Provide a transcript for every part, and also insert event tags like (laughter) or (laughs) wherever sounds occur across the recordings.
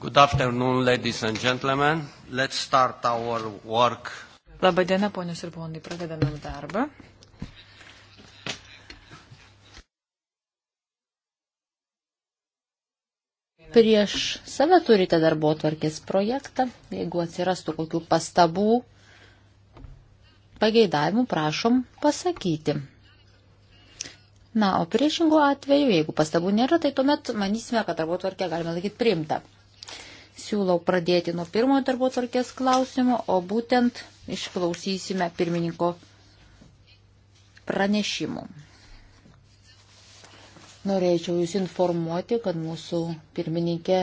Good afternoon, ladies and gentlemen. Let's start our work. Labadiena, ponios ir ponai, pradedame darbą. Prieš save turite darbo tvarkės projektą. Jeigu atsirastų kokių pastabų, pageidavimų, prašom pasakyti. Na, o priešingų atveju, jeigu pastabų nėra, tai tuomet manysime, kad darbo tvarkė galime laikyti priimta siūlau pradėti nuo pirmojo darbo tvarkės klausimo, o būtent išklausysime pirmininko pranešimų. Norėčiau Jūs informuoti, kad mūsų pirmininkė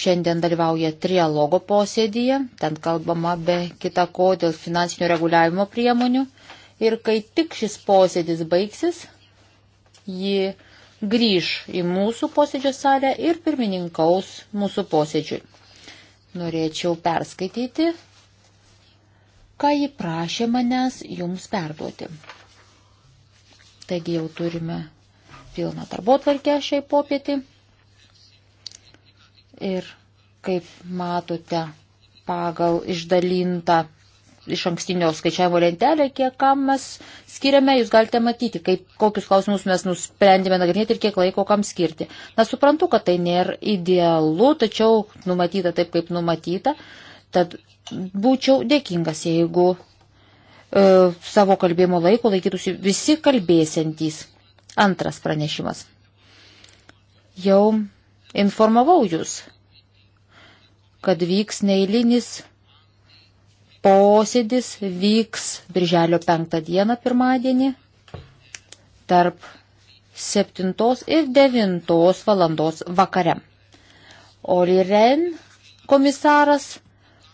šiandien dalyvauja trialogo posėdyje, ten kalbama be kita ko dėl finansinio reguliavimo priemonių. Ir kai tik šis posėdis baigsis, ji grįž į mūsų posėdžio salę ir pirmininkaus mūsų posėdžiui. Norėčiau perskaityti, ką ji prašė manęs jums perduoti. Taigi jau turime pilną darbo tvarkę šiai popietį. Ir kaip matote, pagal išdalintą iš ankstinio skaičiavimo lentelę, kiek kam mes skiriame, jūs galite matyti, kaip, kokius klausimus mes nusprendėme nagrinėti ir kiek laiko kam skirti. Na, suprantu, kad tai nėra idealu, tačiau numatyta taip, kaip numatyta, tad būčiau dėkingas, jeigu e, savo kalbėjimo laiko laikytųsi visi kalbėsiantys. Antras pranešimas. Jau informavau jūs, kad vyks neįlinis Posėdis vyks birželio 5 dieną pirmadienį tarp 7 ir 9 valandos vakare. Oli Ren komisaras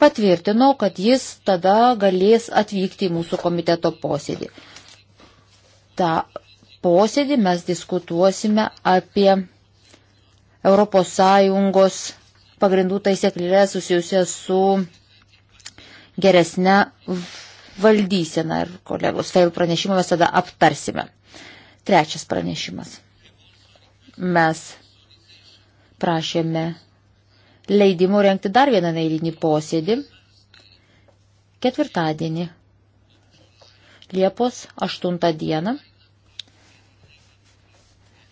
patvirtino, kad jis tada galės atvykti į mūsų komiteto posėdį. Ta posėdį mes diskutuosime apie ES pagrindų taisyklės susijusias su geresnę valdyseną ir kolegos fail pranešimą mes tada aptarsime. Trečias pranešimas. Mes prašėme leidimų renkti dar vieną neįlinį posėdį. Ketvirtadienį, Liepos 8 dieną,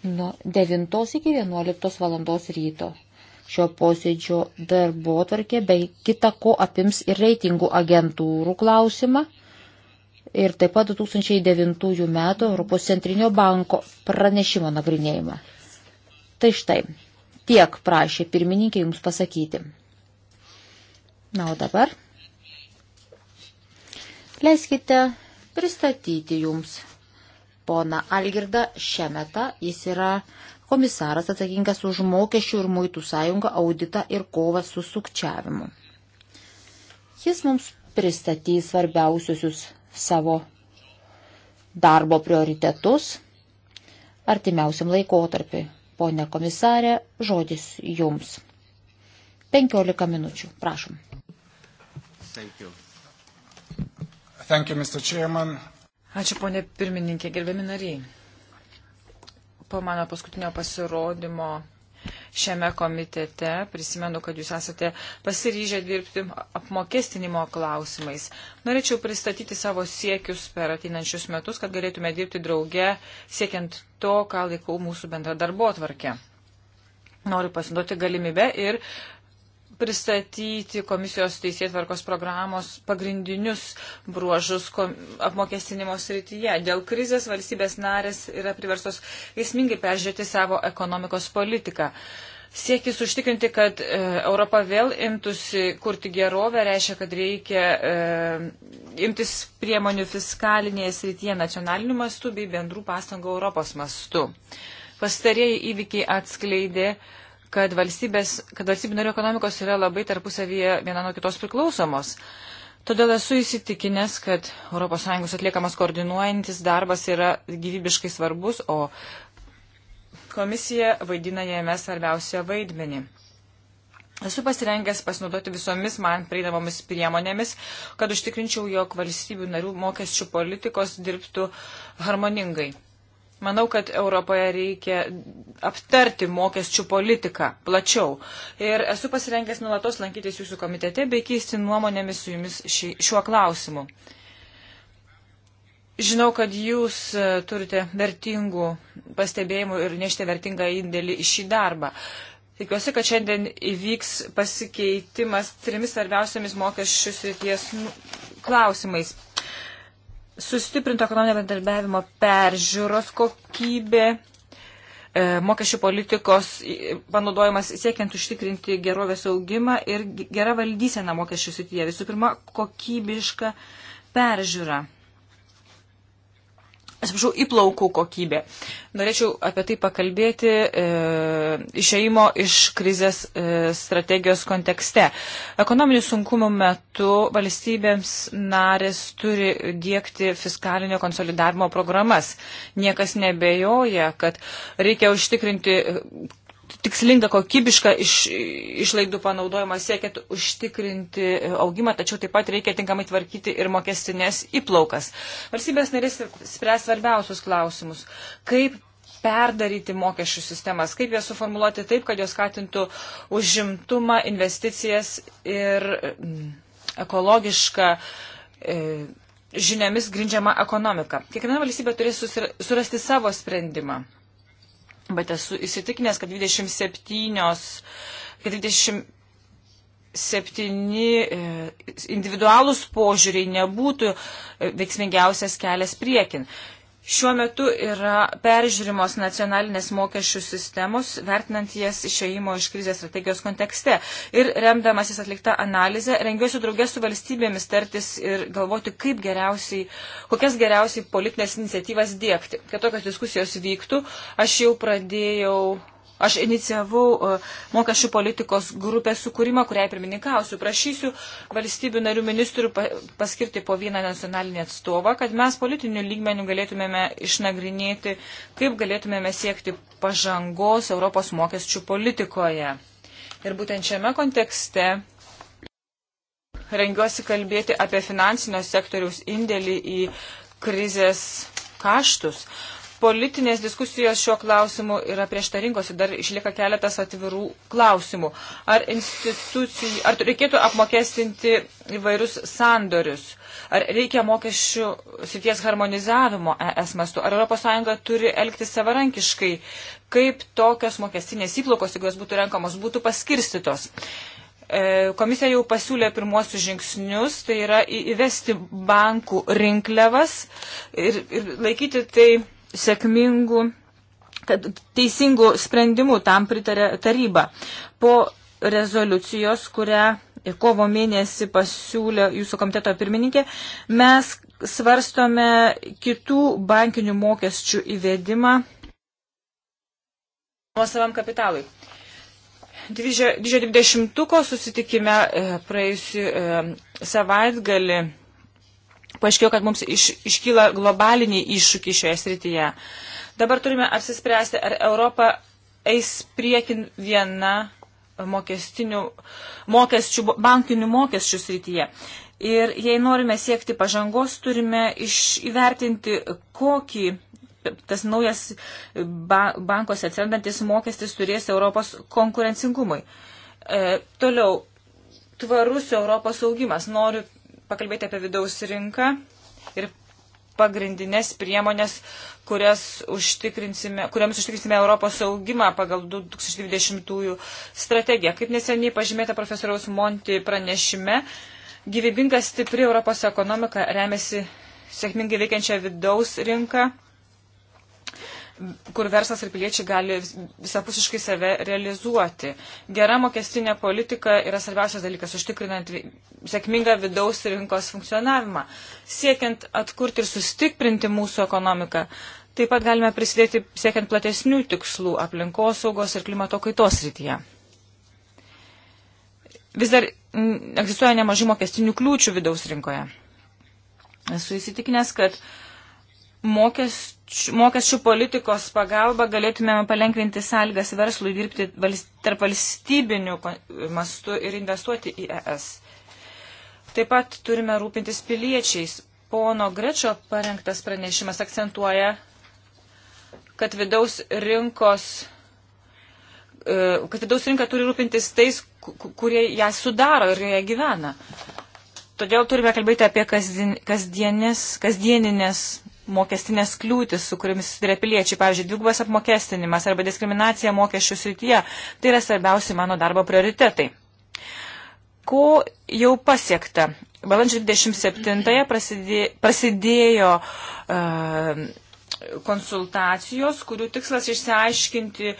nuo 9 iki 11 valandos ryto šio posėdžio darbo tarkė, bei kita ko apims ir reitingų agentūrų klausimą. Ir taip pat 2009 metų Europos centrinio banko pranešimo nagrinėjimą. Tai štai, tiek prašė pirmininkė jums pasakyti. Na, o dabar leiskite pristatyti jums poną Algirdą Šemetą. Jis yra komisaras atsakingas už mokesčių ir muitų sąjungą, auditą ir kovą su sukčiavimu. Jis mums pristatys svarbiausius savo darbo prioritetus artimiausiam laikotarpiui. Pone komisarė, žodis jums. 15 minučių, prašom. Thank you. Thank you, Ačiū, ponė pirmininkė, gerbiami nariai po mano paskutinio pasirodymo šiame komitete. Prisimenu, kad jūs esate pasiryžę dirbti apmokestinimo klausimais. Norėčiau pristatyti savo siekius per ateinančius metus, kad galėtume dirbti drauge, siekiant to, ką laikau mūsų bendra darbo atvarkė. Noriu pasiduoti galimybę ir pristatyti komisijos teisėtvarkos programos pagrindinius bruožus apmokestinimo srityje. Dėl krizės valstybės narės yra priversos esmingai peržiūrėti savo ekonomikos politiką. Siekis užtikrinti, kad e, Europa vėl imtųsi kurti gerovę, reiškia, kad reikia e, imtis priemonių fiskalinėje srityje nacionaliniu mastu bei bendrų pastangų Europos mastu. Pastarėjai įvykiai atskleidė, e, kad, kad valstybių narių ekonomikos yra labai tarpusavyje viena nuo kitos priklausomos. Todėl esu įsitikinęs, kad ES atliekamas koordinuojantis darbas yra gyvybiškai svarbus, o komisija vaidina jame svarbiausią vaidmenį. Esu pasirengęs pasinaudoti visomis man prieinamomis priemonėmis, kad užtikrinčiau, jog valstybių narių mokesčių politikos dirbtų harmoningai. Manau, kad Europoje reikia aptarti mokesčių politiką plačiau. Ir esu pasirengęs nuolatos lankytis jūsų komitete bei keisti nuomonėmis su jumis ši, šiuo klausimu. Žinau, kad jūs e, turite vertingų pastebėjimų ir nešte vertingą indėlį į šį darbą. Tikiuosi, kad šiandien įvyks pasikeitimas trimis svarbiausiamis mokesčių srities nu, klausimais Sustiprinto ekonominio bendarbiavimo peržiūros kokybė, e, mokesčių politikos panaudojimas siekiant užtikrinti gerovės augimą ir gera valdysena mokesčių srityje. Visų pirma, kokybiška peržiūra atsiprašau, įplaukų kokybė. Norėčiau apie tai pakalbėti e, išeimo iš krizės e, strategijos kontekste. Ekonominių sunkumų metu valstybėms narės turi dėkti fiskalinio konsolidavimo programas. Niekas nebejoja, kad reikia užtikrinti tikslinga kokybiška iš, išlaidų panaudojimą siekiant užtikrinti augimą, tačiau taip pat reikia tinkamai tvarkyti ir mokestinės įplaukas. Valstybės narės spręs svarbiausius klausimus. Kaip perdaryti mokesčių sistemas, kaip jas suformuoluoti taip, kad jos skatintų užimtumą, investicijas ir mm, ekologišką e, žiniomis grindžiamą ekonomiką. Kiekviena valstybė turės surasti savo sprendimą. Bet esu įsitikinęs, kad 27, kad 27 e, individualūs požiūriai nebūtų e, veiksmingiausias kelias priekin. Šiuo metu yra peržiūrimos nacionalinės mokesčių sistemos, vertinant jas išeimo iš krizės strategijos kontekste. Ir remdamasis atlikta analizė, rengiuosi draugės su valstybėmis tartis ir galvoti, kaip geriausiai, kokias geriausiai politinės iniciatyvas dėkti. Kad tokios diskusijos vyktų, aš jau pradėjau Aš inicijavau e, mokesčių politikos grupės sukūrimą, kuriai pirmininkausiu. Prašysiu valstybių narių ministrų paskirti po vieną nacionalinį atstovą, kad mes politiniu lygmeniu galėtumėme išnagrinėti, kaip galėtumėme siekti pažangos Europos mokesčių politikoje. Ir būtent šiame kontekste rengiuosi kalbėti apie finansinio sektoriaus indėlį į krizės kaštus politinės diskusijos šiuo klausimu yra prieštaringos ir dar išlieka keletas atvirų klausimų. Ar, ar reikėtų apmokestinti įvairius sandorius? Ar reikia mokesčių sities harmonizavimo ES mastu? Ar ES turi elgtis savarankiškai? Kaip tokios mokestinės įplaukos, jeigu jos būtų renkamos, būtų paskirstytos? E, komisija jau pasiūlė pirmuosius žingsnius, tai yra įvesti bankų rinkliavas ir, ir laikyti tai sėkmingų, kad teisingų sprendimų tam pritarė taryba. Po rezoliucijos, kurią kovo mėnesį pasiūlė jūsų komiteto pirmininkė, mes svarstome kitų bankinių mokesčių įvedimą nuosavam kapitalui. Didžio dvidešimtuko susitikime e, praėjusiu e, savaitgali paaiškėjo, kad mums iš, iškyla globaliniai iššūkiai šioje srityje. Dabar turime apsispręsti, ar Europa eis priekin viena mokestinių, mokesčių, bankinių mokesčių srityje. Ir jei norime siekti pažangos, turime iš, įvertinti, kokį tas naujas ba, bankose atsirandantis mokestis turės Europos konkurencingumui. E, toliau, tvarus Europos augimas. Noriu pakalbėti apie vidaus rinką ir pagrindinės priemonės, užtikrinsime, kuriams užtikrinsime Europos saugimą pagal 2020 strategiją. Kaip neseniai pažymėta profesoriaus Monti pranešime, gyvybinga stipri Europos ekonomika remiasi sėkmingai veikiančią vidaus rinką kur verslas ir piliečiai gali visapusiškai save realizuoti. Gera mokestinė politika yra svarbiausias dalykas, užtikrinant sėkmingą vidaus rinkos funkcionavimą. Siekiant atkurti ir sustiprinti mūsų ekonomiką, taip pat galime prisidėti siekiant platesnių tikslų aplinkosaugos ir klimato kaitos rytyje. Vis dar egzistuoja nemažai mokestinių kliūčių vidaus rinkoje. Esu įsitikinęs, kad mokestų mokesčių politikos pagalba galėtumėme palengvinti sąlygas verslui dirbti tarp valstybinių mastų ir investuoti į ES. Taip pat turime rūpintis piliečiais. Pono Grečio parengtas pranešimas akcentuoja, kad vidaus rinkos e, kad vidaus rinka turi rūpintis tais, kurie ją sudaro ir joje gyvena. Todėl turime kalbėti apie kasdien, kasdieninės mokestinės kliūtis, su kuriamis susiduria piliečiai, pavyzdžiui, dvigubas apmokestinimas arba diskriminacija mokesčių srityje. Tai yra svarbiausi mano darbo prioritetai. Ko jau pasiekta? Balandžio 27-ąją prasidė, prasidėjo uh, konsultacijos, kurių tikslas išsiaiškinti,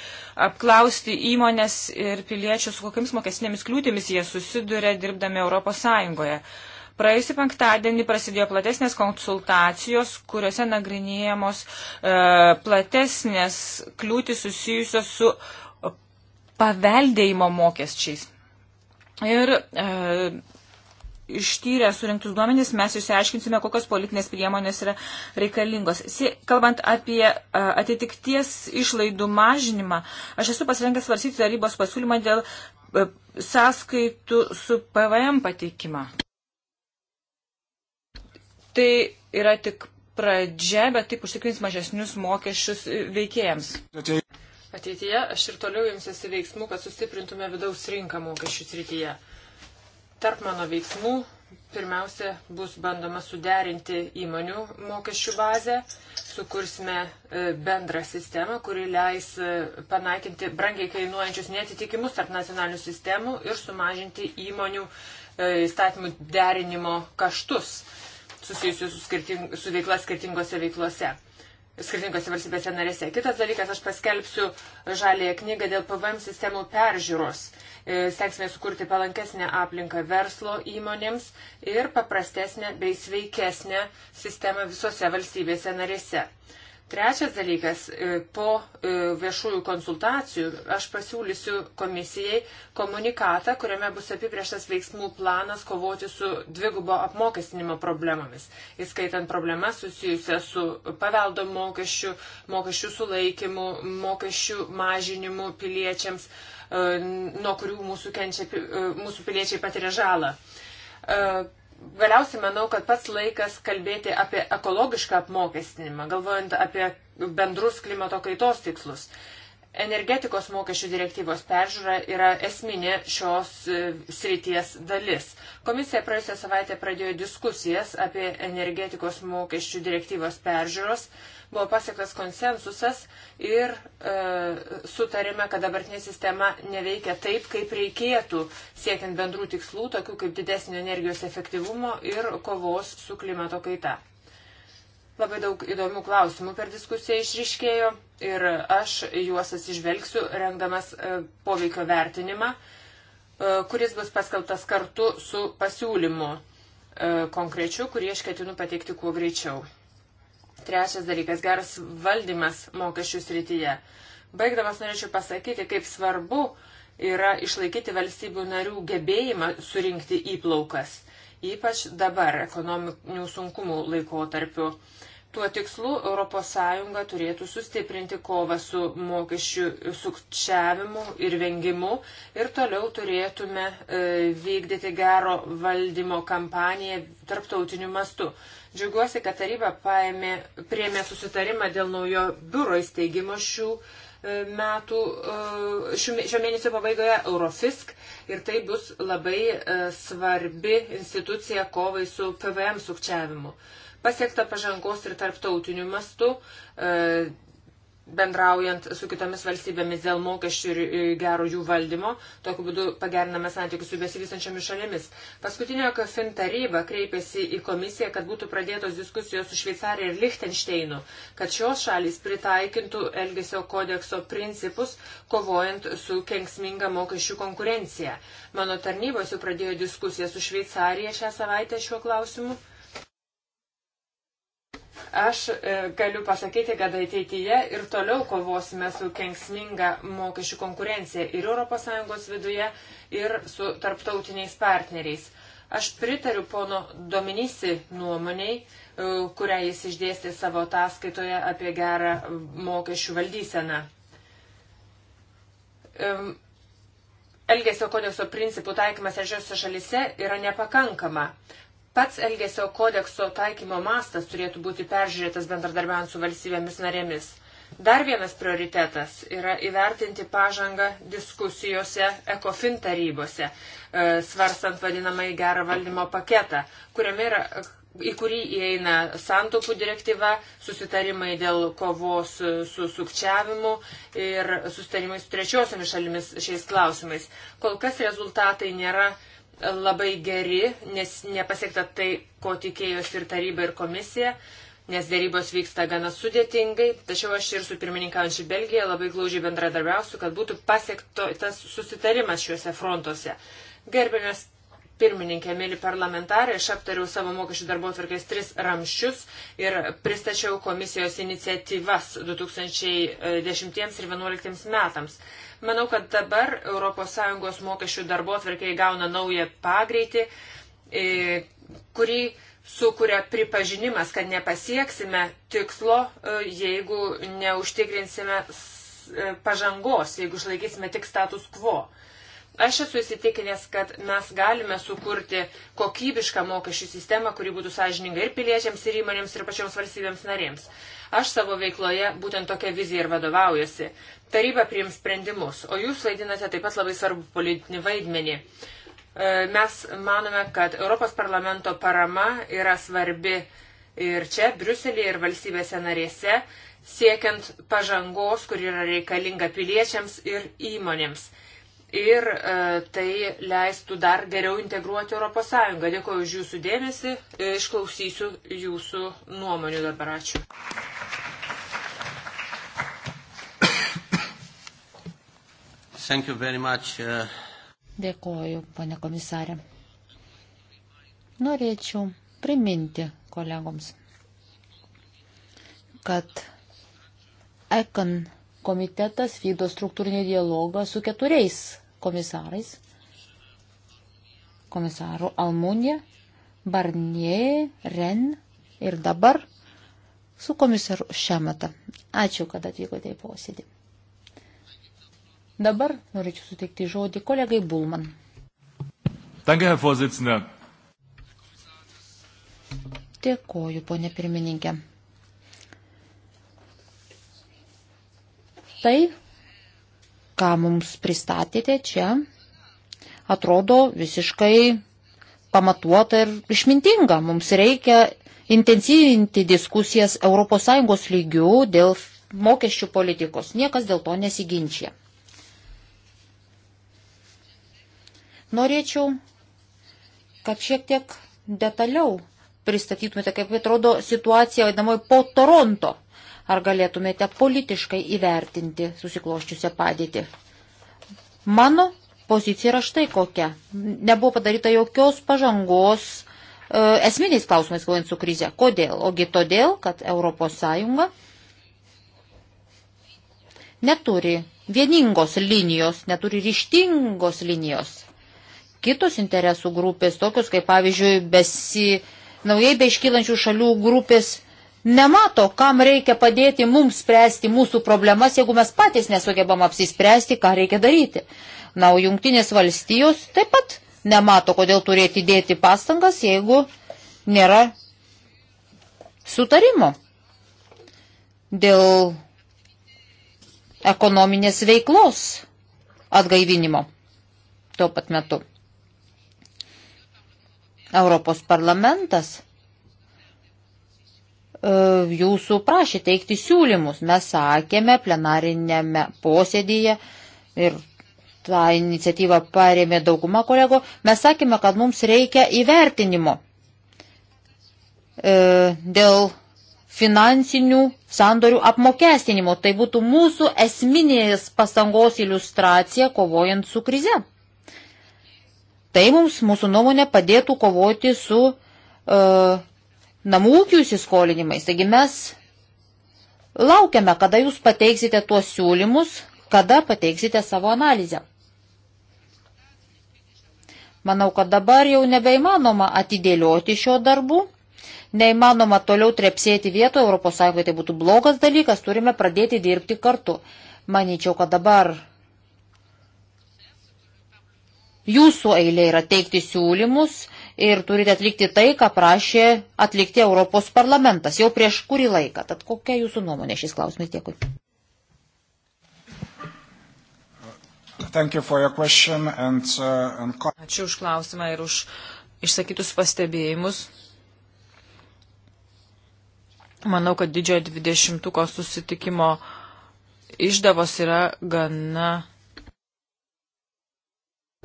apklausti įmonės ir piliečius, kokiamis mokestinėmis kliūtimis jie susiduria dirbdami Europos Sąjungoje. Uh, Praėjusį penktadienį prasidėjo platesnės konsultacijos, kuriuose nagrinėjamos e, platesnės kliūtis susijusios su paveldėjimo mokesčiais. Ir e, ištyrę surinktus duomenys mes išsiaiškinsime, kokios politinės priemonės yra reikalingos. Si, kalbant apie a, e, atitikties išlaidų mažinimą, aš esu pasirengęs svarsyti tarybos pasiūlymą dėl a, e, sąskaitų su PVM pateikimą tai yra tik pradžia, bet taip užtikrins mažesnius mokesčius veikėjams. Ateityje aš ir toliau imsiuosi veiksmų, kad sustiprintume vidaus rinką mokesčių srityje. Tarp mano veiksmų pirmiausia bus bandoma suderinti įmonių mokesčių bazę, sukursime e, bendrą sistemą, kuri leis e, panaikinti brangiai kainuojančius netitikimus tarp nacionalinių sistemų ir sumažinti įmonių e, įstatymų derinimo kaštus susijusių su, skirting, su veikla skirtingose veiklose skirtingose valstybėse narėse. Kitas dalykas, aš paskelbsiu žalėje knygą dėl PVM sistemų peržiūros. E, stengsime sukurti palankesnę aplinką verslo įmonėms ir paprastesnę bei sveikesnę sistemą visose valstybėse narėse. Trečias dalykas, e, po e, viešųjų konsultacijų aš pasiūlysiu komisijai komunikatą, kuriame bus apibrieštas veiksmų planas kovoti su dvigubo apmokestinimo problemomis, įskaitant problemas susijusią su paveldo mokesčiu, mokesčių sulaikimu, mokesčių mažinimu piliečiams, e, nuo kurių mūsų, kenčia, mūsų piliečiai patiria žalą Galiausiai manau, kad pats laikas kalbėti apie ekologišką apmokestinimą, galvojant apie bendrus klimato kaitos tikslus. Energetikos mokesčių direktyvos peržiūra yra esminė šios e, srities dalis. Komisija praėjusią savaitę pradėjo diskusijas apie energetikos mokesčių direktyvos peržiūros. Uh, buvo pasiektas konsensusas ir e, sutarėme, kad dabartinė sistema neveikia taip, kaip reikėtų, siekiant bendrų tikslų, tokių kaip didesnio energijos efektyvumo ir kovos su klimato kaita. Labai daug įdomių klausimų per diskusiją išriškėjo ir aš juos atsižvelgsiu, rengdamas e, poveikio vertinimą, e, kuris bus paskeltas kartu su pasiūlymu e, konkrečiu, kurį aš ketinu pateikti kuo greičiau. Trečias dalykas - geras valdymas mokesčių srityje. Baigdamas norėčiau pasakyti, kaip svarbu yra išlaikyti valstybių narių gebėjimą surinkti įplaukas, ypač dabar ekonominių sunkumų laikotarpiu. Tuo tikslu ES turėtų sustiprinti kovą su mokesčių sukčiavimu ir vengimu ir toliau turėtume e, vykdyti gero valdymo kampaniją tarptautiniu mastu. Džiaugiuosi, kad taryba paėmė, priėmė susitarimą dėl naujo biuro įsteigimo šių e, metų, e, šių, šio mėnesio pabaigoje Eurofisk ir tai bus labai e, svarbi institucija kovai su PVM sukčiavimu. Pasiekta pažangos ir tarptautiniu mastu, bendraujant su kitomis valstybėmis dėl mokesčių ir gero jų valdymo. Tokiu būdu pageriname santykius su besivystančiomis šalimis. Paskutinio kafin taryba kreipėsi į komisiją, kad būtų pradėtos diskusijos su Šveicarija ir Lichtensteinu, kad šios šalys pritaikintų Elgesio kodekso principus, kovojant su kenksminga mokesčių konkurencija. Mano tarnybos jau pradėjo diskusiją su Šveicarija šią savaitę šiuo klausimu. Aš e, galiu pasakyti, kad ateityje ir toliau kovosime su kengsminga mokesčių konkurencija ir ES viduje, ir su tarptautiniais partneriais. Aš pritariu pono Dominisi nuomoniai, e, kurią jis išdėstė savo ataskaitoje apie gerą mokesčių valdyseną. Elgesio kodekso principų taikymas trečiosiose šalise yra nepakankama. Pats Elgesio kodekso taikymo mastas turėtų būti peržiūrėtas bendradarbiaujant su valstybėmis narėmis. Dar vienas prioritetas yra įvertinti pažangą diskusijose ECOFIN tarybose, e, svarstant vadinamąjį gerą valdymo paketą, kuriame yra, į kurį įeina santopų direktyva, susitarimai dėl kovos su sukčiavimu ir susitarimai su trečiosiomis šalimis šiais klausimais. Kol kas rezultatai nėra labai geri, nes nepasiekta tai, ko tikėjosi ir taryba, ir komisija, nes dėrybos vyksta gana sudėtingai, tačiau aš ir su pirmininkaujančiu Belgija labai glaužiai bendradarbiausiu, kad būtų pasiekto tas susitarimas šiuose frontuose. Gerbėmės pirmininkė, mėly parlamentarai, aš aptariau savo mokesčių darbo tvarkės tris ramščius ir pristačiau komisijos iniciatyvas 2010 e, ir 2011 metams. Manau, kad dabar ES mokesčių darbo atverkė įgauna naują pagreitį, e, kurį sukuria pripažinimas, kad nepasieksime tikslo, e, jeigu neužtikrinsime e, pažangos, jeigu išlaikysime tik status quo. Aš esu įsitikinęs, kad mes galime sukurti kokybišką mokesčių sistemą, kuri būtų sąžininga ir piliečiams, ir įmonėms, ir pačioms valstybėms narėms. Aš savo veikloje būtent tokia vizija ir vadovaujasi. Taryba priims sprendimus, o jūs vaidinate taip pat labai svarbu politinį vaidmenį. E, mes manome, kad Europos parlamento parama yra svarbi ir čia, Briuselėje, ir valstybėse narėse, siekiant pažangos, kur yra reikalinga piliečiams ir įmonėms ir e, tai leistų dar geriau integruoti ES. Dėkuoju už jūsų dėmesį, e, išklausysiu jūsų nuomonių dabar. Ačiū. Thank you very much. Uh, Dėkoju, ponė komisarė. Norėčiau priminti kolegoms, kad ECON komitetas vykdo struktūrinį dialogą su keturiais komisarais. Komisaru Almunija, Barnie, Ren ir dabar su komisaru Šemeta. Ačiū, kad atvykote į posėdį. Dabar norėčiau suteikti žodį kolegai Bulman. Danke, Herr Vorsitzender. Dėkoju, ponė pirmininkė. Tai, ką mums pristatėte čia, atrodo visiškai pamatuota ir išmintinga. Mums reikia intensyvinti diskusijas ES lygių dėl mokesčių politikos. Niekas dėl to nesiginčia. Norėčiau, kad šiek tiek detaliau pristatytumėte, kaip atrodo situacija vadinamoji po Toronto. Ar galėtumėte politiškai įvertinti susikloščiusią padėtį? Mano pozicija yra štai kokia. Nebuvo padaryta jokios pažangos e, esminiais klausimais kovojant su krize. Kodėl? Ogi todėl, kad ES neturi vieningos linijos, neturi ryštingos linijos kitos interesų grupės, tokios kaip pavyzdžiui besi, naujai beiškylančių šalių grupės, nemato, kam reikia padėti mums spręsti mūsų problemas, jeigu mes patys nesugebam apsispręsti, ką reikia daryti. Na, o jungtinės valstijos taip pat nemato, kodėl turėti dėti pastangas, jeigu nėra sutarimo dėl ekonominės veiklos atgaivinimo tuo pat metu. Europos parlamentas e, jūsų prašė teikti siūlymus. Mes sakėme plenarinėme posėdėje ir tą iniciatyvą parėmė dauguma kolego. Mes sakėme, kad mums reikia įvertinimo e, dėl finansinių sandorių apmokestinimo. Tai būtų mūsų esminės pastangos iliustracija kovojant su krize. Tai mums, mūsų nuomonė, padėtų kovoti su uh, namų ūkių įsiskolinimais. Taigi mes laukiame, kada jūs pateiksite tuos siūlymus, kada pateiksite savo analizę. Manau, kad dabar jau nebeįmanoma atidėlioti šio darbų, neįmanoma toliau trepsėti vietoje, ES tai būtų blogas dalykas, turime pradėti dirbti kartu. Manyčiau, kad dabar Jūsų eilė yra teikti siūlymus ir turite atlikti tai, ką prašė atlikti Europos parlamentas jau prieš kurį laiką. Tad kokia jūsų nuomonė šis klausimas? Dėkui. You and, uh, and... Ačiū už klausimą ir už išsakytus pastebėjimus. Manau, kad didžiojo dvidešimtuko susitikimo išdavos yra gana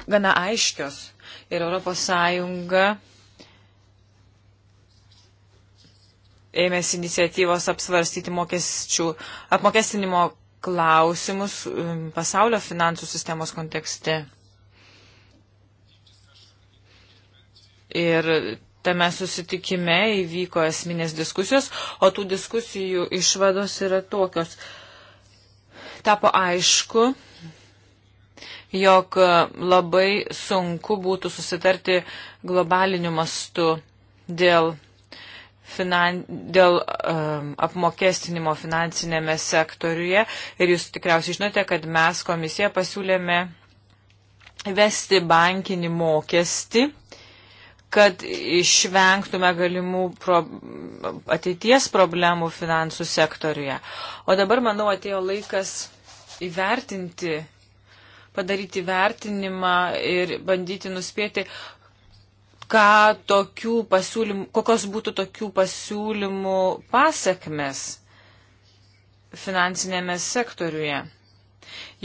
gana aiškios ir Europos Sąjunga ėmėsi iniciatyvos apsvarstyti mokesčių apmokestinimo klausimus um, pasaulio finansų sistemos kontekste. Ir tame susitikime įvyko esminės diskusijos, o tų diskusijų išvados yra tokios. Tapo aišku, jog e, labai sunku būtų susitarti globaliniu mastu dėl, finan, dėl um, apmokestinimo finansinėme sektoriuje. Ir jūs tikriausiai žinote, kad mes komisija pasiūlėme vesti bankinį mokestį kad išvengtume galimų pro, ateities problemų finansų sektoriuje. O dabar, manau, atėjo laikas įvertinti padaryti vertinimą ir bandyti nuspėti, kokios būtų tokių pasiūlymų pasiekmes finansinėme sektoriuje.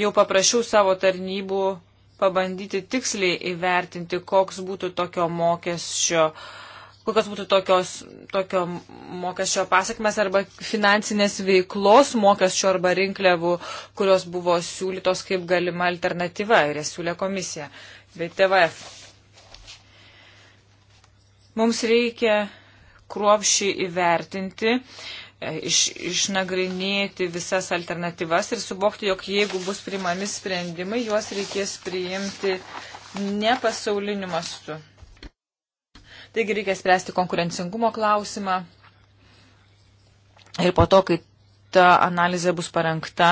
Jau paprašiau savo tarnybų pabandyti tiksliai įvertinti, koks būtų tokio mokesčio uh, kokios būtų tokios, tokio mokesčio pasiekmes arba finansinės veiklos mokesčio arba rinkliavų, kurios buvo siūlytos kaip galima alternatyva ir jas siūlė komisija bei TVF. Mums reikia kruopšį įvertinti, e, iš, išnagrinėti visas alternatyvas ir subokti, jog jeigu bus primami sprendimai, juos reikės priimti ne pasauliniu mastu Taigi reikia spręsti konkurencingumo klausimą. Ir po to, kai ta analizė bus parengta,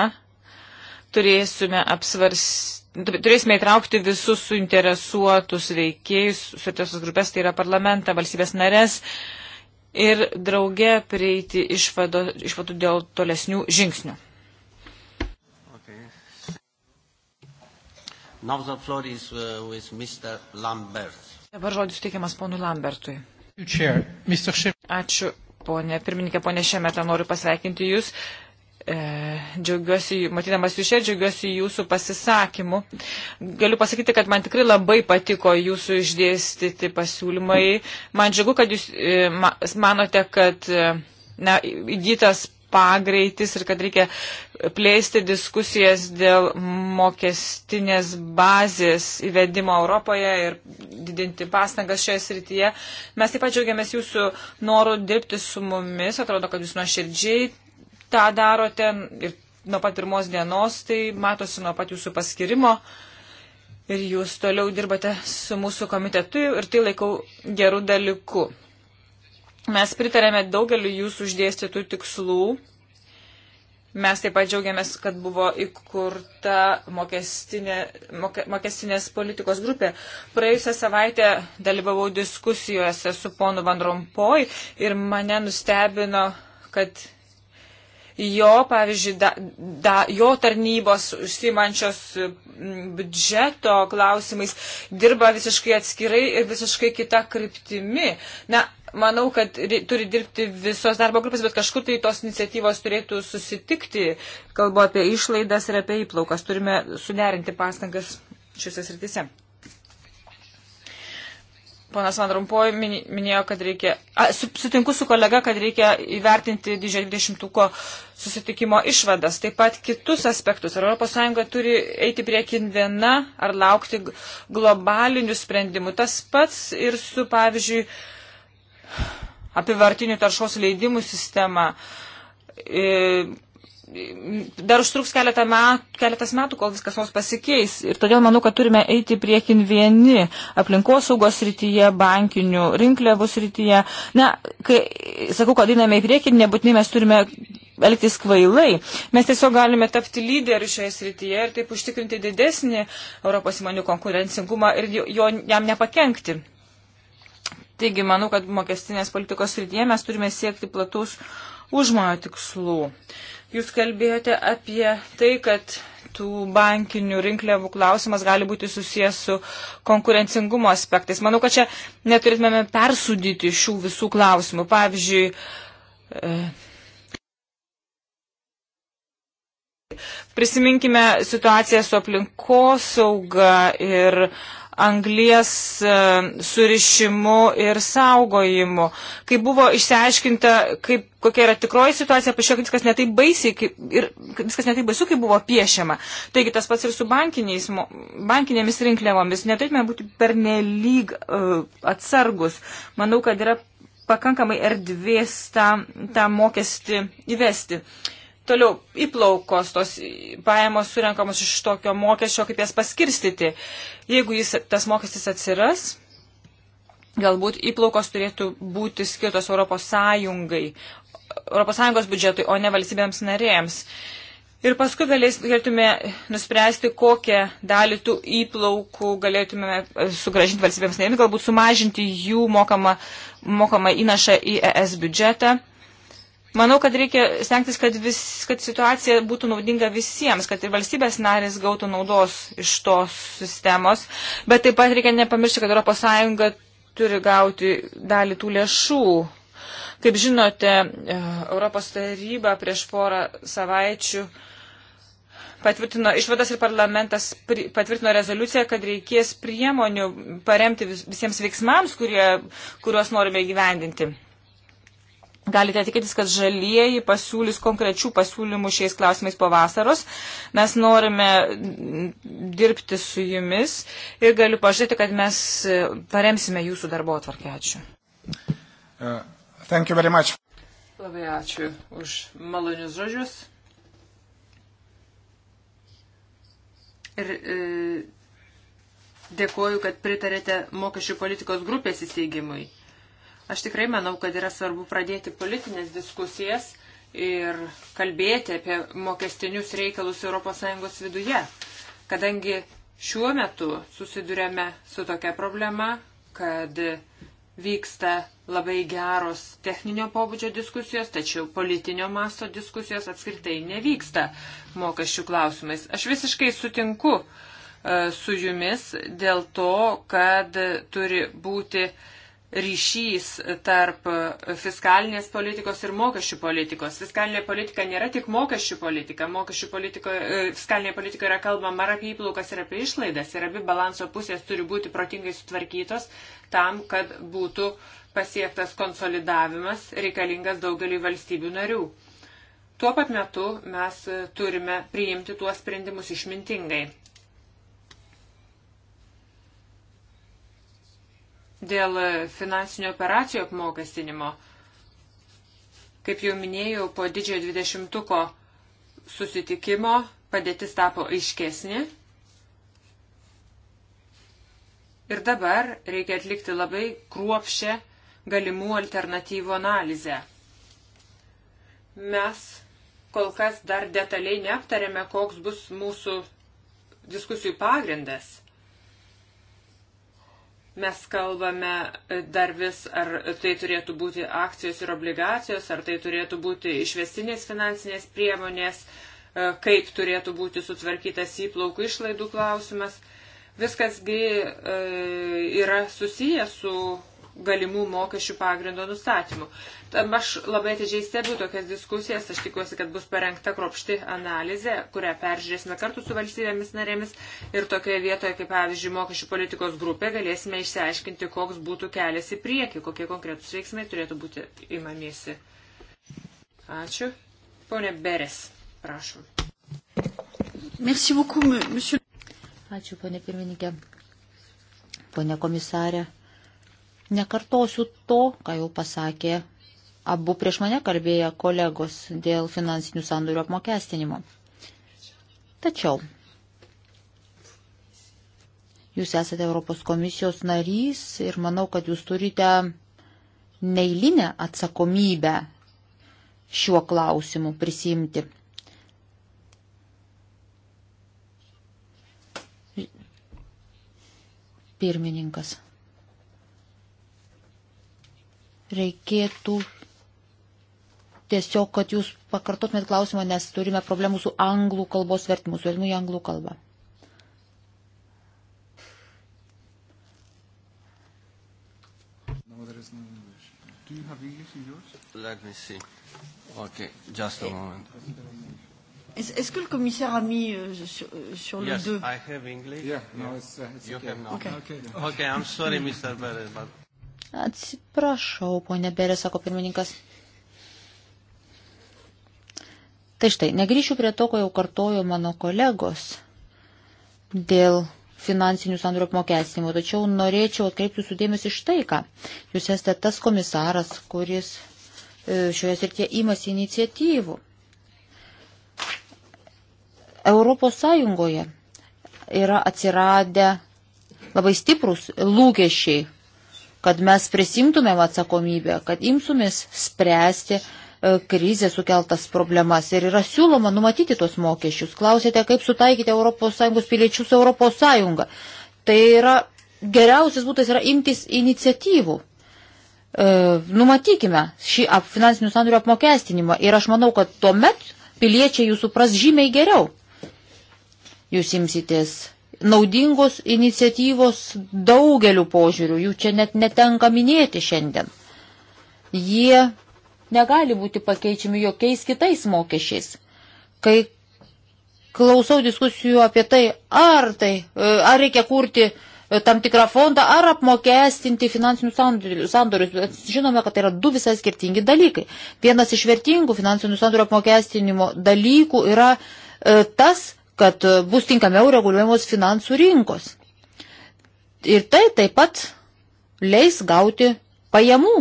turėsime apsvarstyti. Turėsime įtraukti visus suinteresuotus veikėjus, suinteresuotus grupės, tai yra parlamentą, valstybės narės ir drauge prieiti išvadų dėl tolesnių žingsnių. Okay. Now the floor is uh, with Mr. Lambert. Dabar žodis teikiamas ponui Lambertui. Ačiū, ponė pirmininkė, ponė Šemeta, noriu pasveikinti Jūs. E, džiaugiuosi, matydamas jūs čia, džiaugiuosi jūsų pasisakymu. Galiu pasakyti, kad man tikrai labai patiko jūsų išdėstyti pasiūlymai. Man džiugu, kad jūs e, manote, kad e, na, įgytas pagreitis ir kad reikia plėsti diskusijas dėl mokestinės bazės įvedimo Europoje ir didinti pastangas šioje srityje. Mes taip pat džiaugiamės jūsų noru dirbti su mumis. Atrodo, kad jūs nuoširdžiai tą darote ir nuo pat pirmos dienos, tai matosi nuo pat jūsų paskirimo. Ir jūs toliau dirbate su mūsų komitetu ir tai laikau gerų dalykų. Mes pritarėme daugeliu jūsų uždėstytų tikslų. Mes taip pat džiaugiamės, kad buvo įkurta mokestinė, moke, mokestinės politikos grupė. Praėjusią savaitę dalyvavau diskusijose su ponu Van Rompoj ir mane nustebino, kad jo, pavyzdžiui, da, da, jo tarnybos užsimančios biudžeto klausimais dirba visiškai atskirai ir visiškai kita kryptimi. Na, Manau, kad turi dirbti visos darbo grupės, bet kažkur tai tos iniciatyvos turėtų susitikti. Kalbu apie išlaidas ir apie įplaukas. Turime suderinti pastangas šiuose srityse. Ponas Van Rumpoj minėjo, kad reikia, a, sutinku su kolega, kad reikia įvertinti didžiojo dvidešimtuko susitikimo išvadas, taip pat kitus aspektus. Ar ES turi eiti priekin viena, ar laukti globalinių sprendimų. Tas pats ir su, pavyzdžiui, apivartinių taršos leidimų sistemą. E, dar užtruks keletą metų, keletas metų, kol viskas mums pasikeis. Ir todėl manau, kad turime eiti priekin vieni aplinkosaugos rytyje, bankinių rinkliavų rytyje. Na, kai sakau, kad einame į priekį, nebūtinai mes turime elgtis kvailai. Mes tiesiog galime tapti lyderių šioje srityje ir taip užtikrinti didesnį Europos įmonių konkurencingumą ir jo, jam nepakenkti. Taigi, manau, kad mokestinės politikos srityje mes turime siekti plataus užmojo tikslų. Jūs kalbėjote apie tai, kad tų bankinių rinkliavų klausimas gali būti susijęs su konkurencingumo aspektais. Manau, kad čia neturėtume persudyti šių visų klausimų. Pavyzdžiui, e, prisiminkime situaciją su aplinkosauga ir anglies e, surišimu ir saugojimu. Kai buvo išsiaiškinta, kaip, kokia yra tikroji situacija, paaiškėjo, kad viskas netai baisiai, kaip, ir viskas netai baisu, kaip buvo piešiama. Taigi tas pats ir su bankinėmis rinkliavomis. Neturėtume būti pernelyg uh, atsargus. Manau, kad yra pakankamai erdvės tą, tą mokestį įvesti. Uh, Toliau, įplaukos, tos pajamos surinkamos iš tokio mokesčio, kaip jas paskirstyti. Jeigu jis, tas mokestis atsiras, galbūt įplaukos turėtų būti skirtos Europos Sąjungai, Europos Sąjungos biudžetui, o ne valstybėms narėms. Ir paskui galėtume nuspręsti, kokią dalį tų įplaukų galėtume sugražinti valstybėms narėms, galbūt sumažinti jų mokamą, mokamą įnašą į ES biudžetą. Manau, kad reikia stengtis, kad, vis, kad situacija būtų naudinga visiems, kad ir valstybės narės gautų naudos iš tos sistemos, bet taip pat reikia nepamiršti, kad ES turi gauti dalį tų lėšų. Kaip žinote, e, Europos taryba prieš porą savaičių patvirtino išvadas ir parlamentas pri, patvirtino rezoliuciją, kad reikės priemonių paremti vis, visiems veiksmams, kurie, kuriuos norime gyvendinti. Galite tikėtis, kad žalieji pasiūlys konkrečių pasiūlymų šiais klausimais po vasaros. Mes norime dirbti su jumis ir galiu pažiūrėti, kad mes e, paremsime jūsų darbo atvarkę. Ačiū. Uh, Labai ačiū už malonius žodžius. Ir e, dėkuoju, kad pritarėte mokesčių politikos grupės įsteigimui. Aš tikrai manau, kad yra svarbu pradėti politinės diskusijas ir kalbėti apie mokestinius reikalus ES viduje, kadangi šiuo metu susidurėme su tokia problema, kad vyksta labai geros techninio pobūdžio diskusijos, tačiau politinio masto diskusijos apskritai nevyksta mokesčių klausimais. Aš visiškai sutinku e, su jumis dėl to, kad turi būti uh, ryšys tarp fiskalinės politikos ir mokesčių politikos. Fiskalinė politika nėra tik mokesčių politika. Mokesčių politiko, e, fiskalinė politika yra kalbama ir apie įplaukas, ir apie išlaidas. Ir abi balanso pusės turi būti protingai sutvarkytos tam, kad būtų pasiektas konsolidavimas reikalingas daugeliu valstybių narių. Tuo pat metu mes turime priimti tuos sprendimus išmintingai. Dėl finansinio operacijų apmokestinimo, kaip jau minėjau, po didžiojo dvidešimtuko susitikimo padėtis tapo aiškesnė. Ir dabar reikia atlikti labai kruopšę galimų alternatyvų analizę. Mes kol kas dar detaliai neaptarėme, koks bus mūsų diskusijų pagrindas mes kalbame e, dar vis, ar tai turėtų būti akcijos ir obligacijos, ar tai turėtų būti išvestinės finansinės priemonės, e, kaip turėtų būti sutvarkytas įplaukų išlaidų klausimas. Viskasgi e, yra susijęs su galimų mokesčių pagrindo nustatymu. Tam aš labai atidžiai stebiu tokias diskusijas, aš tikiuosi, kad bus parengta kropšti analizė, kurią peržiūrėsime kartu su valstybėmis narėmis ir tokioje vietoje, kaip pavyzdžiui, mokesčių politikos grupė, galėsime išsiaiškinti, koks būtų kelias į priekį, kokie konkretus veiksmai turėtų būti imamiesi. Ačiū. Pone Beres, prašom. Merci beaucoup, monsieur. Ačiū, ponė pirmininkė. Pone komisarė, Nekartosiu to, ką jau pasakė abu prieš mane kalbėję kolegos dėl finansinių sandorių apmokestinimo. Tačiau jūs esate Europos komisijos narys ir manau, kad jūs turite neįlinę atsakomybę šiuo klausimu prisimti. Pirmininkas reikėtų tiesiog, kad jūs pakartotumėt klausimą, nes turime problemų su anglų kalbos vertimu, su vertimu į anglų kalbą. No, there is no English. Do you have English in yours? Let me see. Okay, just a eh, moment. Est-ce que le commissaire a mis euh, sur, euh, sur yes, le 2 Yes, I have English. Yeah, no, it's, uh, it's you okay. have not. Okay. Okay. okay, I'm sorry, Mr. Beres, but Atsiprašau, ponė Berė, sako pirmininkas. Tai štai, negryšiu prie to, ko jau kartojo mano kolegos dėl finansinių sandorių apmokestinimo, tačiau norėčiau atkreipti jūsų dėmesį štai ką. Jūs esate tas komisaras, kuris e, šioje srityje imasi iniciatyvų. Europos Sąjungoje yra atsiradę labai stiprus lūkesčiai kad mes prisimtumėm atsakomybę, kad imsumės spręsti e, krizė sukeltas problemas ir yra siūloma numatyti tuos mokesčius. Klausėte, kaip sutaikyti ES piliečius ES. Tai yra geriausias būtas yra imtis iniciatyvų. E, numatykime šį ap, finansinių sandorių apmokestinimą ir aš manau, kad tuomet piliečiai jūs supras žymiai geriau. Jūs imsitės naudingos iniciatyvos daugeliu požiūrių, jų čia net netenka minėti šiandien. Jie negali būti pakeičiami jokiais kitais mokesčiais. Kai klausau diskusijų apie tai, ar, tai, e, ar reikia kurti e, tam tikrą fondą, ar apmokestinti finansinius sandorius. Žinome, kad tai yra du visai skirtingi dalykai. Vienas iš vertingų finansinių sandorių apmokestinimo dalykų yra e, tas, kad e, bus tinkamiau reguliuojamos finansų rinkos. Ir tai taip pat leis gauti pajamų,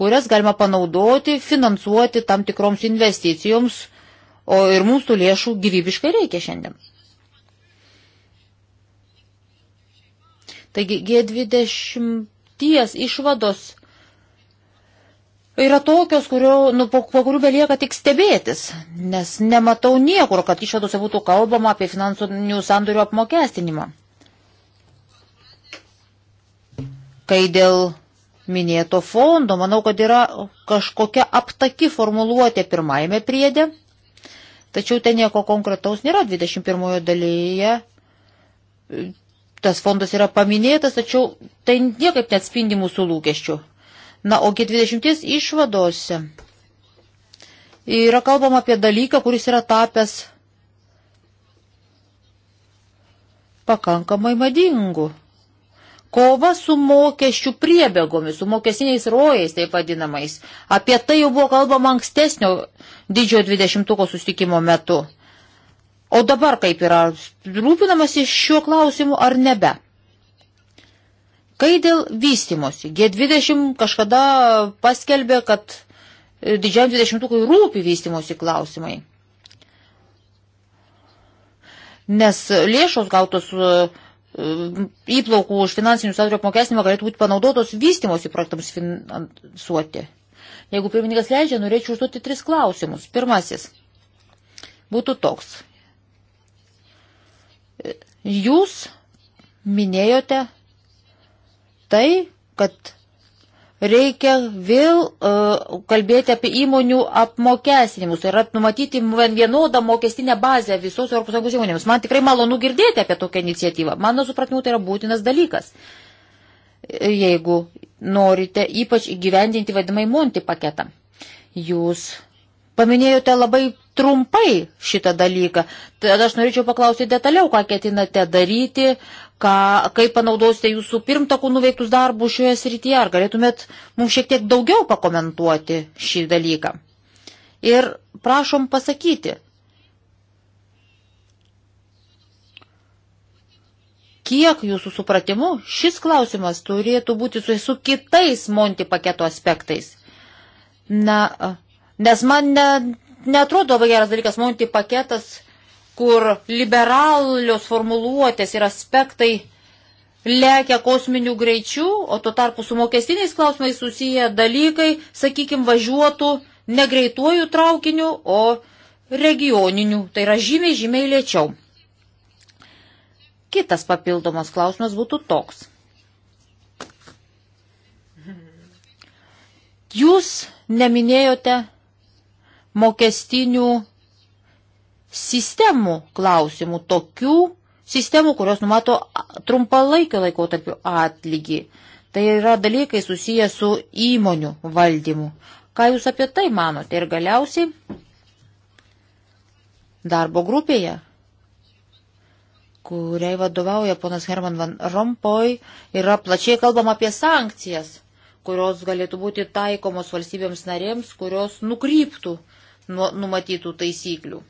kurias galima panaudoti, finansuoti tam tikroms investicijoms, o ir mums tų lėšų gyvybiškai reikia šiandien. Taigi G20 išvados yra tokios, kurio, nu, po, po kurių belieka tik stebėtis, nes nematau niekur, kad išvadose būtų kalbama apie finansinių sandorių apmokestinimą. Kai dėl minėto fondo, manau, kad yra kažkokia aptaki formuluotė pirmajame priedė, tačiau ten nieko konkretaus nėra 21 dalyje. E, tas fondas yra paminėtas, tačiau tai niekaip neatspindi mūsų lūkesčių. Na, o G20 išvadose yra kalbama apie dalyką, kuris yra tapęs pakankamai madingu. Kova su mokesčių priebėgomis, su mokesiniais rojais, taip vadinamais. Apie tai jau buvo kalbama ankstesnio didžiojo dvidešimtuko sustikimo metu. O dabar kaip yra, rūpinamas iš šiuo klausimu ar nebe? Kai dėl vystimosi, G20 kažkada paskelbė, kad e, didžiam 20-ukui rūpi vystimosi klausimai. Nes lėšos gautos e, e, įplaukų už finansinių sandorių apmokestinimą galėtų būti panaudotos vystimosi projektams finansuoti. Jeigu pirmininkas leidžia, norėčiau užduoti tris klausimus. Pirmasis būtų toks. Jūs minėjote tai, kad reikia vėl uh, kalbėti apie įmonių apmokestinimus ir tai numatyti vienodą mokestinę bazę visos ES įmonėms. Man tikrai malonu girdėti apie tokią iniciatyvą. Mano supratimu, tai yra būtinas dalykas. E, jeigu norite ypač įgyvendinti vadimai Monti paketą. Jūs paminėjote labai trumpai šitą dalyką. Tad aš norėčiau paklausti detaliau, ką ketinate daryti, ką, kaip panaudosite jūsų pirmtakų nuveiktus darbus šioje srityje, ar galėtumėt mums šiek tiek daugiau pakomentuoti šį dalyką. Ir prašom pasakyti, kiek jūsų supratimu šis klausimas turėtų būti su, su kitais Monti paketo aspektais. Na, nes man ne, netrodo labai geras dalykas Monti paketas kur liberalios formuluotės ir aspektai lekia kosminių greičių, o tuo tarpu su mokestiniais klausimais susiję dalykai, sakykime, važiuotų negreituoju traukiniu, o regioniniu. Tai yra žymiai, žymiai lėčiau. Kitas papildomas klausimas būtų toks. Jūs neminėjote mokestinių sistemų klausimų, tokių sistemų, kurios numato trumpalaikio laikotarpio atlygį. Tai yra dalykai susiję su įmonių valdymu. Ką Jūs apie tai manote? Ir galiausiai darbo grupėje, kuriai vadovauja ponas Herman Van Rompoj, yra plačiai kalbama apie sankcijas, kurios galėtų būti taikomos valstybėms narėms, kurios nukryptų nuo numatytų taisyklių.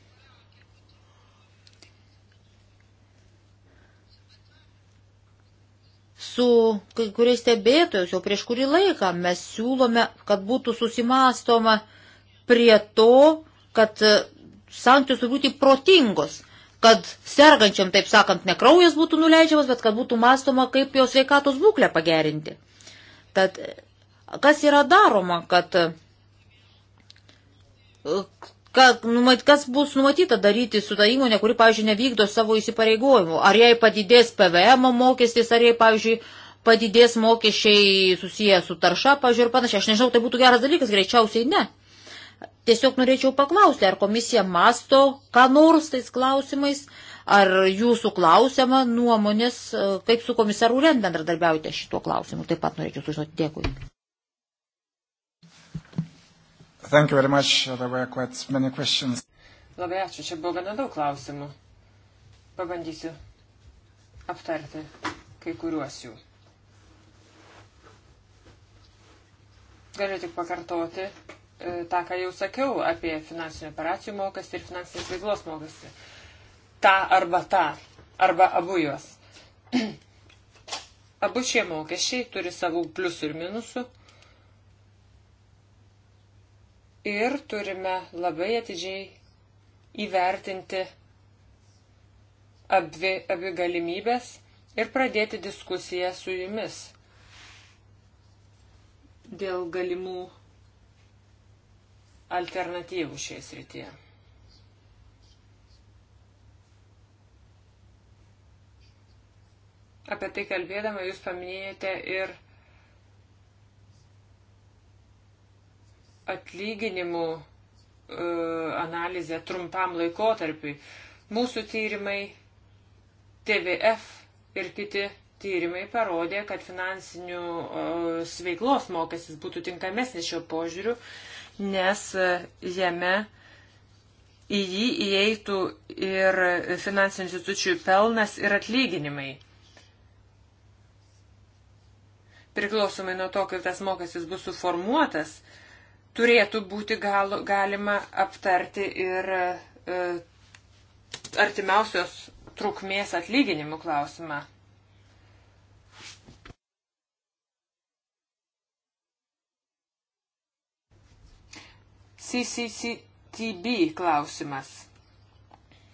su kai kuriais stebėtojais jau prieš kurį laiką mes siūlome, kad būtų susimastoma prie to, kad e, sankcijos turi būti protingos, kad sergančiam, taip sakant, ne kraujas būtų nuleidžiamas, bet kad būtų mastoma, kaip jos veikatos būklę pagerinti. Tad e, kas yra daroma, kad e, kas bus numatyta daryti su ta įmonė, kuri, pavyzdžiui, nevykdo savo įsipareigojimų. Ar jai padidės PVM mokestis, ar jai, pavyzdžiui, padidės mokesčiai susiję su tarša, pavyzdžiui, ir panašiai. Aš nežinau, tai būtų geras dalykas, greičiausiai ne. Tiesiog norėčiau paklausti, ar komisija masto, ką nors tais klausimais, ar jūsų klausiama nuomonės, e, kaip su komisaru Ren bendradarbiaujate šituo klausimu. Taip pat norėčiau sužinoti. Dėkui. Thank you very much. There were quite many questions. Labai ačiū, čia buvo gana daug klausimų. Pabandysiu aptarti kai kuriuos jų. Galiu tik pakartoti e, tą, ką jau sakiau apie finansinių operacijų mokestį ir finansinės veiklos mokestį. Ta arba ta, arba abu juos. (clears throat) abu šie mokesčiai turi savų pliusų ir minusų ir turime labai atidžiai įvertinti abi, abi galimybės ir pradėti diskusiją su jumis dėl galimų alternatyvų šioje srityje. Apie tai kalbėdama jūs paminėjote ir atlyginimų e, analizę trumpam laikotarpiui. Mūsų tyrimai, TVF ir kiti tyrimai parodė, kad finansinių e, sveiklos mokestis būtų tinkamesnis šio požiūriu, nes e, jame į jį įeitų ir finansinių institucijų pelnas ir atlyginimai. Priklausomai nuo to, kaip tas mokestis bus suformuotas, uh, turėtų būti gal, galima aptarti ir e, artimiausios trukmės atlyginimų klausimą. CCCTB klausimas.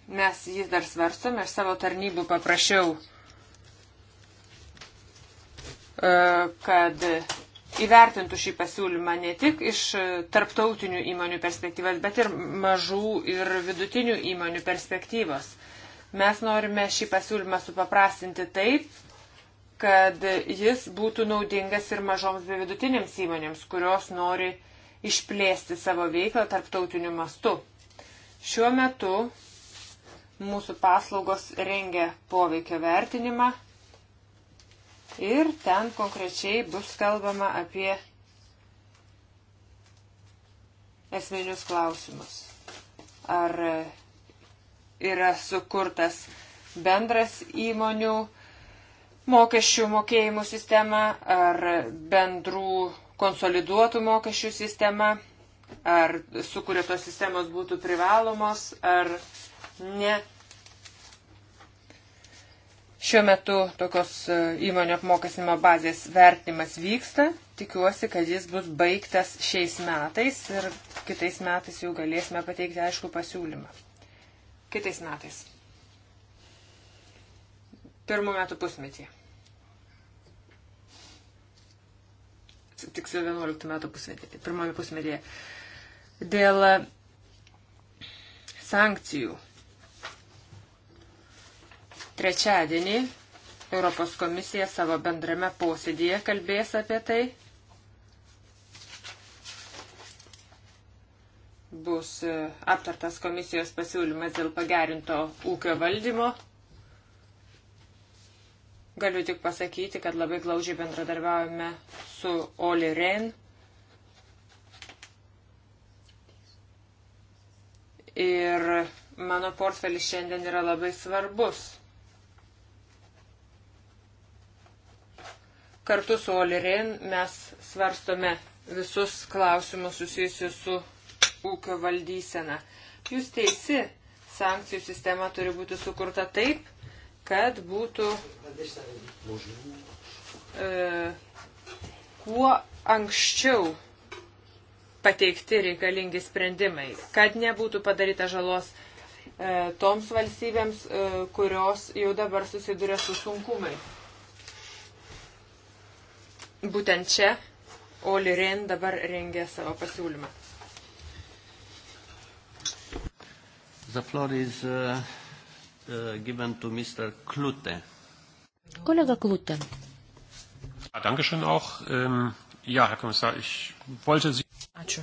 Mes jį dar svarstome, aš savo tarnybų paprašiau, e, kad įvertintų šį pasiūlymą ne tik iš tarptautinių įmonių perspektyvas, bet ir mažų ir vidutinių įmonių perspektyvos. Mes norime šį pasiūlymą supaprastinti taip, kad jis būtų naudingas ir mažoms bei vidutinėms įmonėms, kurios nori išplėsti savo veiklą tarptautiniu mastu. Šiuo metu mūsų paslaugos rengia poveikio vertinimą ir ten konkrečiai bus kalbama apie esminius klausimus. Ar yra sukurtas bendras įmonių mokesčių mokėjimų sistema, ar bendrų konsoliduotų mokesčių sistema, ar sukuria tos sistemos būtų privalomos, ar ne Šiuo metu tokios e, įmonių apmokestinimo bazės vertinimas vyksta. Tikiuosi, kad jis bus baigtas šiais metais ir kitais metais jau galėsime pateikti aišku pasiūlymą. Kitais metais. Pirmų metų pusmetį. Tiksliau 11 metų pusmetį. Tai pirmame pusmetyje. Dėl sankcijų Trečiadienį Europos komisija savo bendrame posėdėje kalbės apie tai. Bus e, aptartas komisijos pasiūlymas dėl pagerinto ūkio valdymo. Galiu tik pasakyti, kad labai glaužiai bendradarbiavome su Oli Ren. Ir mano portfelis šiandien yra labai svarbus Kartu su Olirin mes svarstome visus klausimus susijusius su ūkio valdysena. Jūs teisi, sankcijų sistema turi būti sukurta taip, kad būtų e, kuo anksčiau pateikti reikalingi sprendimai, kad nebūtų padaryta žalos e, toms valstybėms, e, kurios jau dabar susiduria su sunkumais būtent čia Oli Ren dabar rengia savo pasiūlymą. The floor is uh, uh, given to Mr. Klute. Kolega Klute. Ja, ah, Dankeschön auch. Ähm, ja, Herr Kommissar, ich wollte Sie. Ačiū.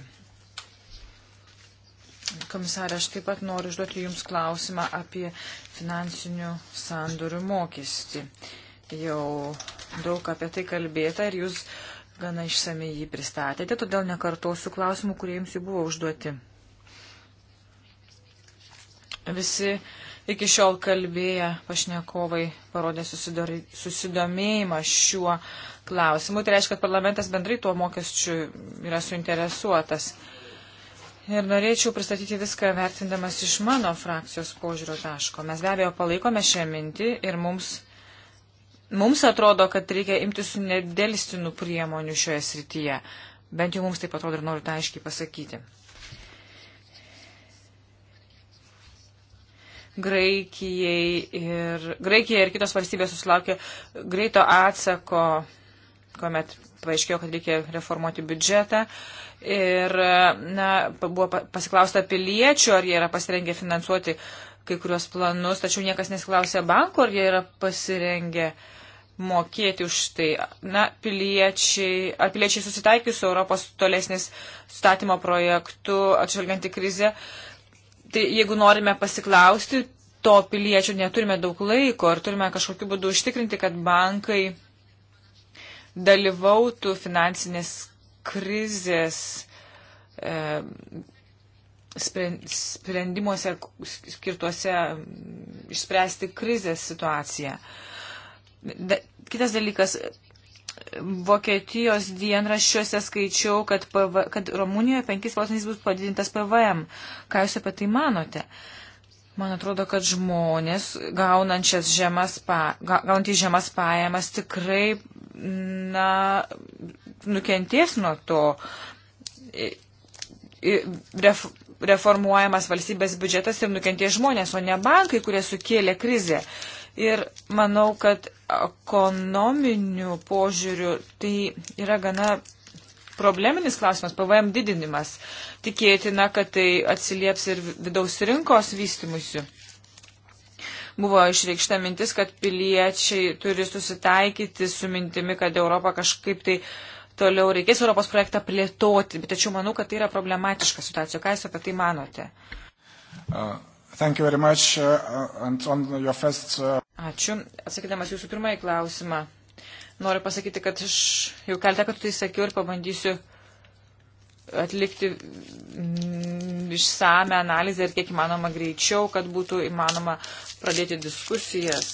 Komisarė, aš taip pat noriu užduoti Jums klausimą apie finansinių sandorių mokestį. Uh, jau daug apie tai kalbėta ir jūs gana išsamei jį pristatėte, todėl nekartosiu klausimų, kurie jums jau buvo užduoti. Visi iki šiol kalbėję pašnekovai parodė susidomėjimą šiuo klausimu. Tai reiškia, kad parlamentas bendrai tuo mokesčiu yra suinteresuotas. Ir norėčiau pristatyti viską vertindamas iš mano frakcijos požiūrio taško. Mes be abejo palaikome šią mintį ir mums mums atrodo, kad reikia imtis nedėlstinų priemonių šioje srityje. Bent jau mums taip atrodo ir noriu tą aiškiai pasakyti. Graikijai ir, Graikija ir kitos valstybės susilaukė greito atsako, kuomet paaiškėjo, kad reikia reformuoti biudžetą. Ir na, buvo pasiklausta piliečių, ar jie yra pasirengę finansuoti kai kurios planus, tačiau niekas nesiklausė banko, ar jie yra pasirengę uh, mokėti už tai. Na, piliečiai, ar piliečiai susitaikius su Europos tolesnis statymo projektu, atšvelgiant į krizę, tai jeigu norime pasiklausti, to piliečių neturime daug laiko ir turime kažkokiu būdu užtikrinti, kad bankai dalyvautų finansinės krizės e, sprendimuose skirtuose išspręsti krizės situaciją. E, Kitas dalykas, Vokietijos dienraščiuose skaičiau, kad, PV, kad Rumunijoje 5 procentais bus padidintas PVM. Ką Jūs apie tai manote? Man atrodo, kad žmonės gaunančias žemas, pa, gaunantys žemas pajamas tikrai na, nukentės nuo to. Ref, reformuojamas valstybės biudžetas ir nukentės žmonės, o ne bankai, kurie sukėlė krizę. Uh, Ir manau, kad ekonominių požiūrių tai yra gana probleminis klausimas, PVM didinimas. Tikėtina, kad tai atsilieps ir vidaus rinkos vystimusių. Buvo išreikšta mintis, kad piliečiai turi susitaikyti su mintimi, kad Europą kažkaip tai toliau reikės Europos projektą plėtoti, bet tačiau manau, kad tai yra problematiška situacija. Ką Jūs apie tai manote? Uh, Thank you very much. Uh, uh, and on your first, uh... Ačiū. Atsakydamas jūsų pirmąjį klausimą, noriu pasakyti, kad aš jau keltą kartų tai sakiau ir pabandysiu atlikti mm, išsame analizę ir kiek įmanoma greičiau, kad būtų įmanoma pradėti diskusijas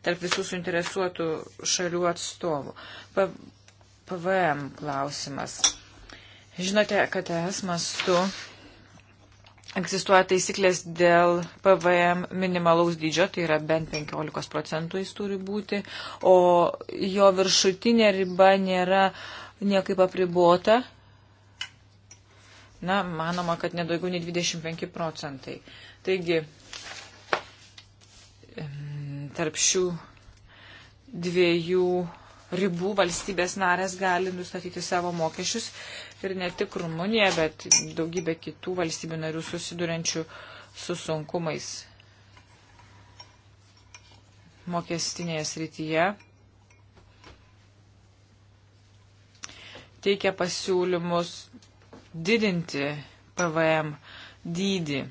tarp visų suinteresuotų šalių atstovų. Pa PVM klausimas. Žinote, kad es mastu Egzistuoja taisyklės dėl PVM minimalaus dydžio, tai yra bent 15 procentų jis turi būti, o jo viršutinė riba nėra niekaip apribota. Na, manoma, kad nedaugiau nei 25 procentai. Taigi, tarp šių dviejų ribų valstybės narės gali nustatyti savo mokesčius ir ne tik Rumunija, bet daugybė kitų valstybių narių susiduriančių su sunkumais mokestinėje srityje. Teikia pasiūlymus didinti PVM dydį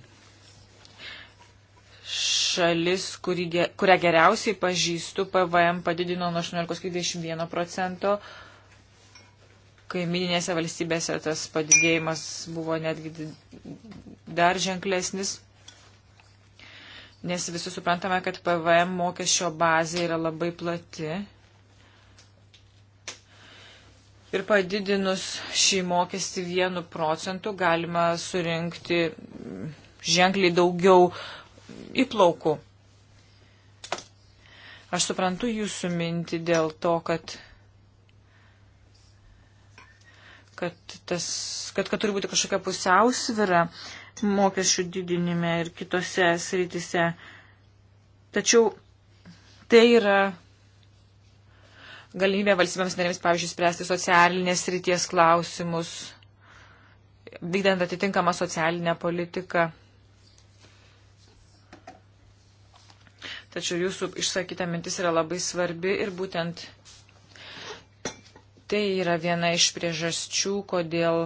šalis, kurį, kurią geriausiai pažįstu, PVM padidino nuo 18-21 procento. Kaimininėse valstybėse tas padidėjimas buvo netgi dar ženklesnis, nes visi suprantame, kad PVM mokesčio bazė yra labai plati. Ir padidinus šį mokestį vienu procentu galima surinkti ženkliai daugiau uh, įplaukų. Aš suprantu jūsų mintį dėl to, kad, kad, tas, kad, kad turi būti kažkokia pusiausvyra mokesčių didinime ir kitose srityse. Tačiau tai yra galimybė valstybėms narėms, pavyzdžiui, spręsti socialinės ryties klausimus, vykdant atitinkamą socialinę politiką. Tačiau jūsų išsakyta mintis yra labai svarbi ir būtent tai yra viena iš priežasčių, kodėl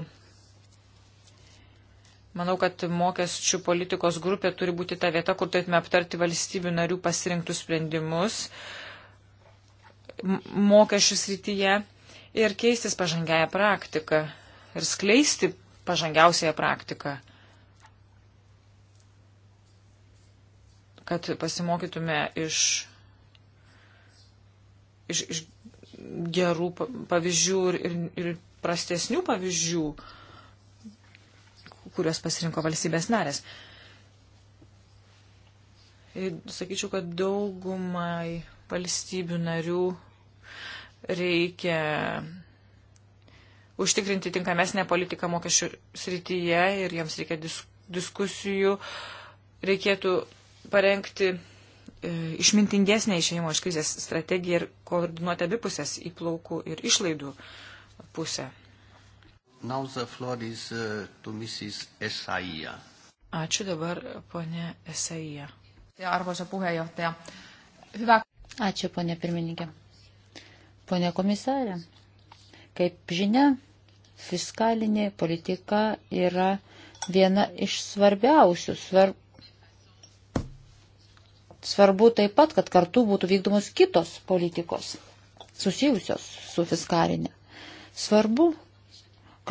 manau, kad mokesčių politikos grupė turi būti ta vieta, kur turėtume aptarti valstybių narių pasirinktus sprendimus mokesčių srityje ir keistis pažangiają praktiką ir skleisti pažangiausiąją praktiką. kad pasimokytume iš, iš, iš gerų pavyzdžių ir, ir, ir prastesnių pavyzdžių, kuriuos pasirinko valstybės narės. Ir sakyčiau, kad daugumai valstybių narių reikia užtikrinti tinkamesnę politiką mokesčių srityje ir jiems reikia diskusijų. Reikėtų parengti e, išmintingesnė išėjimo iš krizės strategija ir koordinuoti abipusės įplaukų ir išlaidų pusę. Is, uh, Ačiū dabar, ponė Esaija. Arvoisa puheenjohtaja. Hyvä. Ačiū, ponė pirmininkė. Ponė komisarė, kaip žinia, fiskalinė politika yra viena iš svarbiausių, svarb, Svarbu taip pat, kad kartu būtų vykdomos kitos politikos susijusios su fiskalinė. Svarbu,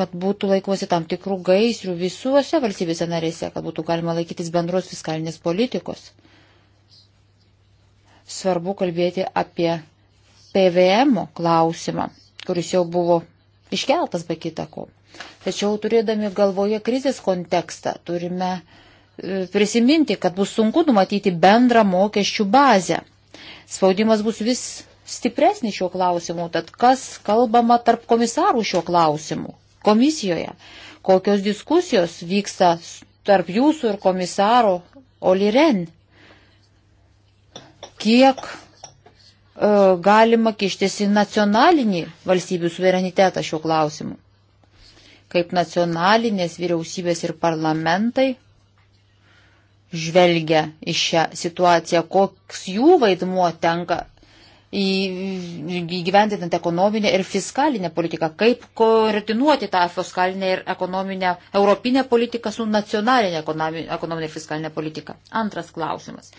kad būtų laikosi tam tikrų gaisrių visuose valstybėse narėse, kad būtų galima laikytis bendros fiskalinės politikos. Svarbu kalbėti apie PVM klausimą, kuris jau buvo iškeltas be kitako. Tačiau turėdami galvoje krizės kontekstą turime uh, prisiminti, kad bus sunku numatyti bendrą mokesčių bazę. Spaudimas bus vis stipresnis šiuo klausimu, tad kas kalbama tarp komisarų šiuo klausimu komisijoje, kokios diskusijos vyksta tarp jūsų ir komisaro Oliren, kiek e, galima kištis į nacionalinį valstybių suverenitetą šiuo klausimu, kaip nacionalinės vyriausybės ir parlamentai žvelgia į šią situaciją, koks jų vaidmuo tenka įgyvendinant ekonominę ir fiskalinę politiką, kaip koordinuoti tą fiskalinę ir ekonominę, europinę politiką su nacionalinė ekonominė ir fiskalinė politika. Antras klausimas.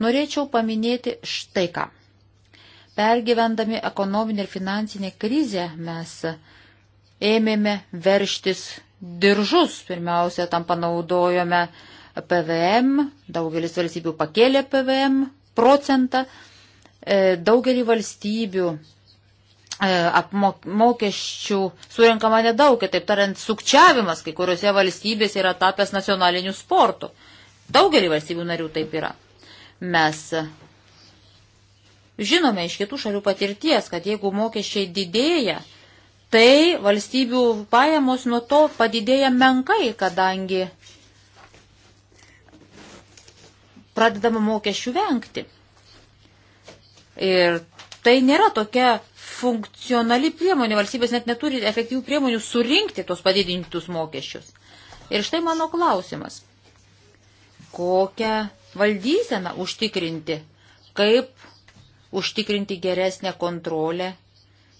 Norėčiau paminėti štai ką. Pergyvendami ekonominę ir finansinę krizę mes ėmėme verštis diržus, pirmiausia, tam panaudojome uh, PVM, daugelis valstybių pakėlė PVM procentą, e, daugelį valstybių e, apmokesčių surinkama nedaug, kitaip tariant, sukčiavimas kai kuriuose valstybėse yra tapęs nacionaliniu sportu. Daugelį valstybių narių taip yra. Mes žinome iš kitų šalių patirties, kad jeigu mokesčiai didėja, tai valstybių pajamos nuo to padidėja menkai, kadangi pradedama mokesčių vengti. Ir tai nėra tokia funkcionali priemonė, valstybės net neturi efektyvių priemonių surinkti tos padidintus mokesčius. Ir štai mano klausimas. Kokią valdyseną užtikrinti, kaip užtikrinti geresnę kontrolę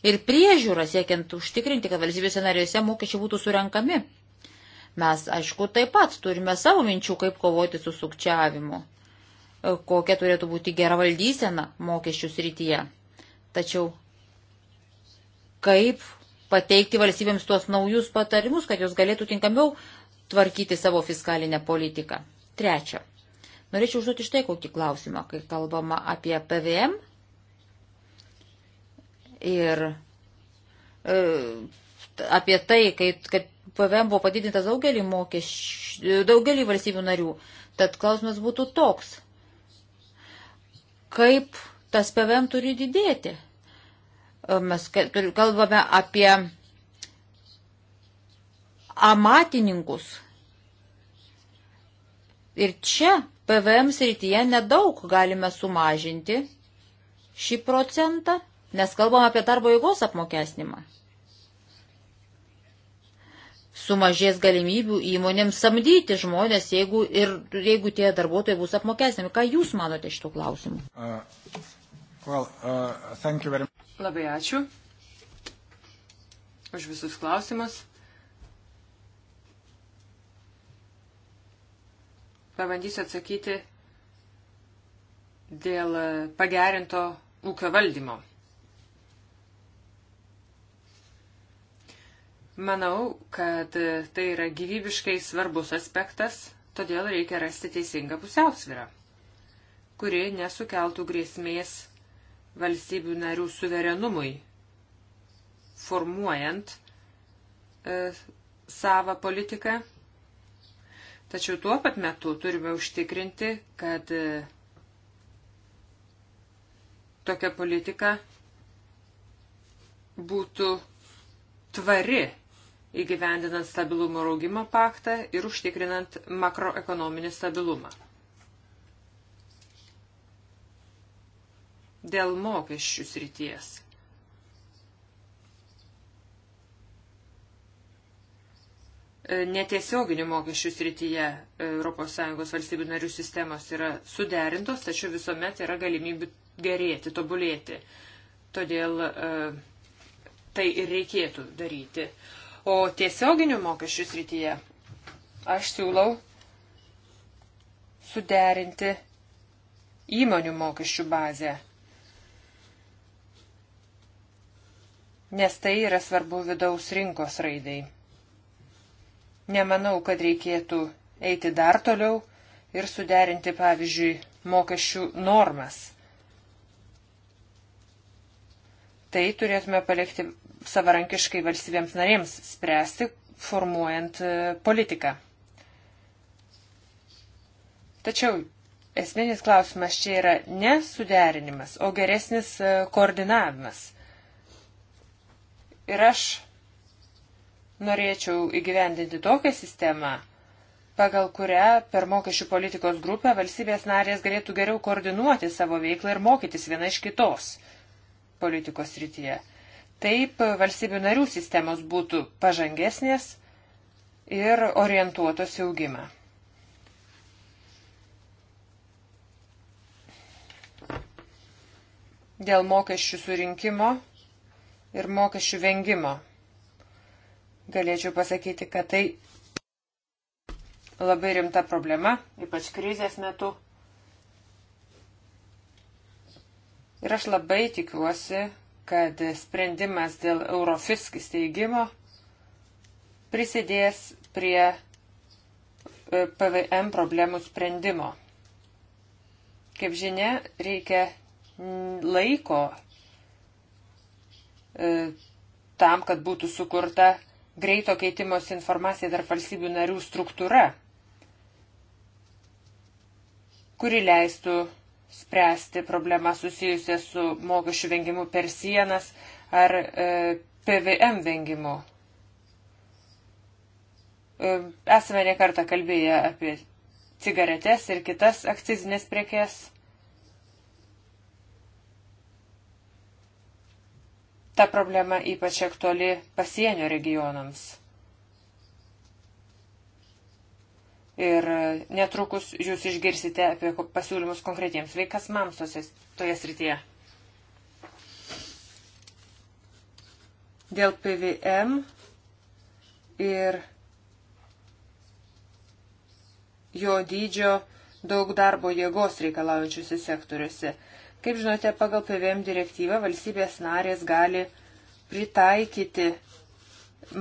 ir priežiūrą siekiant užtikrinti, kad valstybėse narėse mokesčiai būtų surenkami. Mes, aišku, taip pat turime savo minčių, kaip kovoti su sukčiavimu. E, kokia turėtų būti gera valdysena mokesčių srityje. Tačiau kaip pateikti valstybėms tuos naujus patarimus, kad jos galėtų tinkamiau tvarkyti savo fiskalinę politiką. Trečia. Norėčiau užduoti štai kokį klausimą, kai kalbama apie PVM ir e, apie tai, kai, kad PVM buvo padidintas daugelį, mokesčių, daugelį valstybių narių. Tad klausimas būtų toks kaip tas PVM turi didėti. E, mes kalbame apie amatininkus. Ir čia PVM srityje nedaug galime sumažinti šį procentą, nes kalbam apie darbo jėgos apmokesnimą sumažės galimybių įmonėms samdyti žmonės, jeigu, ir, jeigu tie darbuotojai bus apmokestinami. Ką Jūs manote šitų klausimų? Uh, well, uh, very... Labai ačiū už visus klausimus. Pabandysiu atsakyti dėl pagerinto ūkio valdymo. Manau, kad tai yra gyvybiškai svarbus aspektas, todėl reikia rasti teisingą pusiausvyrą, kuri nesukeltų grėsmės valstybių narių suverenumui, formuojant e, savo politiką. Tačiau tuo pat metu turime užtikrinti, kad e, tokia politika būtų tvari įgyvendinant stabilumo ir augimo paktą ir užtikrinant makroekonominį stabilumą. Dėl mokesčių srities. E, netiesioginių mokesčių srityje ES valstybių narių sistemos yra suderintos, tačiau visuomet yra galimybių gerėti, tobulėti. Todėl e, tai ir reikėtų daryti. O tiesioginių mokesčių srityje aš siūlau suderinti įmonių mokesčių bazę. Nes tai yra svarbu vidaus rinkos raidai. Nemanau, kad reikėtų eiti dar toliau ir suderinti, pavyzdžiui, mokesčių normas. Tai turėtume palikti savarankiškai valstybėms narėms spręsti, formuojant e, politiką. Tačiau esminis klausimas čia yra ne suderinimas, o geresnis e, koordinavimas. Ir aš norėčiau įgyvendinti tokią sistemą, pagal kurią per mokesčių politikos grupę valstybės narės galėtų geriau koordinuoti savo veiklą ir mokytis viena iš kitos politikos rytyje. Taip valstybių narių sistemos būtų pažangesnės ir orientuotos į augimą. Dėl mokesčių surinkimo ir mokesčių vengimo galėčiau pasakyti, kad tai labai rimta problema, ypač krizės metu. Ir aš labai tikiuosi, kad sprendimas dėl Eurofisk įsteigimo prisidės prie e, PVM problemų sprendimo. Kaip žinia, reikia laiko e, tam, kad būtų sukurta greito keitimos informacija tarp valstybių narių struktūra, kuri leistų spręsti problemą susijusią su mokesčių vengimu per sienas ar e, PVM vengimu. E, esame nekartą kalbėję apie cigaretes ir kitas akcizinės prekes. Ta problema ypač aktuali pasienio regionams. Ir netrukus jūs išgirsite apie pasiūlymus konkretiems veikasmams toje srityje. Dėl PVM ir jo dydžio daug darbo jėgos reikalaujančiuose sektoriuose. Kaip žinote, pagal PVM direktyvą valstybės narės gali pritaikyti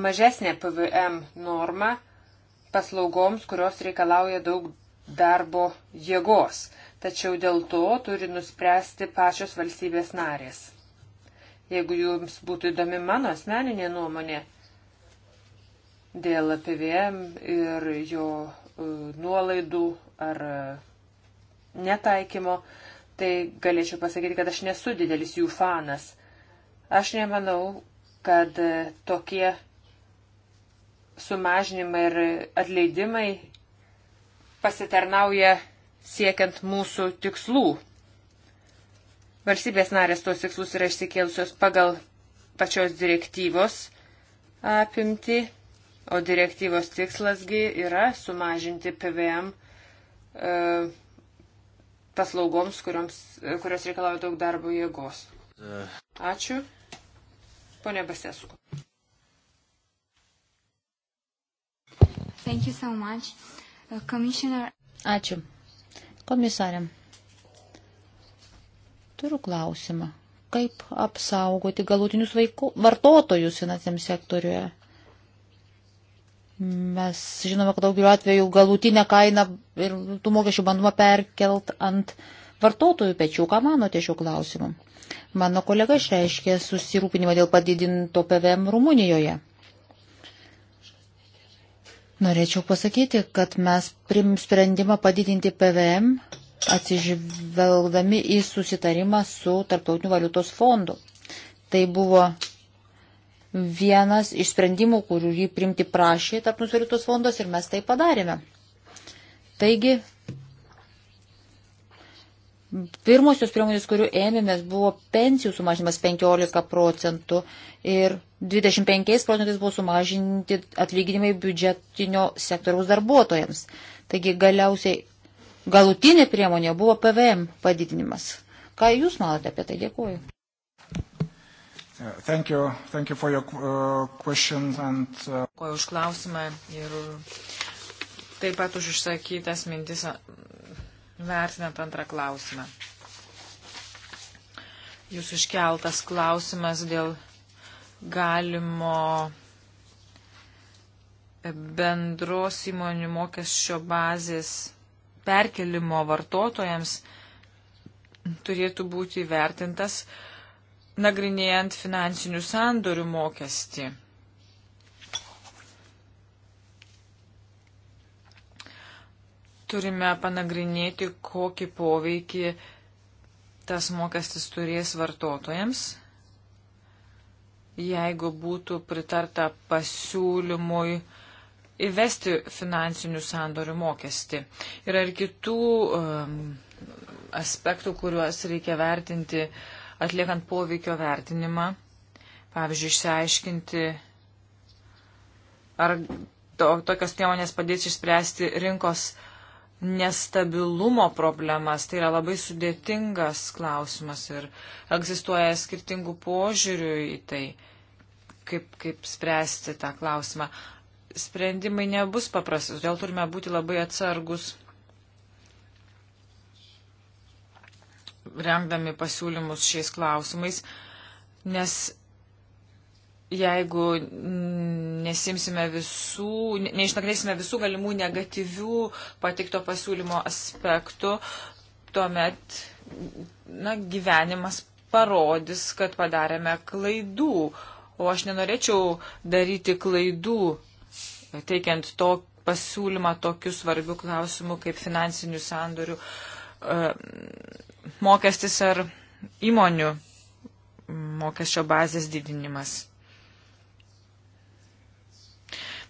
mažesnę PVM normą paslaugoms, kurios reikalauja daug darbo jėgos, tačiau dėl to turi nuspręsti pačios valstybės narės. Jeigu jums būtų įdomi mano asmeninė nuomonė dėl PVM ir jo e, nuolaidų ar e, netaikymo, tai galėčiau pasakyti, kad aš nesu didelis jų fanas. Aš nemanau, kad e, tokie sumažinimai ir atleidimai pasitarnauja siekiant mūsų tikslų. Valstybės narės tuos tikslus yra išsikėlusios pagal pačios direktyvos apimti, o direktyvos tikslasgi yra sumažinti PVM e, paslaugoms, kurioms, kurios reikalauja daug darbo jėgos. E. Ačiū. Pone Basesku. Thank you so much. Uh, Commissioner... Ačiū. Komisarė, turiu klausimą. Kaip apsaugoti galutinius vaikų vartotojus finansiniam sektoriuje? Mes žinome, kad daugeliu atveju galutinę kainą ir tų mokesčių bandoma perkelt ant vartotojų pečių. Ką manote šiuo klausimu? Mano kolega išreiškė susirūpinimą dėl padidinto PVM Rumunijoje. Norėčiau pasakyti, kad mes prim sprendimą padidinti PVM atsižvelgdami į susitarimą su Tarptautiniu valiutos fondu. Tai buvo vienas iš sprendimų, kurį primti prašė Tarptautinis valiutos fondas ir mes tai padarėme. Taigi, pirmosios priemonės, kurių ėmėmės, buvo pensijų sumažinimas 15 procentų ir 25 procentais buvo sumažinti atlyginimai biudžetinio sektoriaus darbuotojams. Taigi galiausiai galutinė priemonė buvo PVM padidinimas. Ką Jūs manote apie tai? Dėkuoju. Thank you. Thank you for your uh, questions and... Uh, Dėkuoju už klausimą ir taip pat už išsakytas mintis vertinant antrą klausimą. Jūsų iškeltas klausimas dėl galimo bendros įmonių mokesčio bazės perkelimo vartotojams turėtų būti vertintas nagrinėjant finansinių sandorių mokestį. Turime panagrinėti, kokį poveikį tas mokestis turės vartotojams jeigu būtų pritarta pasiūlymui įvesti finansinių sandorių mokestį. Yra ir kitų um, aspektų, kuriuos reikia vertinti atliekant poveikio vertinimą. Pavyzdžiui, išsiaiškinti, ar to, tokios priemonės padės išspręsti rinkos nestabilumo problemas. Tai yra labai sudėtingas klausimas ir egzistuoja skirtingų požiūrių į tai. Uh, kaip, kaip spręsti tą klausimą. Sprendimai nebus paprasti, todėl turime būti labai atsargus, rengdami pasiūlymus šiais klausimais, nes jeigu nesimsime visų, neišnagrinėsime visų galimų negatyvių patikto pasiūlymo aspektų, tuomet na, gyvenimas parodys, kad padarėme klaidų. O aš nenorėčiau daryti klaidų, teikiant to pasiūlymą tokiu svarbiu klausimu kaip finansinių sandorių e, mokestis ar įmonių mokesčio bazės didinimas.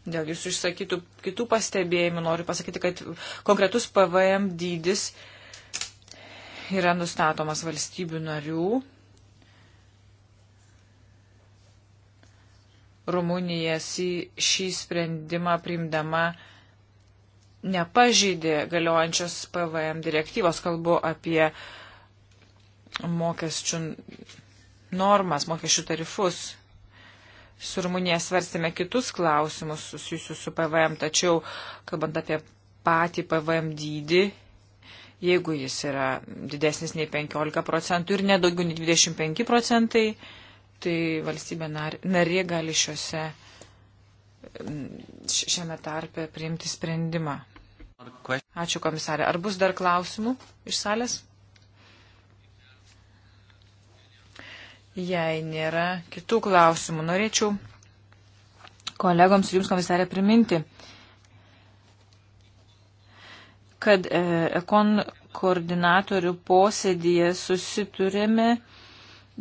Dėl jūsų išsakytų kitų pastebėjimų noriu pasakyti, kad konkretus PVM dydis yra nustatomas valstybių narių Rumunija šį sprendimą priimdama nepažydė galiojančios PVM direktyvos. Kalbu apie mokesčių normas, mokesčių tarifus. Su Rumunija svarstėme kitus klausimus susijusius su PVM, tačiau, kalbant apie patį PVM dydį, jeigu jis yra didesnis nei 15 procentų ir nedaugiau nei 25 procentai, tai valstybė narė gali šiuose, šiame tarpe priimti sprendimą. Ačiū komisarė. Ar bus dar klausimų iš salės? Jei nėra kitų klausimų, norėčiau kolegoms ir jums komisarė priminti, kad e, ekon koordinatorių posėdėje susiturėme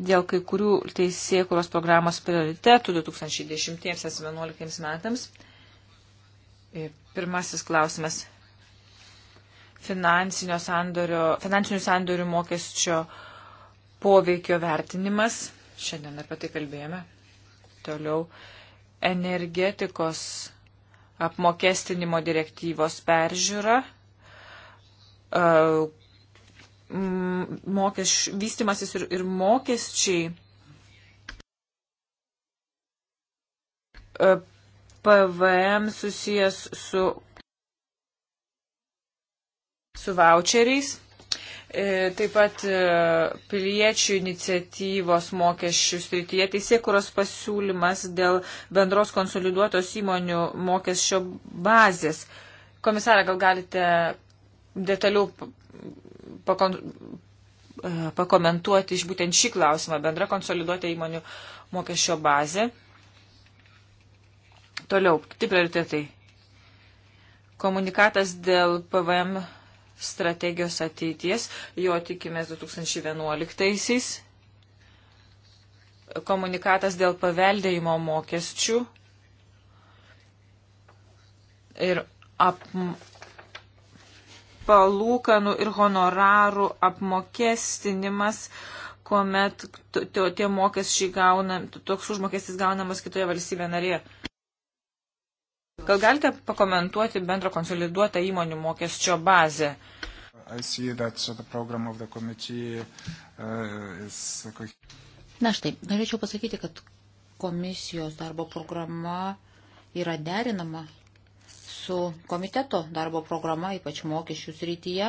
dėl kai kurių teisėkuros programos prioritetų 2010-2011 metams. Pirmasis klausimas finansinio sandorio, finansinių sandorių mokesčio poveikio vertinimas. Šiandien apie tai kalbėjome. Toliau energetikos apmokestinimo direktyvos peržiūra, Mm, mokeš, vystimasis ir, ir mokesčiai e, PVM susijęs su, su voucheriais. E, taip pat e, piliečių iniciatyvos mokesčių srityje teisėkuros pasiūlymas dėl bendros konsoliduotos įmonių mokesčio bazės. Komisarė, gal galite detaliau pakon, e, pakomentuoti iš būtent šį klausimą, bendra konsoliduota įmonių mokesčio bazė. Toliau, kiti prioritetai. Komunikatas dėl PVM strategijos ateities, jo tikimės 2011-aisiais. Komunikatas dėl paveldėjimo mokesčių ir ap, palūkanų ir honorarų apmokestinimas, kuomet tie mokesčiai gauna, toks užmokestis gaunamas kitoje valstybėje narėje. Gal galite pakomentuoti bendro konsoliduotą įmonių mokesčio bazę? Uh, uh, Na štai, norėčiau pasakyti, kad komisijos darbo programa yra derinama mūsų komiteto darbo programa, ypač mokesčių srityje.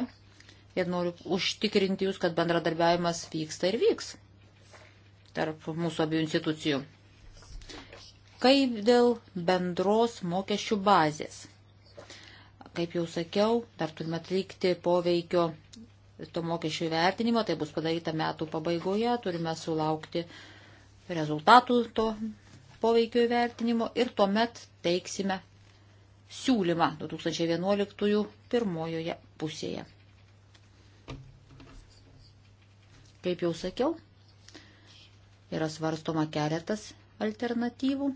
Ir noriu užtikrinti jūs, kad bendradarbiavimas vyksta ir vyks tarp mūsų abiejų institucijų. Kaip dėl bendros mokesčių bazės? Kaip jau sakiau, dar turime atlikti poveikio to mokesčio įvertinimo, tai bus padaryta metų pabaigoje, turime sulaukti rezultatų to poveikio įvertinimo ir tuomet teiksime siūlymą 2011 pirmojoje pusėje. Kaip jau sakiau, yra svarstoma keletas alternatyvų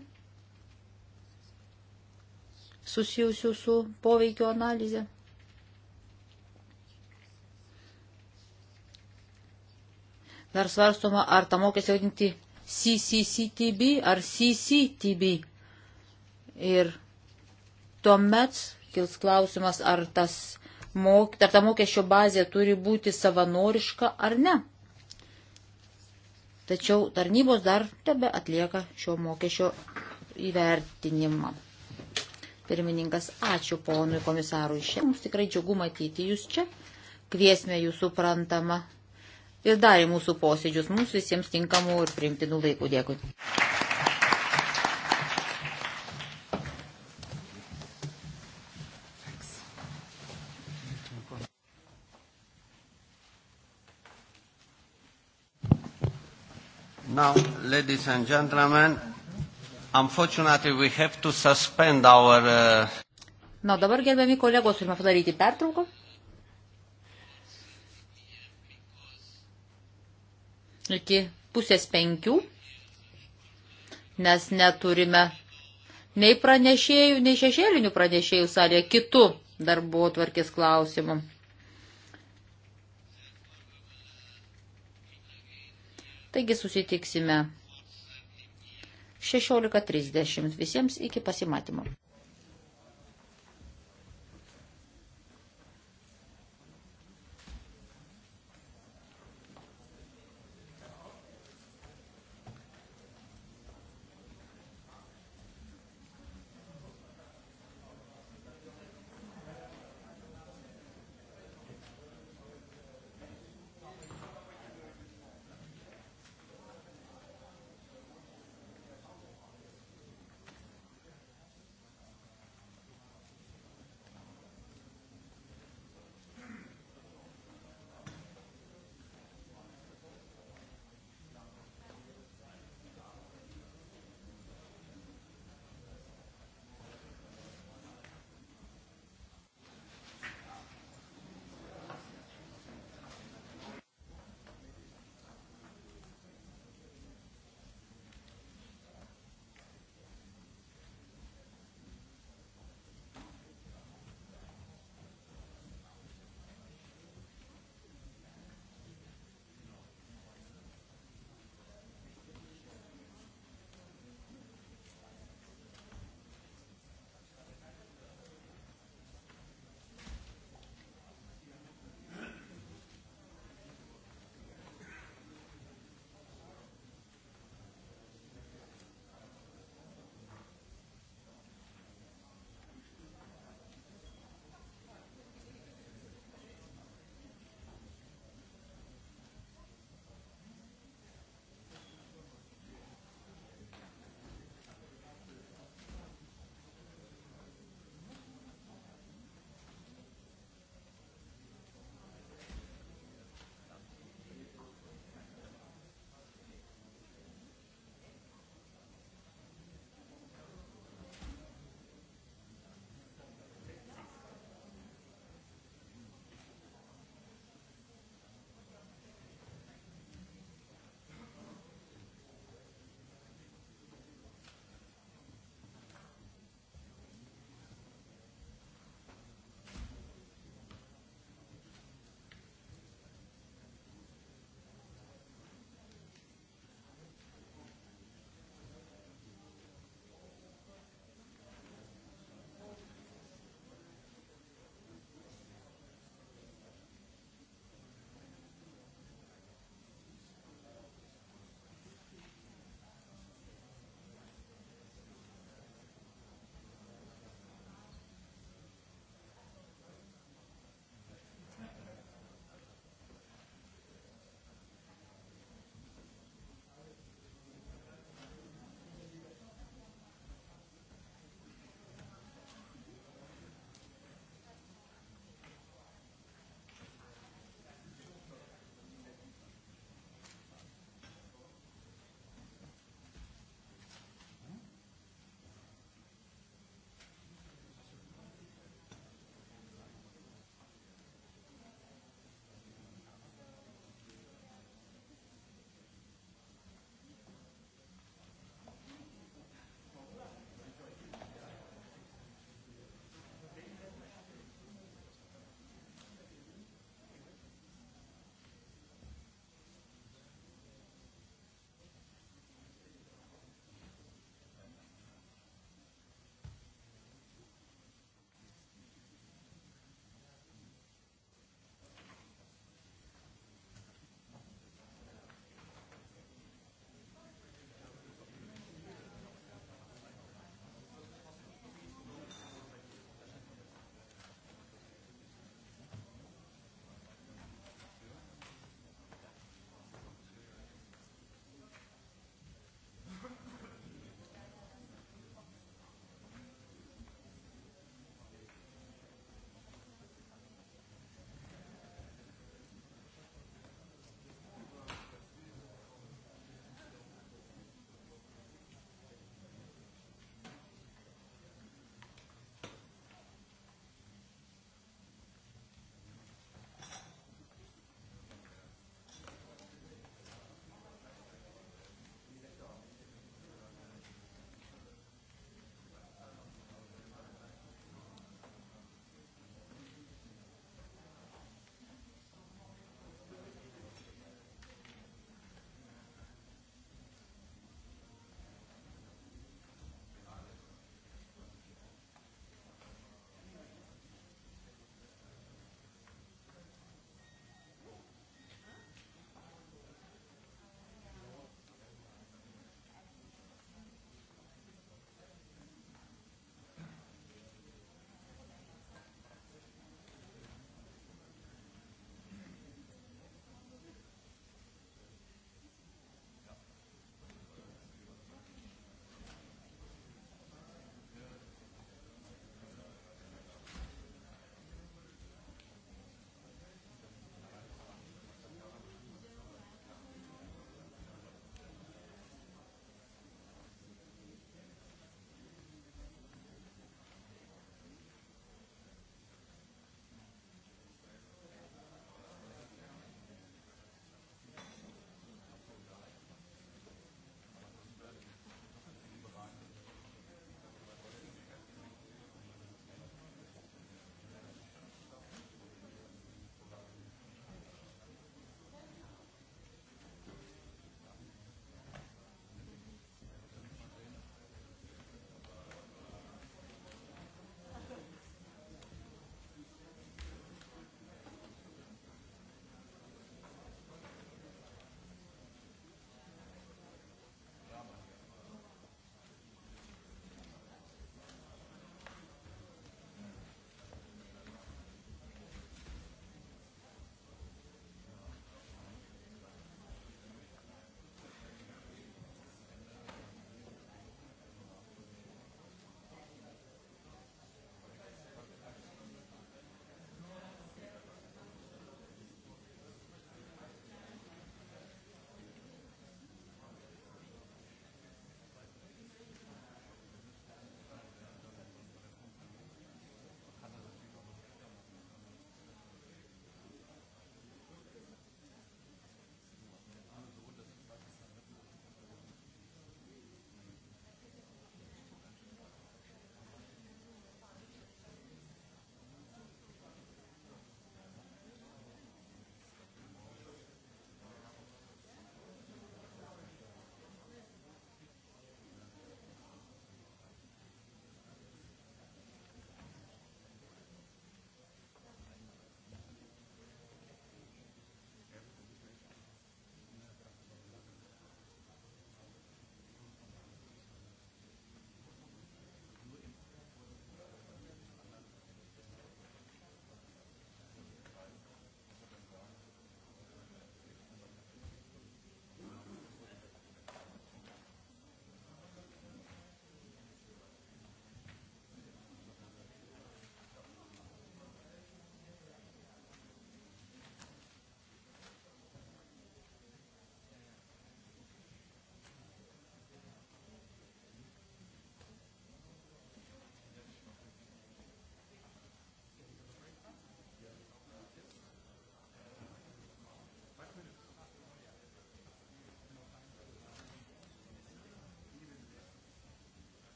susijusių su poveikio analizė. Dar svarstoma, ar tą mokestį vadinti CCCTB ar CCTB. Ir Tuomet kils klausimas, ar, tas, mok, ar ta mokesčio bazė turi būti savanoriška ar ne. Tačiau tarnybos dar tebe atlieka šio mokesčio įvertinimą. Pirmininkas, ačiū ponui komisarui šiandien. Mums tikrai džiugu matyti jūs čia. Kviesime jūs suprantama ir dar į mūsų posėdžius. Mums visiems tinkamų ir primtinų laikų. Dėkui. Now, ladies and gentlemen, unfortunately we have to suspend our... Uh... Na, dabar gerbiami kolegos, turime padaryti pertrauką. Iki pusės penkių, nes neturime nei pranešėjų, nei šešėlinių pranešėjų salėje kitų darbo tvarkės klausimų. Taigi susitiksime 16.30 visiems iki pasimatymo.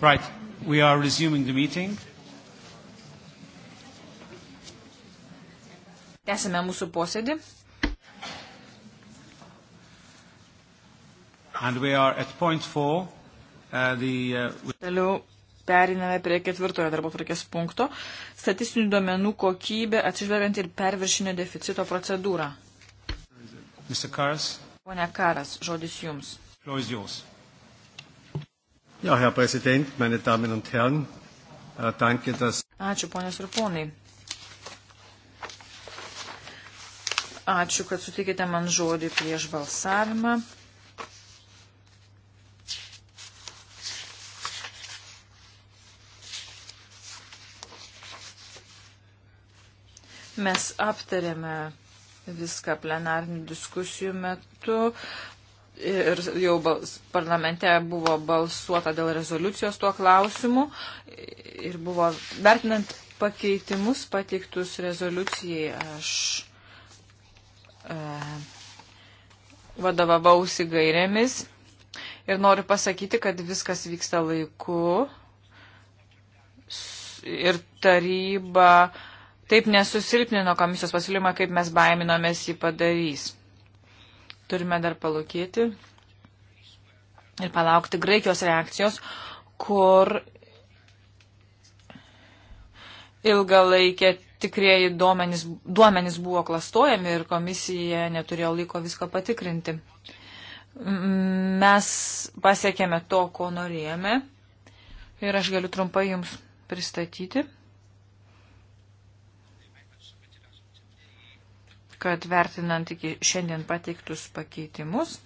Right. We are resuming the meeting. Tęsime mūsų posėdį. And we are at point four. Uh, the, uh, Toliau periname prie ketvirtojo darbo tvarkės punkto. Statistinių duomenų kokybė atsižvelgiant ir perviršinio deficito procedūrą. Mr. Karas. Pone Karas, žodis jums. Floor is yours. Ja, Herr Präsident, meine Damen und Herren, äh, danke, dass. Ačiū, ponios ir ponai. Ačiū, kad sutikite man žodį prieš balsavimą. Mes aptarėme viską plenarnių diskusijų metu ir jau bals, parlamente buvo balsuota dėl rezoliucijos tuo klausimu ir buvo vertinant pakeitimus pateiktus rezoliucijai aš e, vadovavausi gairėmis ir noriu pasakyti, kad viskas vyksta laiku ir taryba taip nesusilpnino komisijos pasiūlymą, kaip mes baiminomės jį padarys. Turime dar palūkėti ir palaukti Graikijos reakcijos, kur ilgalaikė tikrieji duomenys, duomenys buvo klastojami ir komisija neturėjo laiko visko patikrinti. Mes pasiekėme to, ko norėjome ir aš galiu trumpai jums pristatyti. kad vertinant iki šiandien pateiktus pakeitimus,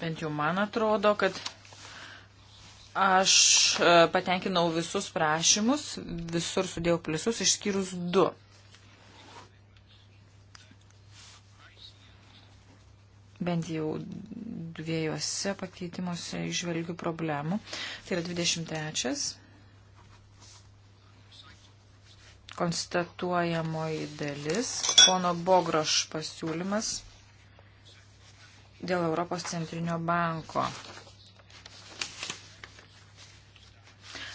bent jau man atrodo, kad aš e, patenkinau visus prašymus, visur sudėjau pliusus išskyrus du. bent jau dviejose pakeitimuose išvelgiu problemų. Tai yra 23. Konstatuojamoji dalis. Pono Bogroš pasiūlymas dėl Europos centrinio banko.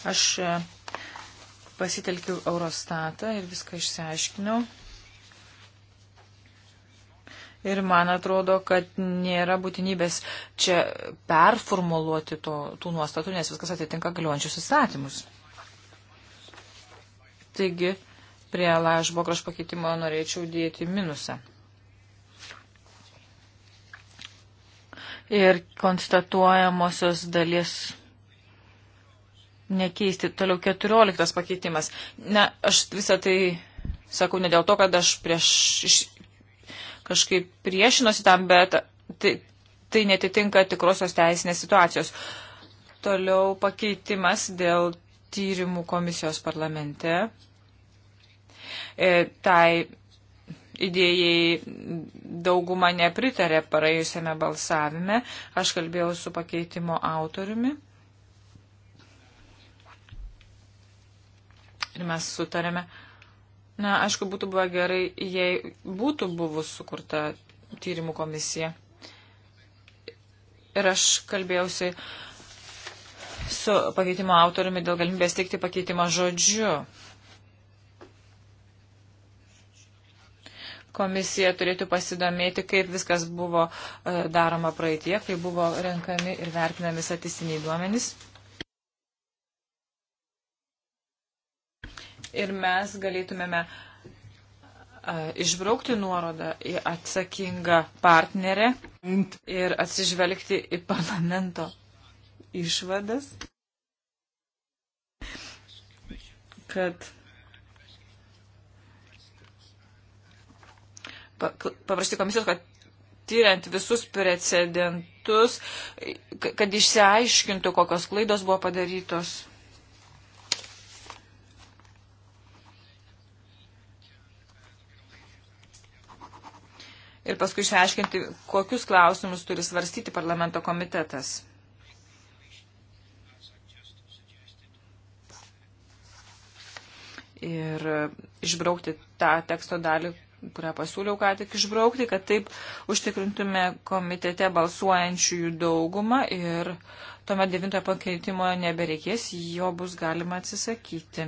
Aš e, pasitelkiau Eurostatą ir viską išsiaiškinau. Ir man atrodo, kad nėra būtinybės čia performuluoti to, tų nuostatų, nes viskas atitinka galiojančius įstatymus. Taigi, prie lažbo kraš pakeitimo norėčiau dėti minusą. Ir konstatuojamosios dalies nekeisti. Toliau 14 pakeitimas. Na, aš visą tai sakau ne dėl to, kad aš prieš kažkaip priešinosi tam, bet tai, tai netitinka tikrosios teisinės situacijos. Toliau pakeitimas dėl tyrimų komisijos parlamente. E, tai idėjai dauguma nepritarė praėjusiame balsavime. Aš kalbėjau su pakeitimo autoriumi. Ir mes sutarėme, Na, aišku, būtų buvę gerai, jei būtų buvus sukurta tyrimų komisija. Ir aš kalbėjausi su pakeitimo autoriumi dėl galimybės teikti pakeitimą žodžiu. Komisija turėtų pasidomėti, kaip viskas buvo e, daroma praeitie, kai buvo renkami ir vertinami statistiniai duomenys. ir mes galėtumėme išbraukti nuorodą į atsakingą partnerę ir atsižvelgti į parlamento išvadas, kad paprašyti komisijos, kad tyriant visus precedentus, kad išsiaiškintų, kokios klaidos buvo padarytos. ir paskui išaiškinti, kokius klausimus turi svarstyti parlamento komitetas. Ir išbraukti tą teksto dalį, kurią pasiūliau ką tik išbraukti, kad taip užtikrintume komitete balsuojančiųjų daugumą ir tuomet devintojo pakeitimo nebereikės, jo bus galima atsisakyti.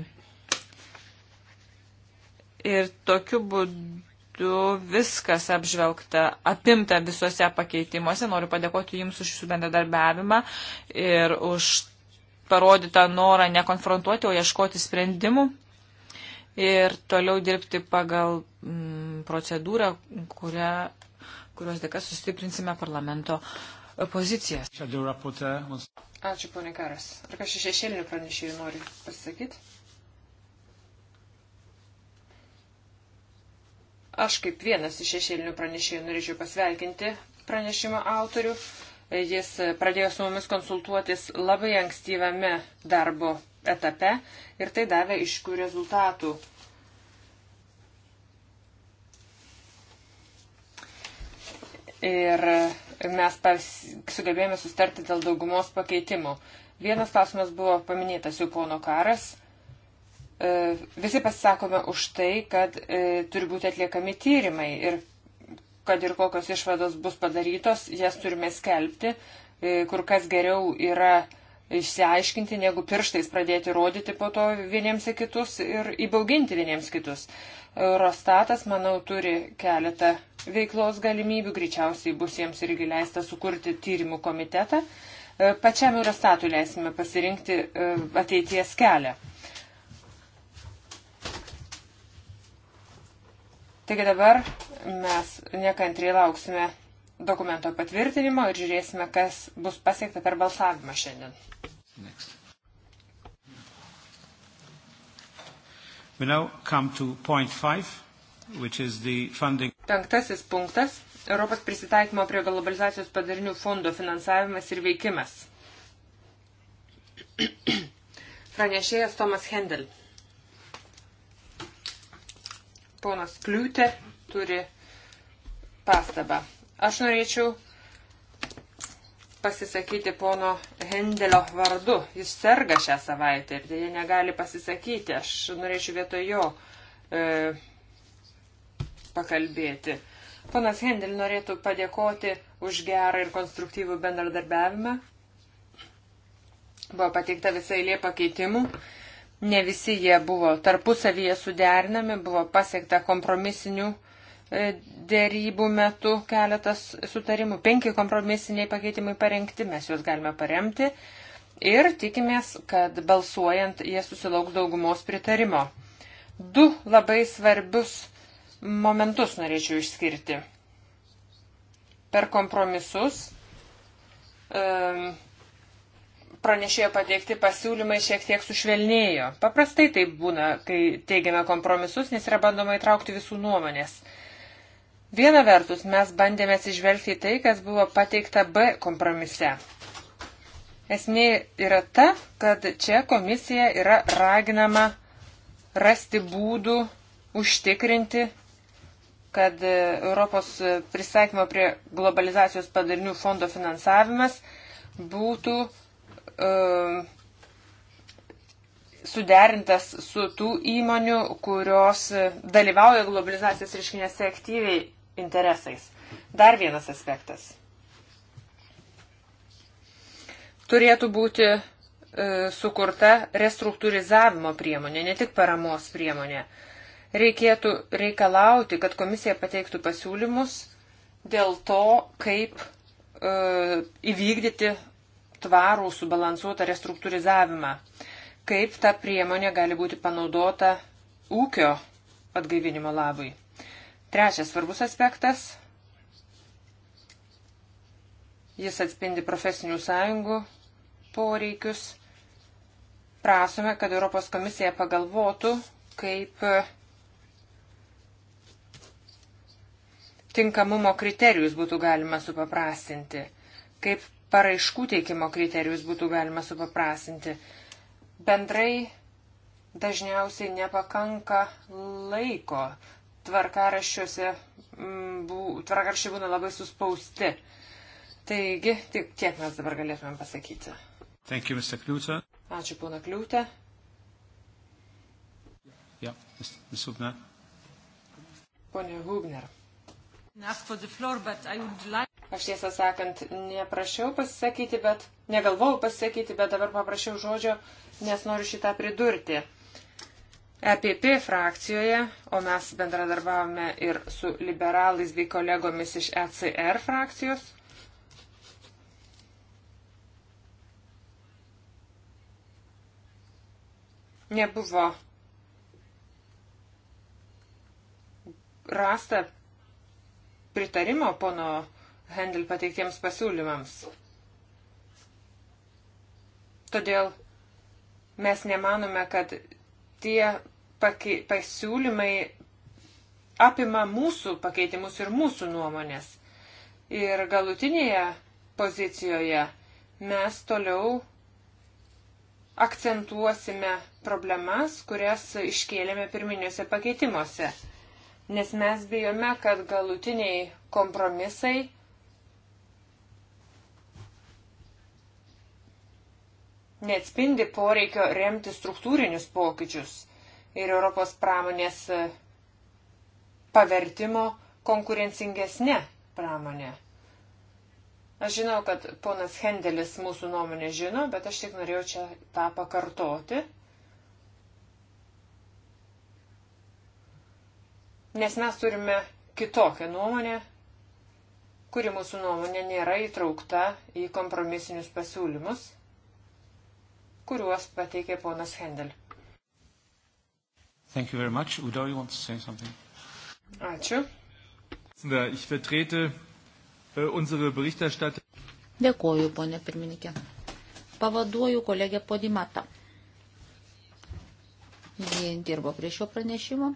Ir tokiu būdu metu viskas apžvelgta, apimta visuose pakeitimuose. Noriu padėkoti Jums už Jūsų bendradarbiavimą ir už parodytą norą nekonfrontuoti, o ieškoti sprendimų ir toliau dirbti pagal mm, procedūrą, kurią, kurios dėka sustiprinsime parlamento pozicijas. Ačiū, ponė Karas. Ar kažkaip šešėlinių pranešėjų nori pasakyti? Aš kaip vienas iš šešėlinių pranešėjų norėčiau pasveikinti pranešimo autorių. Jis pradėjo su mumis konsultuotis labai ankstyvame darbo etape ir tai davė iškių rezultatų. Ir mes pas, sugebėjome sustarti dėl daugumos pakeitimų. Vienas klausimas buvo paminėtas jau pono karas E, visi pasisakome už tai, kad e, turi būti atliekami tyrimai ir kad ir kokios išvados bus padarytos, jas turime skelbti, e, kur kas geriau yra išsiaiškinti, negu pirštais pradėti rodyti po to vieniems į kitus ir įbauginti vieniems kitus. Eurostatas, manau, turi keletą veiklos galimybių, greičiausiai bus jiems irgi leista sukurti tyrimų komitetą. Pačiam Eurostatui leisime pasirinkti ateities kelią. Taigi dabar mes nekantriai lauksime dokumento patvirtinimo ir žiūrėsime, kas bus pasiekta per balsavimą šiandien. Next. We now come to point five, which is the funding. Penktasis punktas - Europos prisitaikymo prie globalizacijos padarinių fondo finansavimas ir veikimas. (clears throat) Pranešėjas Tomas Hendel. Ponas Kliūtė turi pastabą. Aš norėčiau pasisakyti pono Hendelio vardu. Jis serga šią savaitę ir jie negali pasisakyti. Aš norėčiau vietoj jo e, pakalbėti. Ponas Hendel norėtų padėkoti už gerą ir konstruktyvų bendradarbiavimą. Buvo pateikta visai lė pakeitimų Ne visi jie buvo tarpusavyje suderinami, buvo pasiekta kompromisinių e, dėrybų metu keletas sutarimų. Penki kompromisiniai pakeitimai parengti, mes juos galime paremti ir tikimės, kad balsuojant jie susilauks daugumos pritarimo. Du labai svarbius momentus norėčiau išskirti. Per kompromisus. Um, e, pranešėjo pateikti pasiūlymai šiek tiek sušvelnėjo. Paprastai taip būna, kai teigiame kompromisus, nes yra bandoma įtraukti visų nuomonės. Viena vertus, mes bandėme atsižvelgti į tai, kas buvo pateikta B kompromise. Esmė yra ta, kad čia komisija yra raginama rasti būdų užtikrinti, kad Europos pristaikymo prie globalizacijos padarinių fondo finansavimas būtų uh, E, suderintas su tų įmonių, kurios dalyvauja globalizacijos reiškinėse aktyviai interesais. Dar vienas aspektas. Turėtų būti e, sukurta restruktūrizavimo priemonė, ne tik paramos priemonė. Reikėtų reikalauti, kad komisija pateiktų pasiūlymus dėl to, kaip e, įvykdyti tvarų subalansuotą restruktūrizavimą. Kaip ta priemonė gali būti panaudota ūkio atgaivinimo labui. Trečias svarbus aspektas. Jis atspindi profesinių sąjungų poreikius. Prasome, kad Europos komisija pagalvotų, kaip tinkamumo kriterijus būtų galima supaprastinti, kaip paraiškų teikimo kriterijus būtų galima supaprasinti. Bendrai dažniausiai nepakanka laiko. Tvarkaraščiuose mm, tvarkaraščiai būna labai suspausti. Taigi, tik tiek mes dabar galėtumėm pasakyti. Thank you, Mr. Kliūtė. Ačiū, pana Kliūtė. Ja, Ms. Hubner. Pone Hubner. Floor, like... Aš tiesą sakant, neprašiau pasisakyti, bet negalvojau pasisakyti, bet dabar paprašiau žodžio, nes noriu šitą pridurti. EPP frakcijoje, o mes bendradarbavome ir su liberalais bei kolegomis iš ECR frakcijos. Nebuvo rasta pritarimo pono Hendel pateiktiems pasiūlymams. Todėl mes nemanome, kad tie pasiūlymai apima mūsų pakeitimus ir mūsų nuomonės. Ir galutinėje pozicijoje mes toliau akcentuosime problemas, kurias iškėlėme pirminiuose pakeitimuose. Nes mes bijome, kad galutiniai kompromisai neatspindi poreikio remti struktūrinius pokyčius ir Europos pramonės e, pavertimo konkurencingesnė pramonė. Aš žinau, kad ponas Hendelis mūsų nuomonę žino, bet aš tik norėjau čia tą pakartoti. Nes mes turime kitokią nuomonę, kuri mūsų nuomonė nėra įtraukta į kompromisinius pasiūlymus kuriuos pateikė ponas Hendel. Thank you very much. Udo, you want to say something? Ačiū. Ich vertrete äh, unsere Berichterstatter. Dėkoju, ponė pirmininkė. Pavaduoju kolegę Podimata. Ji dirbo prie šio pranešimo.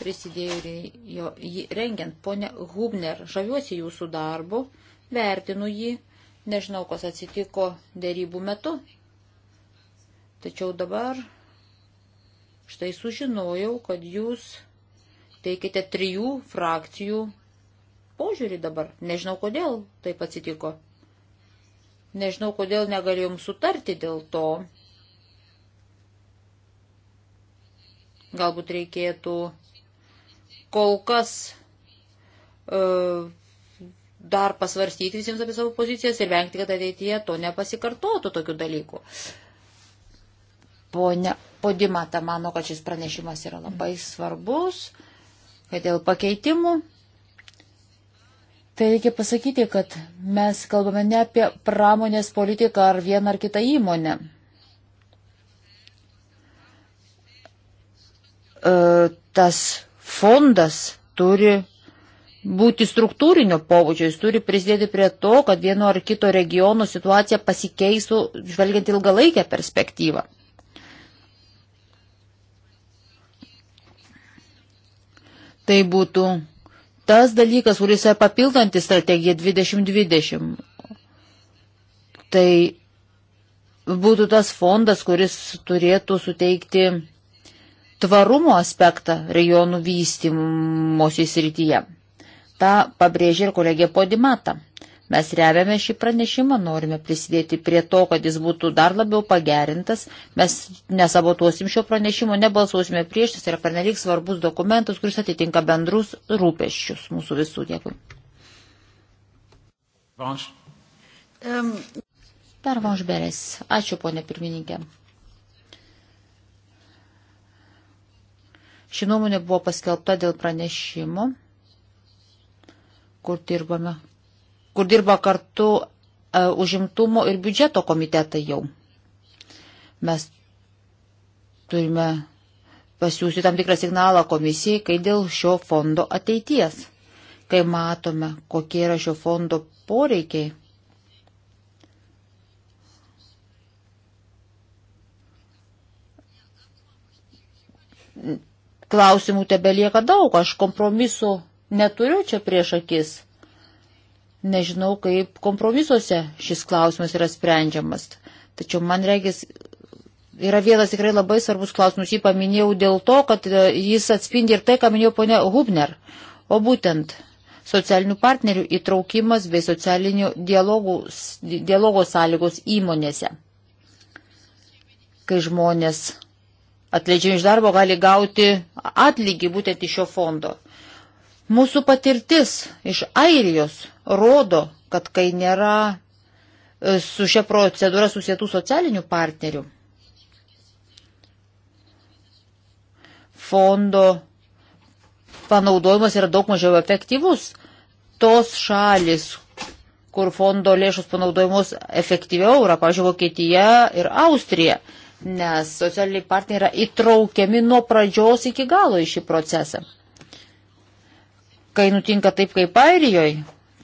Prisidėjo ir jį rengiant. Pone Hubner, žaviuosi jūsų darbu, vertinu jį Nežinau, kas atsitiko dėrybų metu. Tačiau dabar štai sužinojau, kad jūs teikite trijų frakcijų požiūrį dabar. Nežinau, kodėl taip atsitiko. Nežinau, kodėl negalėjom sutarti dėl to. Galbūt reikėtų kol kas uh, dar pasvarstyti visiems apie savo pozicijas ir vengti, kad ateityje to nepasikartotų tokių dalykų. Pone Podimata mano, kad šis pranešimas yra labai svarbus, kad dėl pakeitimų. Tai reikia pasakyti, kad mes kalbame ne apie pramonės politiką ar vieną ar kitą įmonę. E, tas fondas turi būti struktūrinio pobūdžio, jis turi prisidėti prie to, kad vieno ar kito regiono situacija pasikeisų, žvelgiant ilgalaikę perspektyvą. Tai būtų tas dalykas, kuris yra papildanti strategija 2020. Tai būtų tas fondas, kuris turėtų suteikti tvarumo aspektą regionų vystymosi srityje. Ta pabrėžė ir kolegė Podimata. Mes remiame šį pranešimą, norime prisidėti prie to, kad jis būtų dar labiau pagerintas. Mes nesabotuosim šio pranešimo, nebalsuosime prieš, jis yra pernelyg svarbus dokumentas, kuris atitinka bendrus rūpeščius mūsų visų. Dėkui. Per Vanžberės. Ačiū, ponė pirmininkė. Ši nuomonė buvo paskelbta dėl pranešimo kur dirbame, kur dirba kartu e, užimtumo ir biudžeto komitetai jau. Mes turime pasiūsti tam tikrą signalą komisijai, kai dėl šio fondo ateities, kai matome, kokie yra šio fondo poreikiai. Klausimų tebelieka daug, aš kompromisu neturiu čia prieš akis. Nežinau, kaip kompromisuose šis klausimas yra sprendžiamas. Tačiau man reikės, yra vienas tikrai labai svarbus klausimas. Jį paminėjau dėl to, kad e, jis atspindi ir tai, ką minėjo ponia Hubner. O būtent socialinių partnerių įtraukimas bei socialinių dialogų, dialogo sąlygos įmonėse. Kai žmonės atleidžiami iš darbo gali gauti atlygį būtent iš šio fondo. Mūsų patirtis iš Airijos rodo, kad kai nėra e, su šia procedūra susietų socialinių partnerių, fondo panaudojimas yra daug mažiau efektyvus. Tos šalis, kur fondo lėšos panaudojamos efektyviau, yra, pavyzdžiui, Vokietija ir Austrija, nes socialiniai partneriai yra įtraukiami nuo pradžios iki galo į šį procesą kai nutinka taip kaip Airijoje,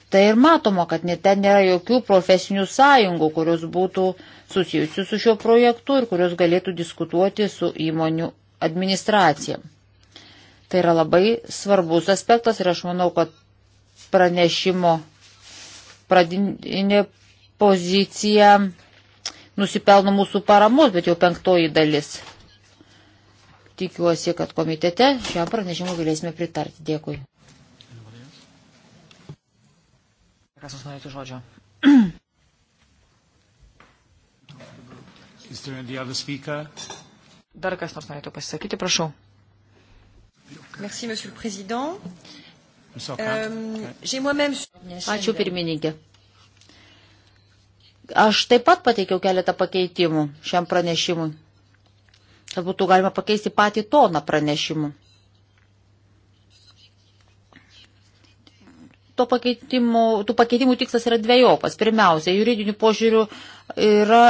tai ir matoma, kad net ten nėra jokių profesinių sąjungų, kurios būtų susijusių su šiuo projektu ir kurios galėtų diskutuoti su įmonių administracija. Tai yra labai svarbus aspektas ir aš manau, kad pranešimo pradinė pozicija nusipelno mūsų paramos, bet jau penktoji dalis. Tikiuosi, kad komitete šiam pranešimu galėsime pritarti. Dėkui. Kas jūs norėtų žodžio? Dar kas nors norėtų pasisakyti, prašau. Merci, monsieur le président. Euh, Ačiū pirmininkė. Aš taip pat pateikiau keletą pakeitimų šiam pranešimui, kad būtų galima pakeisti patį toną pranešimų. to pakeitimo, tų pakeitimų tikslas yra dviejopas. Pirmiausia, juridinių požiūrių yra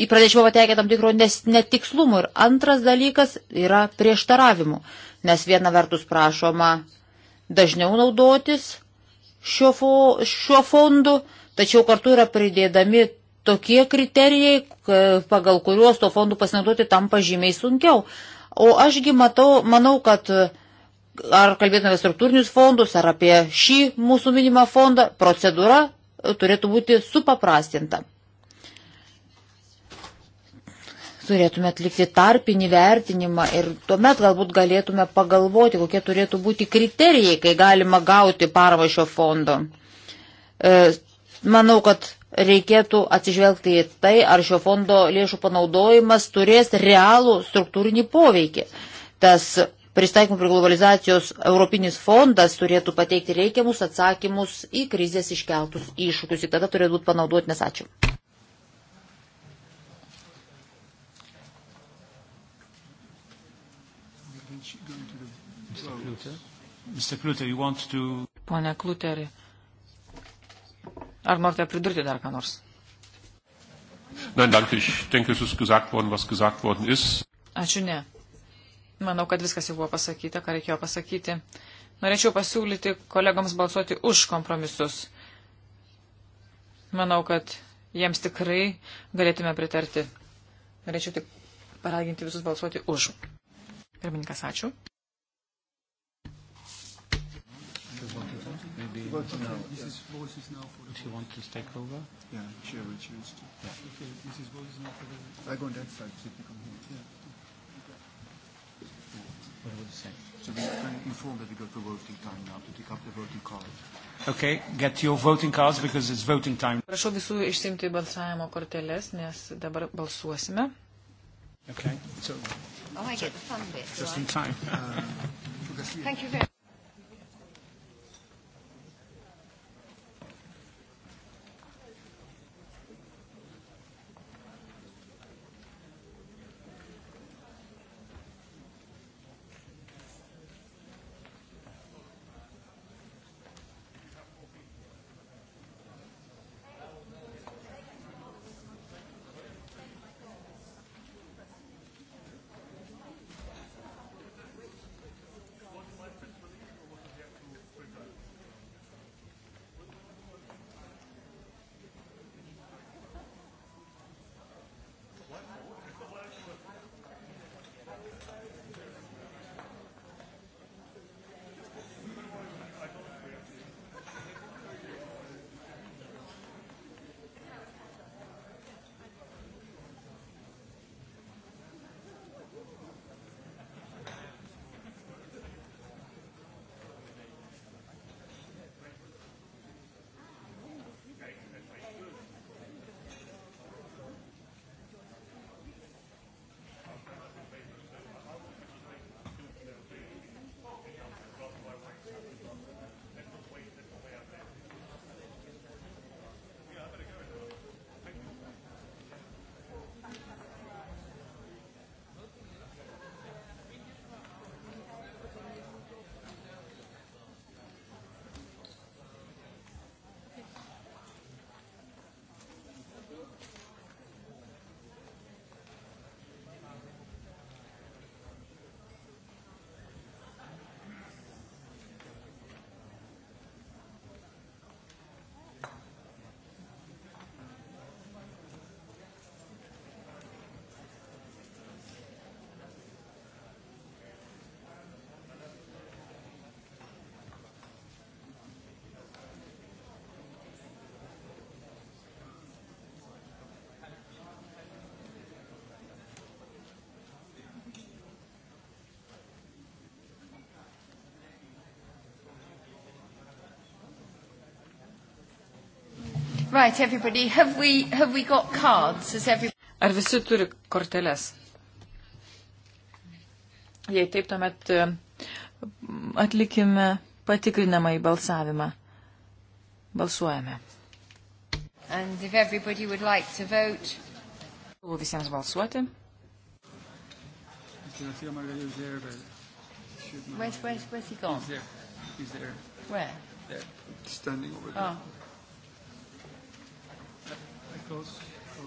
į pranešimą patekę tam tikro netikslumų. Ir antras dalykas yra prieštaravimų. Nes viena vertus prašoma dažniau naudotis šiuo, fo, šiuo fondu, tačiau kartu yra pridėdami tokie kriterijai, pagal kuriuos to fondu pasinaudoti tam pažymiai sunkiau. O ašgi matau, manau, kad ar kalbėtume apie struktūrinius fondus, ar apie šį mūsų minimą fondą, procedūra e, turėtų būti supaprastinta. Turėtume atlikti tarpinį vertinimą ir tuomet galbūt galėtume pagalvoti, kokie turėtų būti kriterijai, kai galima gauti paramą šio fondo. E, manau, kad reikėtų atsižvelgti į tai, ar šio fondo lėšų panaudojimas turės realų struktūrinį poveikį. Tas pristaikymų prie globalizacijos Europinis fondas turėtų pateikti reikiamus atsakymus į krizės iškeltus iššūkius. Ir tada turėtų būti panaudotinas. Ačiū. Pone Kluteri, ar norite pridurti dar ką nors? Nein, danke. Ich denke, es ist gesagt worden, was gesagt worden ist. Ačiū ne. Manau, kad viskas jau buvo pasakyta, ką reikėjo pasakyti. Norėčiau pasiūlyti kolegams balsuoti už kompromisus. Manau, kad jiems tikrai galėtume pritarti. Norėčiau tik paraginti visus balsuoti už. Pirmininkas, ačiū. Yeah what I was saying. So we can inform that we go to voting time now to pick up the voting card. Okay, get your voting cards because it's voting time. Prašau visų išsimti balsavimo korteles, nes dabar balsuosime. Okay, so. Oh, I get the fun bit. Just right. in time. Uh, Thank you very much. Right, everybody, have we, have we got cards? Has every... Ar visi turi korteles? Jei taip, tuomet e, atlikime patikrinamą į balsavimą. Balsuojame. And if everybody would like to vote. Visiems balsuoti. Where's, where's, where's he gone? He's there. He's there. Where? There. Standing over there. Oh.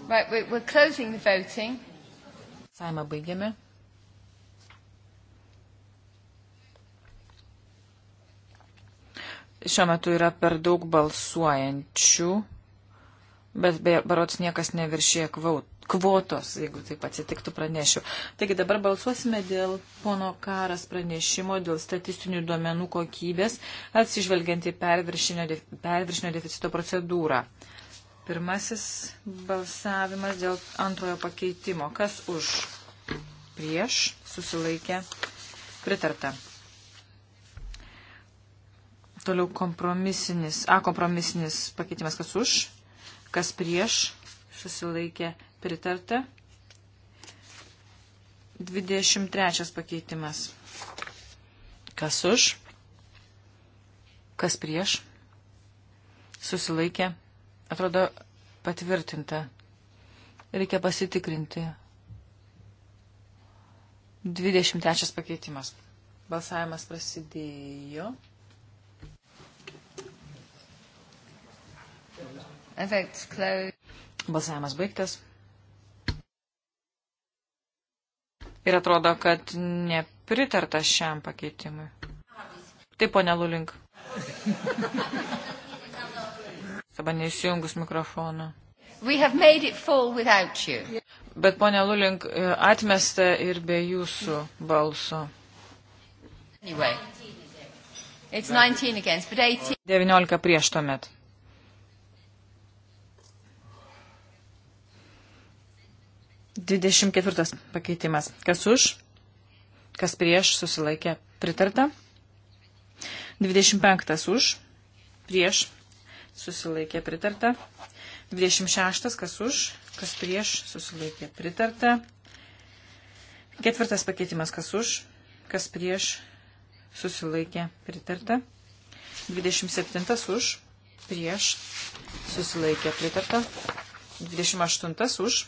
Right, we're closing the voting. Saimą baigiame. Šiuo metu yra per daug balsuojančių, bet barots niekas neviršė kvotos, jeigu taip atsitiktų pranešiu. Taigi dabar balsuosime dėl pono karas pranešimo, dėl statistinių duomenų kokybės, atsižvelgiant į perviršinio, perviršinio deficito procedūrą. Uh, Pirmasis balsavimas dėl antrojo pakeitimo. Kas už? Prieš susilaikė pritarta. Toliau kompromisinis, a, kompromisinis pakeitimas, kas už, kas prieš, susilaikė pritarta. 23 pakeitimas. Kas už, kas prieš, susilaikė pritarta Atrodo patvirtinta. Reikia pasitikrinti. 23 pakeitimas. Balsavimas prasidėjo. Balsavimas baigtas. Ir atrodo, kad nepritarta šiam pakeitimui. Taip, ponia Lulink. (laughs) Saba neįsijungus mikrofoną. Bet ponia Lulink e, atmesta ir be jūsų balso. Anyway. 19, against, 18... 19 prieš tuomet. Dvidešimt ketvirtas pakeitimas. Kas už, kas prieš susilaikė pritarta. Dvidešimt penktas už, prieš susilaikė pritarta. 26. Kas už, kas prieš, susilaikė pritarta. Ketvirtas pakeitimas. Kas už, kas prieš, susilaikė pritarta. 27. Už, prieš, susilaikė pritarta. 28. Už,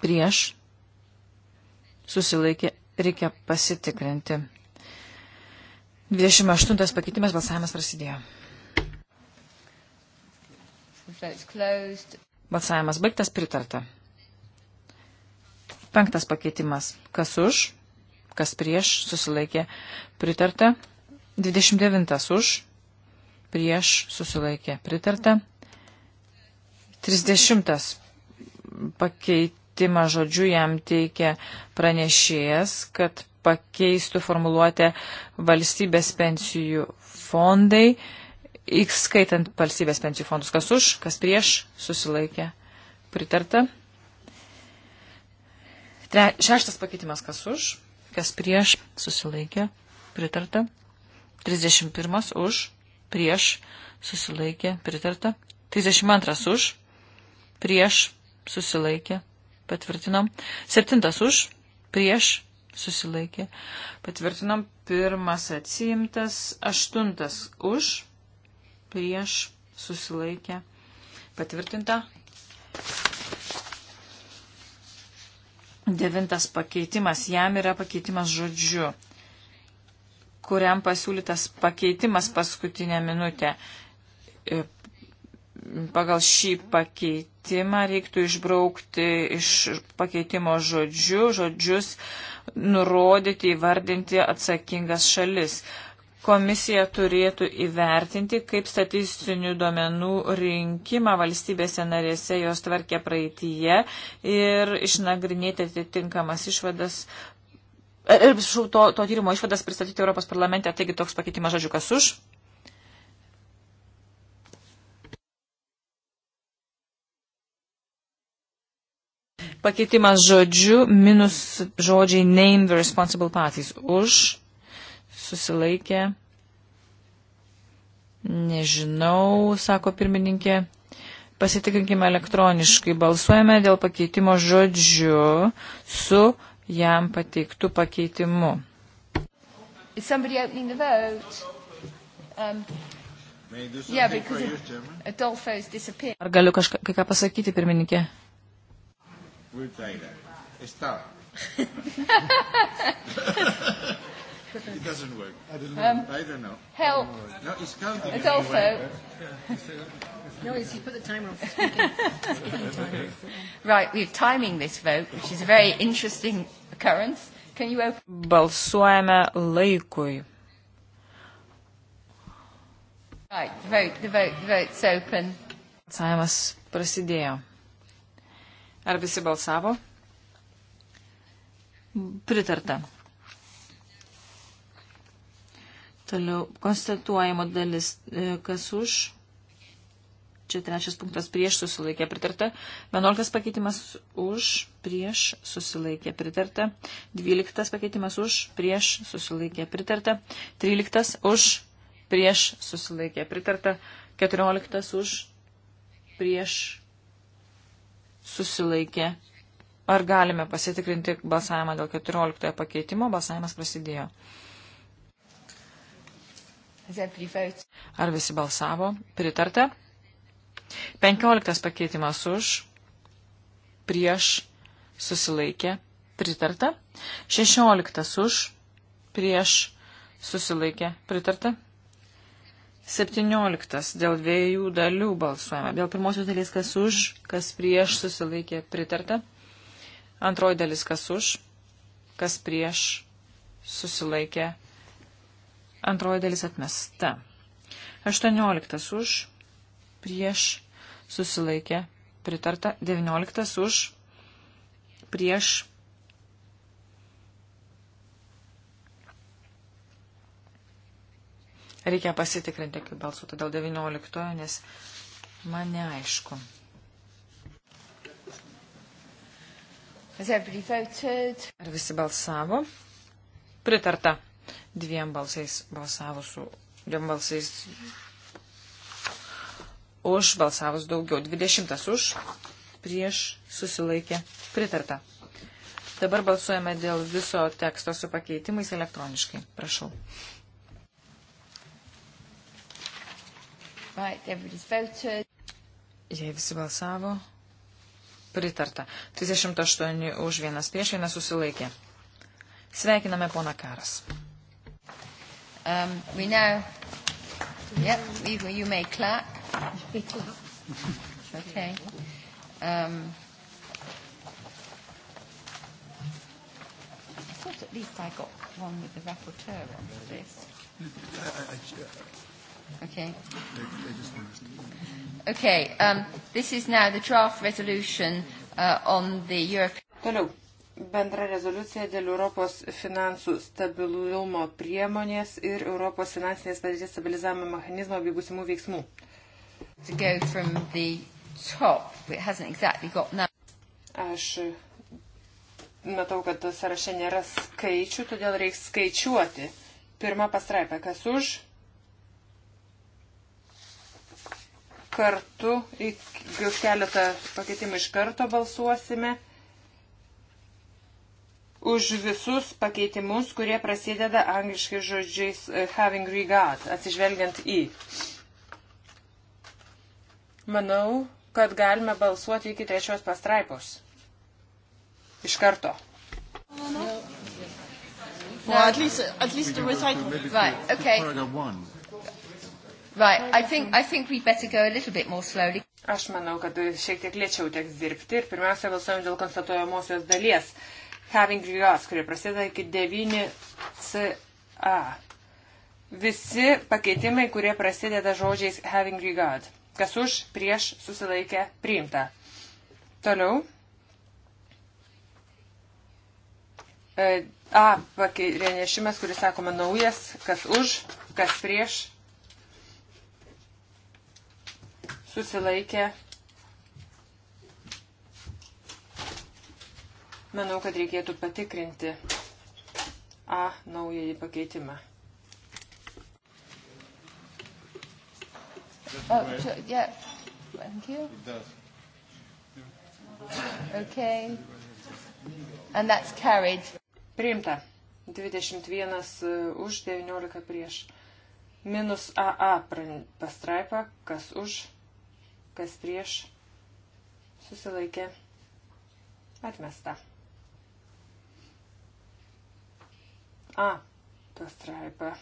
prieš, susilaikė, reikia pasitikrinti. 28 pakeitimas balsavimas prasidėjo. Balsavimas baigtas pritarta. Penktas pakeitimas. Kas už, kas prieš, susilaikė pritarta. 29 už, prieš, susilaikė pritarta. 30 pakeitimą žodžiu jam teikia pranešėjas, kad pakeistų formuluotę valstybės pensijų fondai, įskaitant valstybės pensijų fondus. Kas už, kas prieš, susilaikė. Pritarta. Tre, šeštas pakeitimas, kas už, kas prieš, susilaikė. Pritarta. 31 už, prieš, susilaikė. Pritarta. 32 už, prieš, susilaikė. Patvirtinam. 7 už, prieš, susilaikė. Patvirtinom, pirmas atsiimtas, aštuntas už, prieš susilaikė. Patvirtinta. Devintas pakeitimas, jam yra pakeitimas žodžiu, kuriam pasiūlytas pakeitimas paskutinę minutę e, pagal šį pakeitimą reiktų išbraukti iš pakeitimo žodžių, žodžius nurodyti, įvardinti atsakingas šalis. Komisija turėtų įvertinti, kaip statistinių duomenų rinkimą valstybėse narėse jos tvarkė praeitįje ir išnagrinėti atitinkamas išvadas Ir e, e, to, to tyrimo išvadas pristatyti Europos parlamente, taigi toks pakeitimas žodžiu, kas už, Pakeitimas žodžiu minus žodžiai name the responsible parties. Už susilaikė. Nežinau, sako pirmininkė. Pasitikrinkime elektroniškai. Balsuojame dėl pakeitimo žodžiu su jam pateiktų pakeitimu. Um, yeah, Ar galiu kažką pasakyti, pirmininkė? We'll try that. Stop. (laughs) it doesn't work. I don't um, know. Um, I don't know. Help. No, it's counting. It's also. no, it's you put the timer on. Time. (laughs) right, we're timing this vote, which is a very interesting occurrence. Can you open? Balsuojame laikui. Right, the vote, the vote, the vote's open. Balsavimas prasidėjo. Ar visi balsavo? Pritarta. Toliau konstatuojama dalis, e, kas už. Čia trečias punktas prieš susilaikė pritarta. Vienuoliktas pakeitimas už, prieš susilaikė pritarta. Dvyliktas pakeitimas už, prieš susilaikė pritarta. Tryliktas už, prieš susilaikė pritarta. Keturioliktas už, prieš susilaikė. Ar galime pasitikrinti balsavimą dėl 14 pakeitimo? Balsavimas prasidėjo. Ar visi balsavo? Pritarta? 15 pakeitimas už, prieš, susilaikė, pritarta. 16 už, prieš, susilaikė, pritarta. 17 dėl dviejų dalių balsuojama. Dėl pirmosios dalies kas už, kas prieš susilaikė pritarta. Antroji dalis kas už, kas prieš susilaikė. Antroji dalis atmesta. 18 už, prieš susilaikė pritarta. 19 už, prieš Reikia pasitikrinti, kaip balsu, todėl 19, nes man neaišku. Ar visi balsavo? Pritarta. Dviem balsais balsavusių, dviem balsais už balsavus daugiau. 20 už, prieš susilaikė pritarta. Dabar balsuojame dėl viso teksto su pakeitimais elektroniškai. Prašau. Right, everybody's voted. Jei visi balsavo, pritarta. 38 už vienas prieš vienas susilaikė. Sveikiname pona Karas. Um, we now, yep, you, you may clap. Okay. Um, I thought at least I got one with the rapporteur on for this. I, I, I, Okay. Okay. Um, this is now the draft resolution uh, on the European. Toliau. Bendra rezoliucija dėl Europos finansų stabilumo priemonės ir Europos finansinės padėties stabilizavimo mechanizmo bei būsimų veiksmų. Top, exactly Aš matau, kad sąraše nėra skaičių, todėl reiks skaičiuoti. Pirma pastraipa, kas už, kartu, už keletą pakeitimų iš karto balsuosime už visus pakeitimus, kurie prasideda angliškai žodžiais e, having regard, atsižvelgiant į. Manau, kad galime balsuoti iki trečios pastraipos. Iš karto. No, no. Well, at least, at least the recital. Right, okay. Paragraph one. Right, I think, I think we better go a little bit more slowly. Aš manau, kad šiek tiek lėčiau teks dirbti ir pirmiausia balsuojam dėl konstatuojamosios dalies. Having regards, kurie prasideda iki 9CA. Visi pakeitimai, kurie prasideda žodžiais having regard. Kas už, prieš, susilaikę, priimta. Toliau. E, a pakeitimas, kuris sakoma naujas, kas už, kas prieš, susilaikė. Manau, kad reikėtų patikrinti A naująjį pakeitimą. Oh, so, yeah. Thank you. It does. Okay. And that's carried. Priimta. 21 uh, už, 19 prieš. Minus AA pastraipa, kas už, kas prieš, susilaikė, atmesta. A pastraipa.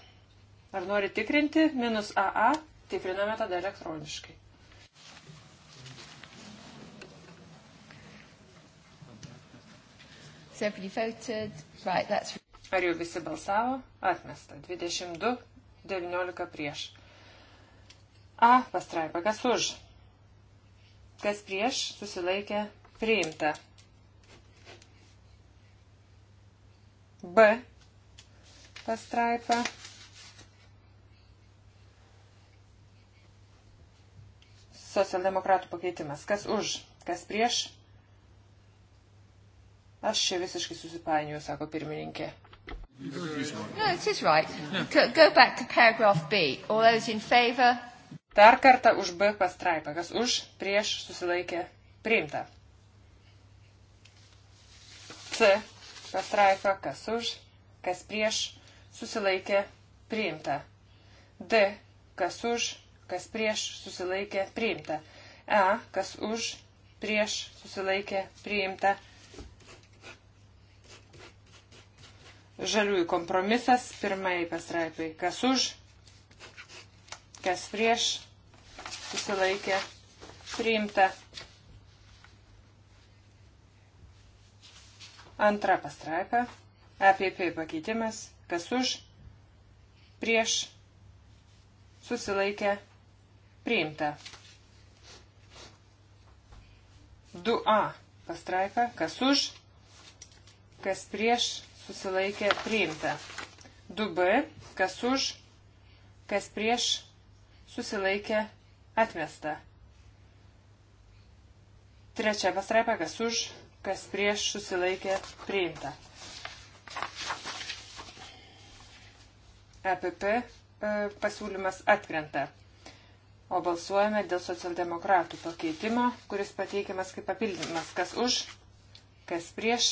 Ar nori tikrinti? Minus AA tikriname tada elektroniškai. Ar jau visi balsavo? Atmesta. 22, 19 prieš. A pastraipa. Kas už? kas prieš susilaikė priimta. B pastraipa. Socialdemokratų pakeitimas. Kas už, kas prieš? Aš čia visiškai susipainioju, sako pirmininkė. No, this is right. Go back to paragraph B. All those in favour? Dar kartą už B pastraipą, kas už, prieš, susilaikė, priimta. C pastraipa, kas už, kas prieš, susilaikė, priimta. D, kas už, kas prieš, susilaikė, priimta. E, kas už, prieš, susilaikė, priimta. Žaliųjų kompromisas, pirmai pastraipai, kas už, kas prieš, susilaikė, priimta. Antra pastraipa, APP pakeitimas, kas už, prieš, susilaikė, priimta. 2A pastraipa, kas už, kas prieš, susilaikė, priimta. 2B, kas už, kas prieš, susilaikė, atmesta. Trečia pastraipa, kas už, kas prieš, susilaikė, priimta. EPP e, pasiūlymas atkrenta. O balsuojame dėl socialdemokratų pakeitimo, kuris pateikiamas kaip papildymas. Kas už, kas prieš,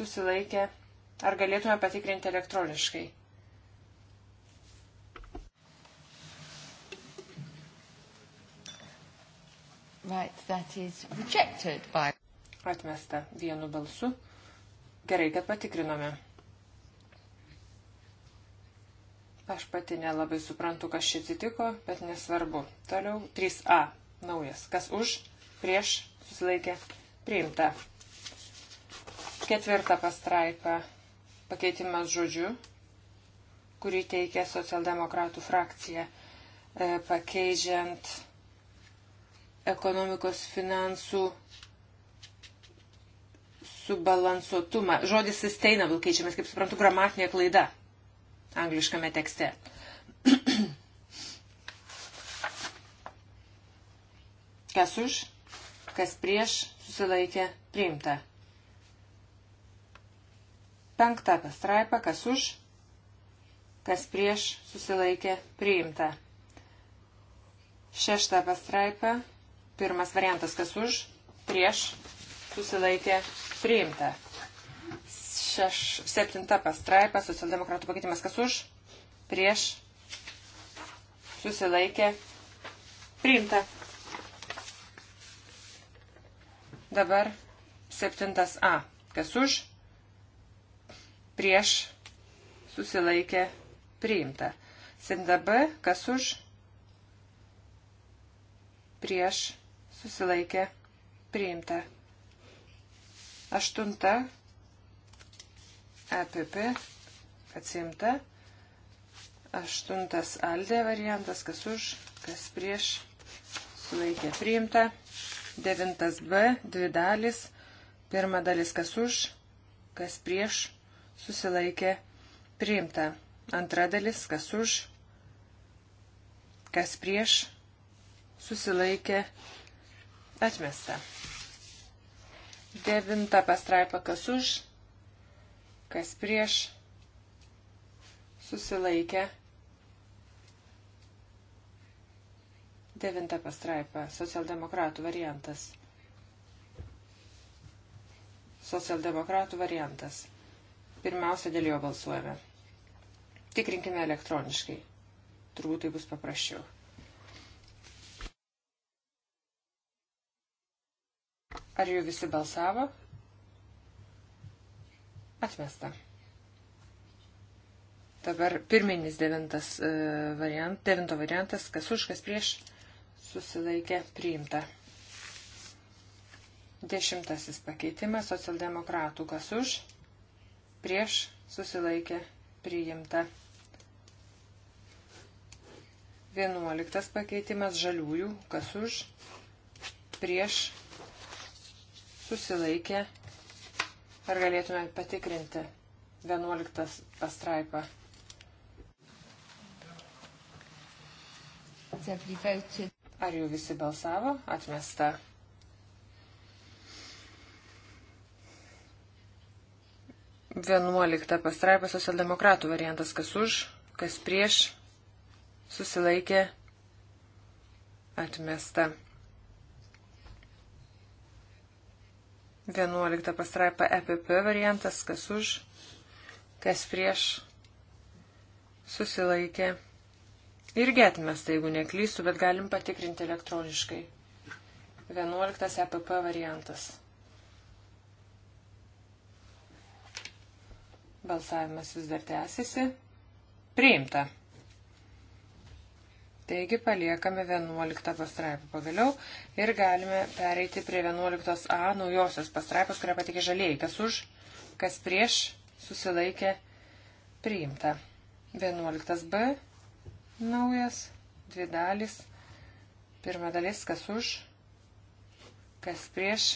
susilaikė. Ar galėtume patikrinti elektroniškai? Right, that is rejected by. Atmesta vienu balsu. Gerai, kad patikrinome. Aš pati nelabai suprantu, kas čia atsitiko, bet nesvarbu. Toliau 3A. Naujas. Kas už, prieš, susilaikė, priimta. Ketvirta pastraipa. Pakeitimas žodžiu, kurį teikia socialdemokratų frakcija, e, pakeidžiant ekonomikos finansų subalansuotumą. Žodis sustainable keičiamas, kaip suprantu, gramatinė klaida angliškame tekste. (clears throat) kas už, kas prieš susilaikė priimta. Penktą pastraipą, kas už, kas prieš susilaikė priimta. Šeštą pastraipą, Pirmas variantas, kas už, prieš, susilaikė, priimta. Šeš, septinta pastraipa, socialdemokratų pakeitimas, kas už, prieš, susilaikė, priimta. Dabar septintas A, kas už, prieš, susilaikė, priimta. Septinta B, kas už, prieš, susilaikė priimta. Aštunta EPP atsimta. Aštuntas ALDE variantas, kas už, kas prieš, sulaikė priimta. Devintas B, dvi dalis. Pirma dalis, kas už, kas prieš, susilaikė priimta. Antra dalis, kas už, kas prieš, susilaikė priimta Atmesta. Devinta pastraipa kas už, kas prieš, susilaikė. Devinta pastraipa socialdemokratų variantas. Socialdemokratų variantas. Pirmiausia, dėl jo balsuojame. Tikrinkime elektroniškai. Turbūt tai bus paprasčiau. Ar jau visi balsavo? Atmesta. Dabar pirminis devintas, e, variant, devinto variantas, kas už, kas prieš, susilaikė priimta. Dešimtasis pakeitimas socialdemokratų, kas už, prieš, susilaikė priimta. Vienuoliktas pakeitimas žaliųjų, kas už, prieš, susilaikė. Ar galėtume patikrinti 11 pastraipą? Ar jau visi balsavo? Atmesta. Vienuolikta pastraipa socialdemokratų variantas, kas už, kas prieš, susilaikė, atmesta. 11 pastraipa EPP variantas, kas už, kas prieš, susilaikė. Irgi atmesta, jeigu neklystu, bet galim patikrinti elektroniškai. 11 EPP variantas. Balsavimas vis dar tęsiasi. Priimta. Taigi paliekame 11 pastraipą pagaliau ir galime pereiti prie 11a naujosios pastraipos, kurią patikė žalieji. Kas už, kas prieš susilaikė priimta. 11b naujas, dvi dalis. Pirma dalis, kas už, kas prieš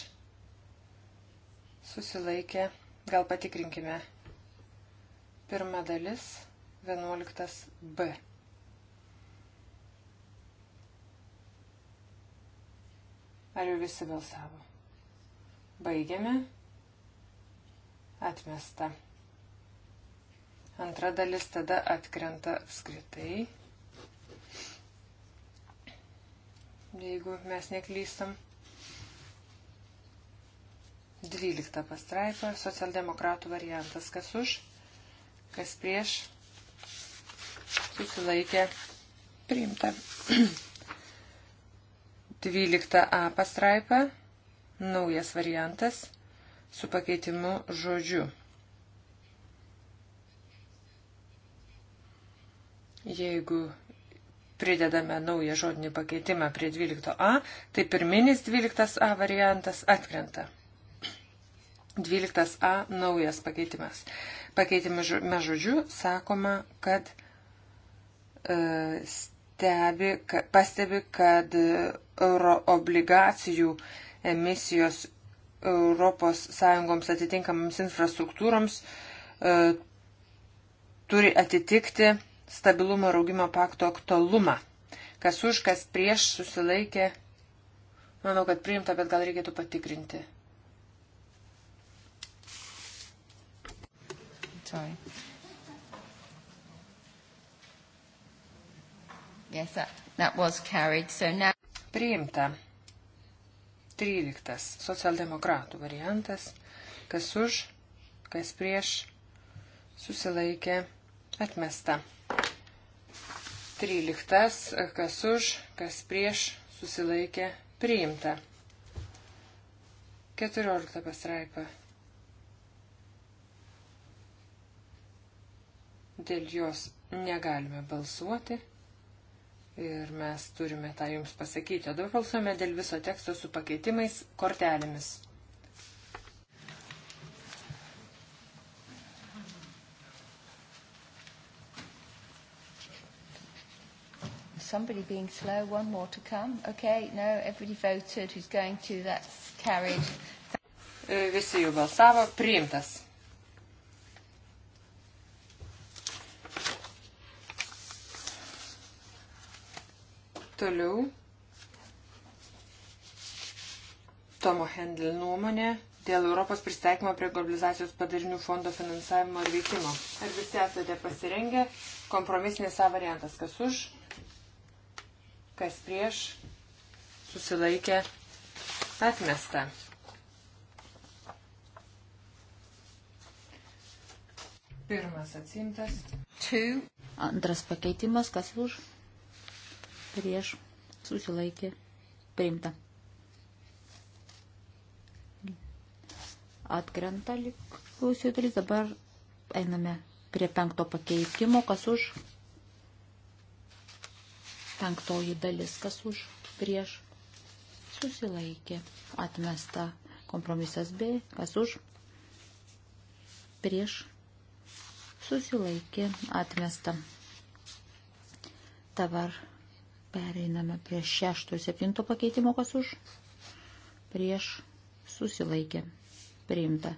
susilaikė. Gal patikrinkime. Pirma dalis, 11b. Ar jau visi balsavo? Baigiame. Atmesta. Antra dalis tada atkrenta apskritai. Jeigu mes neklystam. 12 pastraipa, socialdemokratų variantas, kas už, kas prieš, susilaikė, priimta. (clears throat) 12a pastraipa, naujas variantas su pakeitimu žodžiu. Jeigu pridedame naują žodinį pakeitimą prie 12a, tai pirminis 12a variantas atkrenta. 12a naujas pakeitimas. Pakeitime žodžiu sakoma, kad e, stebi, ka, pastebi, kad euro obligacijų emisijos ES atitinkamams infrastruktūroms e, turi atitikti stabilumo ir augimo pakto aktualumą. Kas už, kas prieš susilaikė, manau, kad priimta, bet gal reikėtų patikrinti. Sorry. Yes, that, that was carried. So now... Priimta. 13. Socialdemokratų variantas. Kas už, kas prieš, susilaikė, atmesta. 13. Kas už, kas prieš, susilaikė, priimta. 14 pasraipa. Dėl jos negalime balsuoti ir mes turime tą jums pasakyti. O dabar balsuojame dėl viso teksto su pakeitimais kortelėmis. somebody being slow. One more to come. Okay, no, everybody voted. Who's going to? That's carried. Visi jų balsavo. Priimtas. Toliau Tomo Hendel nuomonė dėl Europos pristaikymo prie globalizacijos padarinių fondo finansavimo ir veikimo. Ar visi esate pasirengę? Kompromisinės A variantas. Kas už? Kas prieš? Susilaikė. Atmesta. Pirmas atsimtas. Two. Antras pakeitimas. Kas už? prieš susilaikė priimta. Atkrenta likusių dalis, dabar einame prie penkto pakeitimo, kas už penktoji dalis, kas už prieš susilaikė atmesta kompromisas B, kas už prieš susilaikė atmesta. Dabar Pereiname prie šešto ir septinto pakeitimo, kas už. Prieš susilaikė. Priimta.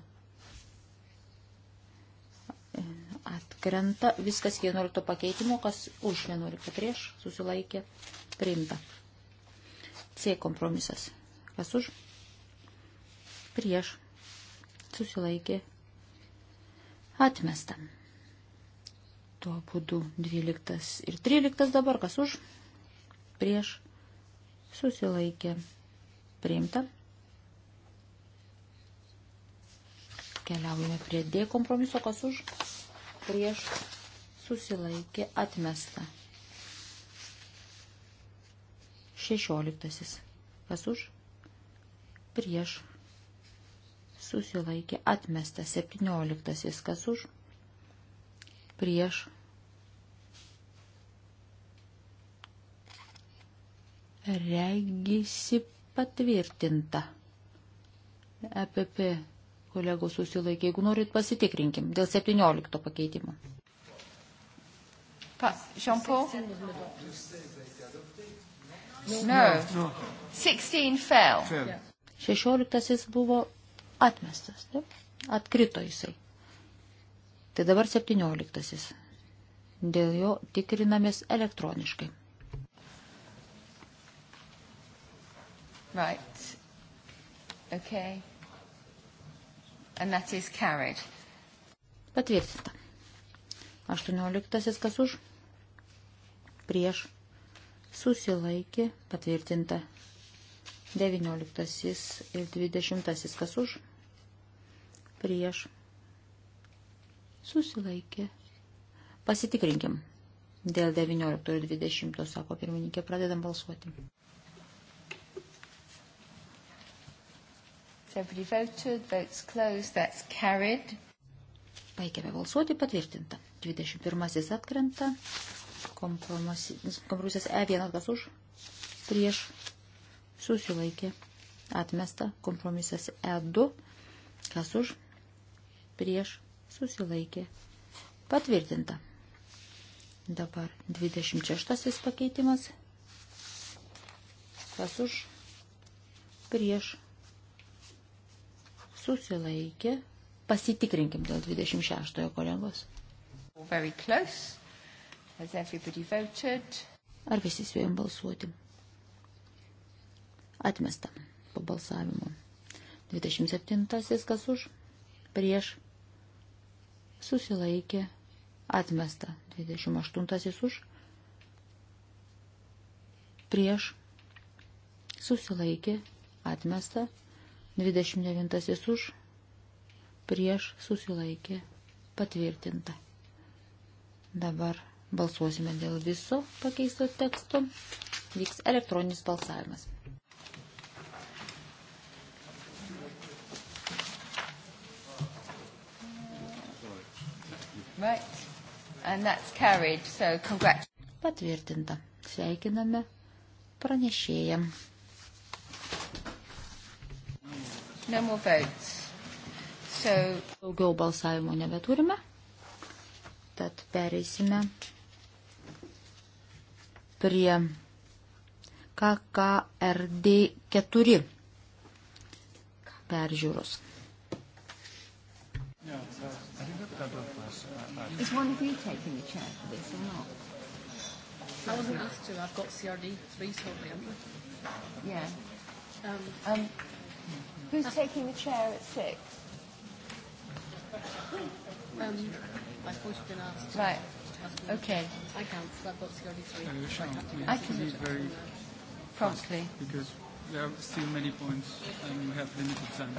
Atkrenta viskas 11 pakeitimo, kas už 11 prieš susilaikė. Priimta. C kompromisas. Kas už? Prieš. Susilaikė. Atmesta. Tuo būdu 12 ir 13 dabar. Kas už? Prieš prieš susilaikė priimta. Keliaujame prie D kompromiso, kas už prieš susilaikė atmesta. Šešioliktasis, kas už prieš susilaikė atmesta. Septynioliktasis, kas už prieš regisi patvirtinta. EPP kolegos susilaikė, jeigu norit pasitikrinkim dėl 17 pakeitimo. Pas, Jean-Paul? No. no. 16 fell. 16 buvo atmestas, taip? Atkrito jisai. Tai dabar 17. Dėl jo tikrinamės elektroniškai. Right. Okay. And that is carried. Patvirtinta. 18. Kas už? Prieš. Susilaikė. Patvirtinta. 19. Ir 20. Kas už? Prieš. Susilaikė. Pasitikrinkim. Dėl 19 ir 20, sako pirmininkė, pradedam balsuoti. Everybody voted. Votes closed. That's carried. Baigėme balsuoti patvirtinta. 21 atkrenta. Kompromisas E1 kas už. Prieš. Susilaikė. Atmesta. Kompromisas E2. Kas už. Prieš. Susilaikė. Patvirtinta. Dabar 26 pakeitimas. Kas už. Prieš susilaikė. Pasitikrinkim dėl 26 kolegos. Very close. Has everybody voted? Ar visi svėjom balsuoti? Atmesta po balsavimo. 27. Kas už? Prieš. Susilaikė. Atmesta. 28. Už. Prieš. Susilaikė. Atmesta. 29 už, prieš susilaikė patvirtinta. Dabar balsuosime dėl viso pakeisto teksto. Vyks elektroninis balsavimas. Right. And that's carried, so Patvirtinta. Sveikiname pranešėjam. No more votes. So... Daugiau balsavimo nebeturime. Tad pereisime prie KKRD 4 peržiūros. Yeah, so I think that that was, uh, I... Is one of you taking the chair for this or not? I wasn't asked to. I've got CRD three, so haven't I? Yeah. Um, um, Who's taking the chair at six? Um, I've always been asked. Right. Okay. I can't, so I've got to go to three. Uh, Sean, I, I can do very promptly. Because there are still many points and we have limited time.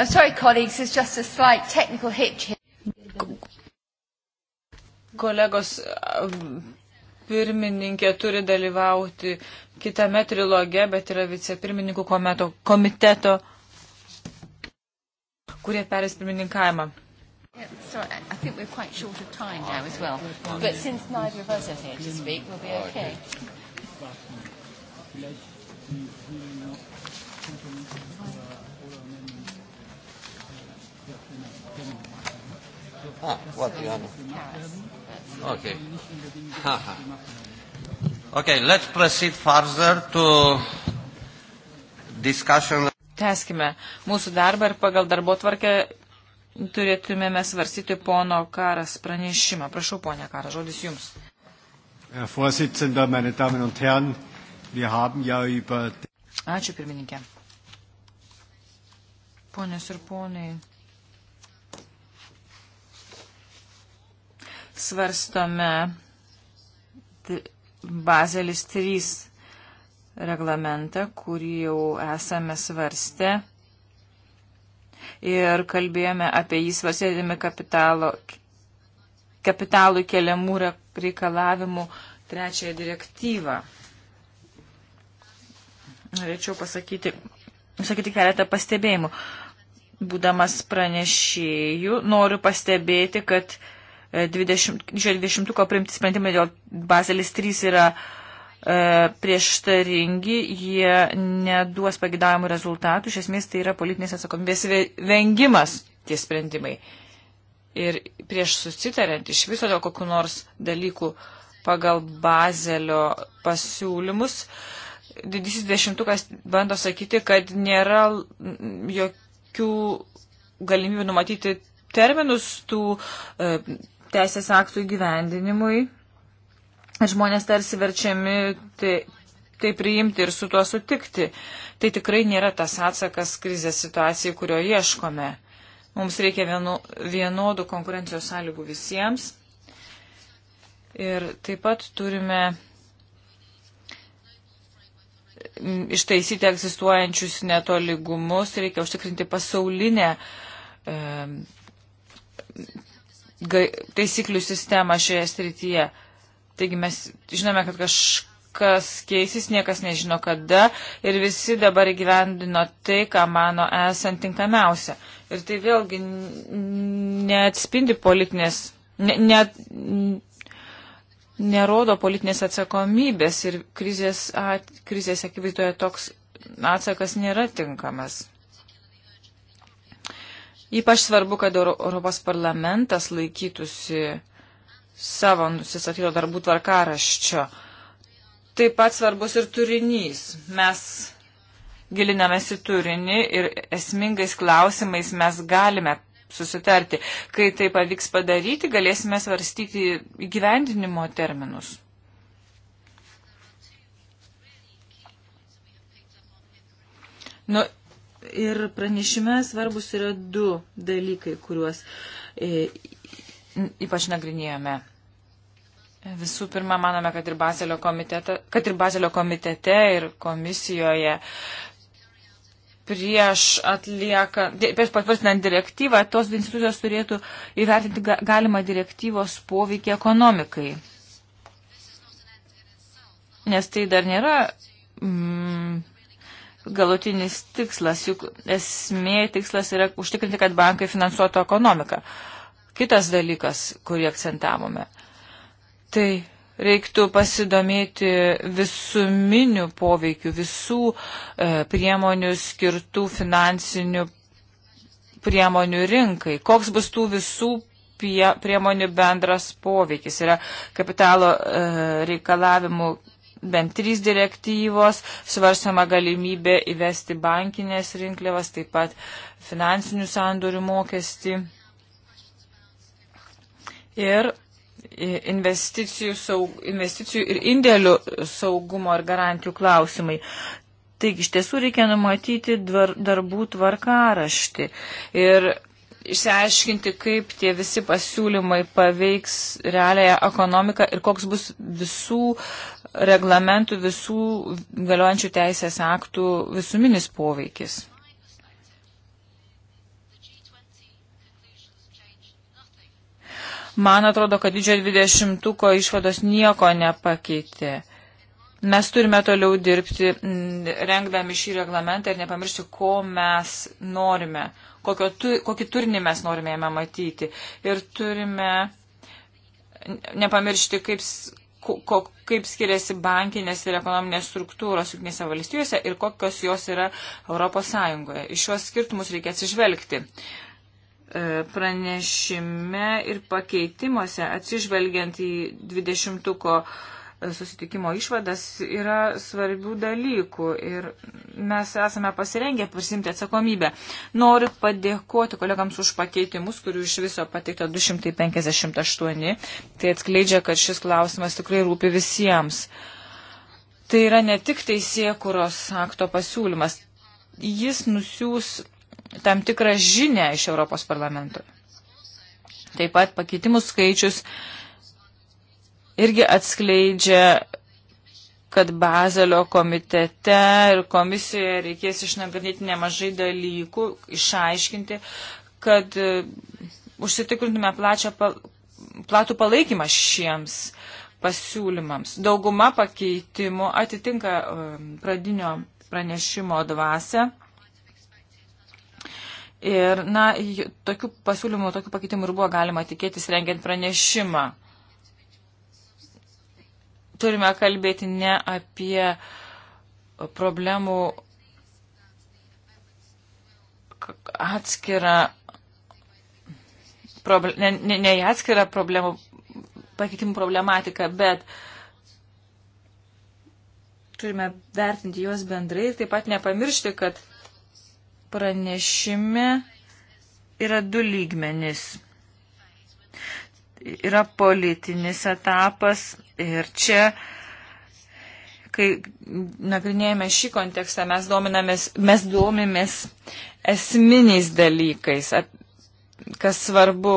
I'm sorry, colleagues, there's just a slight technical hitch here. Kolegos, uh, pirmininkė turi dalyvauti kitame triloge, bet yra vicepirmininkų komiteto, komiteto kurie perės pirmininkavimą. Yeah, sorry, I think we're quite short of time now as well. But since neither of us are here to speak, we'll be okay. okay. Ah, what you have? Okay. (laughs) okay, let's proceed further to discussion. Teskime mūsų darbą ir pagal darbo tvarkę turėtumėme svarstyti pono Karas pranešimą. Prašau, ponia Karas, žodis jums. Herr Vorsitzender, meine Damen und Herren, wir haben ja über. Ačiū, pirmininkė. Ponios ir ponai, svarstome Bazelis 3 reglamentą, kurį jau esame svarstę ir kalbėjome apie jį svarstėdami kapitalo, kapitalų keliamų reikalavimų trečiąją direktyvą. Norėčiau pasakyti, pasakyti keletą pastebėjimų. Būdamas pranešėjų, noriu pastebėti, kad uh, 20-ko priimti sprendimai dėl Bazelis 3 yra e, prieštaringi, jie neduos pagidavimų rezultatų, iš esmės tai yra politinės atsakomybės vengimas tie sprendimai. Ir prieš susitariant iš viso dėl kokiu nors dalykų pagal Bazelio pasiūlymus, didysis dešimtukas bando sakyti, kad nėra jokių galimybių numatyti terminus tų e, teisės aktų įgyvendinimui. Ir žmonės tarsi verčiami tai, tai priimti ir su tuo sutikti. Tai tikrai nėra tas atsakas krizės situacijai, kurio ieškome. Mums reikia vienu, vienodų konkurencijos sąlygų visiems. Ir taip pat turime mm, ištaisyti egzistuojančius netolygumus, reikia užtikrinti pasaulinę e, taisyklių sistemą šioje srityje. Taigi mes žinome, kad kažkas keisis, niekas nežino kada ir visi dabar įgyvendino tai, ką mano esant tinkamiausia. Ir tai vėlgi neatspindi politinės, ne, ne, nerodo politinės atsakomybės ir krizės, at, krizės akivaizdoje toks atsakas nėra tinkamas. Ypač svarbu, kad Europos parlamentas laikytųsi savo nusistatyto darbų tvarkaraščio. Taip pat svarbus ir turinys. Mes gilinamės į turinį ir esmingais klausimais mes galime susitarti. Kai tai pavyks padaryti, galėsime svarstyti įgyvendinimo terminus. Nu, Ir pranešime svarbus yra du dalykai, kuriuos e, ypač nagrinėjome. Visų pirma, manome, kad ir Bazelio, kad ir Bazelio komitete ir komisijoje prieš atlieka, prieš patvirtinant direktyvą, tos institucijos turėtų įvertinti galimą direktyvos poveikį ekonomikai. Nes tai dar nėra mm, galutinis tikslas, juk esmė tikslas yra užtikrinti, kad bankai finansuotų ekonomiką. Kitas dalykas, kurį akcentavome, tai reiktų pasidomėti visuminių poveikių, visų e, priemonių skirtų finansinių priemonių rinkai. Koks bus tų visų prie, priemonių bendras poveikis? Yra kapitalo e, reikalavimų bent trys direktyvos, svarstama galimybė įvesti bankinės rinkliavas, taip pat finansinių sandorių mokestį ir investicijų, saug, investicijų ir indėlių saugumo ir garantijų klausimai. Taigi iš tiesų reikia numatyti dvar, darbų tvarkaraštį ir išsiaiškinti, kaip tie visi pasiūlymai paveiks realiąją ekonomiką ir koks bus visų reglamentų visų galiojančių teisės aktų visuminis poveikis. Man atrodo, kad didžiojo dvidešimtuko išvados nieko nepakeitė. Mes turime toliau dirbti, mm, rengdami šį reglamentą ir nepamiršti, ko mes norime, kokio, tu, kokį turinį mes norime jame matyti. Ir turime nepamiršti, kaip, ko, kaip skiriasi bankinės ir ekonominės struktūros Junktinėse valstijose ir kokios jos yra Europos Sąjungoje. Iš šios skirtumus reikia atsižvelgti. E, pranešime ir pakeitimuose atsižvelgiant į 20-ko susitikimo išvadas yra svarbių dalykų ir mes esame pasirengę prisimti atsakomybę. Noriu padėkoti kolegams už pakeitimus, kurių iš viso pateikta 258. Tai atskleidžia, kad šis klausimas tikrai rūpi visiems. Tai yra ne tik teisėkuros akto pasiūlymas. Jis nusiūs tam tikrą žinę iš Europos parlamento. Taip pat pakeitimų skaičius irgi atskleidžia, kad Bazelio komitete ir komisijoje reikės išnagrinėti nemažai dalykų, išaiškinti, kad e, užsitikrintume plačią, platų palaikymą šiems pasiūlymams. Dauguma pakeitimų atitinka e, pradinio pranešimo dvasę. Ir, na, tokių pasiūlymų, tokių pakeitimų ir buvo galima tikėtis rengiant pranešimą turime kalbėti ne apie problemų atskirą, proble, ne, ne, ne atskirą problemų, pakeitimų problematiką, bet turime vertinti juos bendrai ir taip pat nepamiršti, kad pranešime yra du lygmenis. Yra politinis etapas Ir čia, kai nagrinėjame šį kontekstą, mes, mes domimės esminiais dalykais, kas svarbu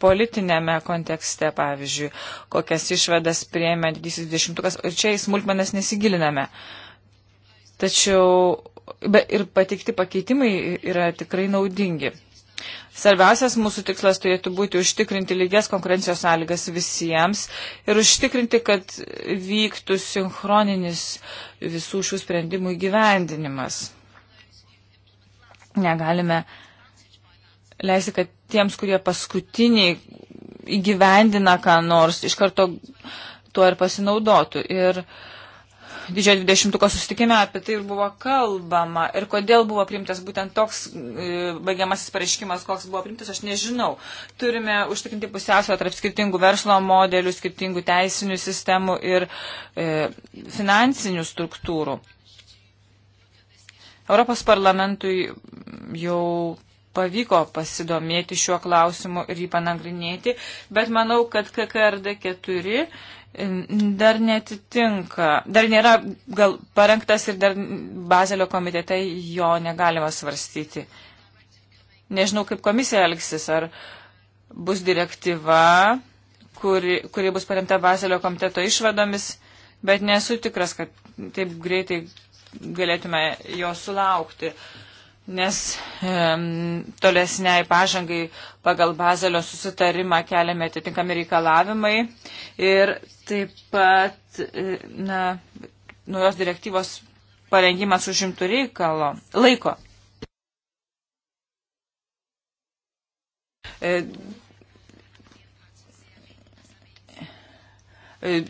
politinėme kontekste, pavyzdžiui, kokias išvadas prieėmė didysis dešimtukas, ir čia į smulkmenas nesigiliname. Tačiau be, ir pateikti pakeitimai yra tikrai naudingi. Svarbiausias mūsų tikslas turėtų būti užtikrinti lygias konkurencijos sąlygas visiems ir užtikrinti, kad vyktų sinchroninis visų šių sprendimų įgyvendinimas. Negalime leisti, kad tiems, kurie paskutiniai įgyvendina ką nors, iš karto tuo ir pasinaudotų. Ir uh, didžiojo dvidešimtuko sustikime apie tai ir buvo kalbama. Ir kodėl buvo priimtas būtent toks e, baigiamasis pareiškimas, koks buvo priimtas, aš nežinau. Turime užtikrinti pusiausvę tarp skirtingų verslo modelių, skirtingų teisinių sistemų ir e, finansinių struktūrų. Europos parlamentui jau pavyko pasidomėti šiuo klausimu ir jį panagrinėti, bet manau, kad KKRD 4 dar netitinka, dar nėra gal parengtas ir dar Bazelio komitete jo negalima svarstyti. Nežinau, kaip komisija elgsis, ar bus direktyva, kuri, kuri bus paremta Bazelio komiteto išvadomis, bet nesu tikras, kad taip greitai galėtume jo sulaukti. Uh, nes e, tolesniai pažangai pagal Bazelio susitarimą keliame atitinkami reikalavimai ir taip pat e, na, naujos direktyvos parengimas užimtų reikalo laiko. E, e,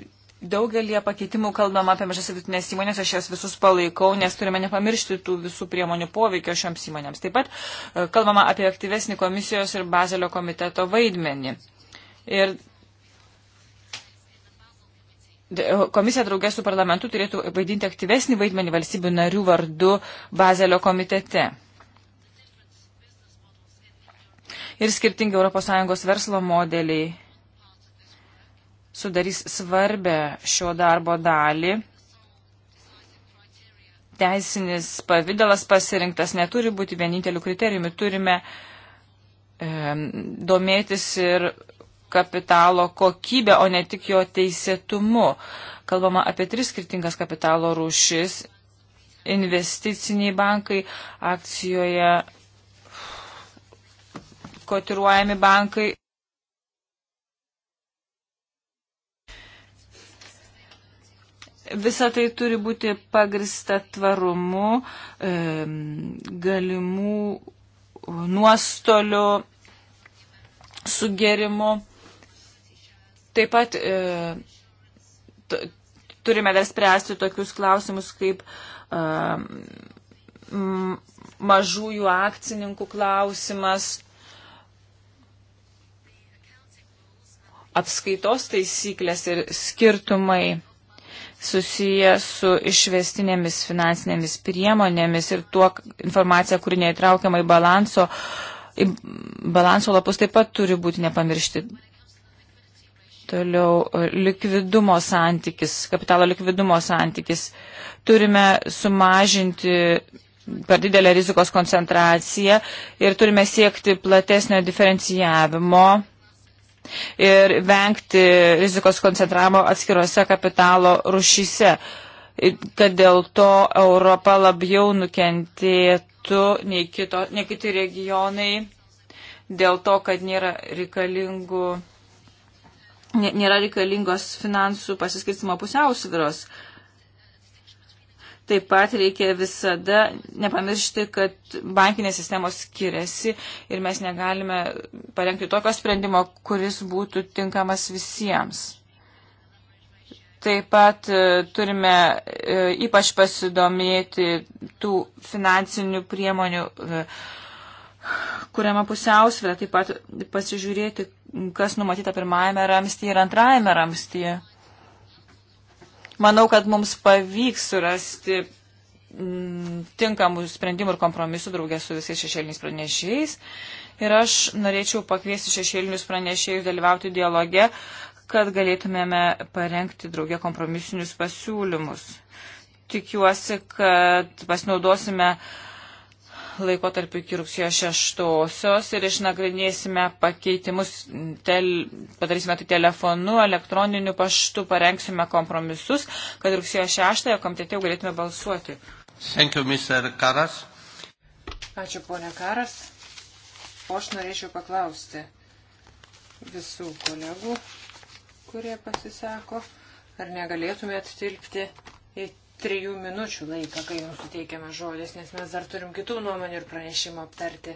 Daugelie pakeitimų kalbam apie mažas vidutinės įmonės, aš jas visus palaikau, nes turime nepamiršti tų visų priemonių poveikio šioms įmonėms. Taip pat e, kalbama apie aktyvesnį komisijos ir Bazelio komiteto vaidmenį. Ir e, komisija draugės su parlamentu turėtų vaidinti aktyvesnį vaidmenį valstybių narių vardu Bazelio komitete. Ir skirtingi ES verslo modeliai sudarys svarbę šio darbo dalį. Teisinis pavydalas pasirinktas neturi būti vieninteliu kriterijumi. Turime e, domėtis ir kapitalo kokybę, o ne tik jo teisėtumu. Kalbama apie tris skirtingas kapitalo rūšis - investiciniai bankai, akcijoje kotiruojami bankai Visa tai turi būti pagrista tvarumu, galimų nuostolių sugerimu. Taip pat e, turime dar spręsti tokius klausimus kaip e, mažųjų akcininkų klausimas, apskaitos taisyklės ir skirtumai susiję su išvestinėmis finansinėmis priemonėmis ir tuo informacija, kuri neįtraukiama į balanso, į balanso lapus taip pat turi būti nepamiršti. Toliau e, likvidumo santykis, kapitalo likvidumo santykis. Turime sumažinti per didelę rizikos koncentraciją ir turime siekti platesnio diferencijavimo ir vengti rizikos koncentravimo atskiruose kapitalo rušyse, kad dėl to Europa labiau nukentėtų nei, kito, nei kiti regionai, dėl to, kad nėra reikalingų nėra reikalingos finansų pasiskirstimo pusiausviros. Uh, Taip pat reikia visada nepamiršti, kad bankinės sistemos skiriasi ir mes negalime parengti tokio sprendimo, kuris būtų tinkamas visiems. Taip pat e, turime e, ypač pasidomėti tų finansinių priemonių e, kuriama pusiausvėra, taip pat pasižiūrėti, kas numatyta pirmajame ramstyje ir antrajame ramstyje. Manau, kad mums pavyks surasti mm, tinkamų sprendimų ir kompromisų draugės su visais šešėliniais pranešėjais. Ir aš norėčiau pakviesti šešėlinius pranešėjus dalyvauti dialoge, kad galėtumėme parengti draugė kompromisinius pasiūlymus. Tikiuosi, kad pasinaudosime uh, laikotarpiu iki rugsėjo 6 ir išnagrinėsime pakeitimus, tel, padarysime tai telefonu, elektroniniu paštu, parengsime kompromisus, kad rugsėjo 6 komitete jau galėtume balsuoti. Thank you, Mr. Karas. Ačiū, ponia Karas. O aš norėčiau paklausti visų kolegų, kurie pasisako, ar negalėtumėt tilpti į trijų minučių laiką, kai jums suteikiama žodis, nes mes dar turim kitų nuomonių ir pranešimų aptarti.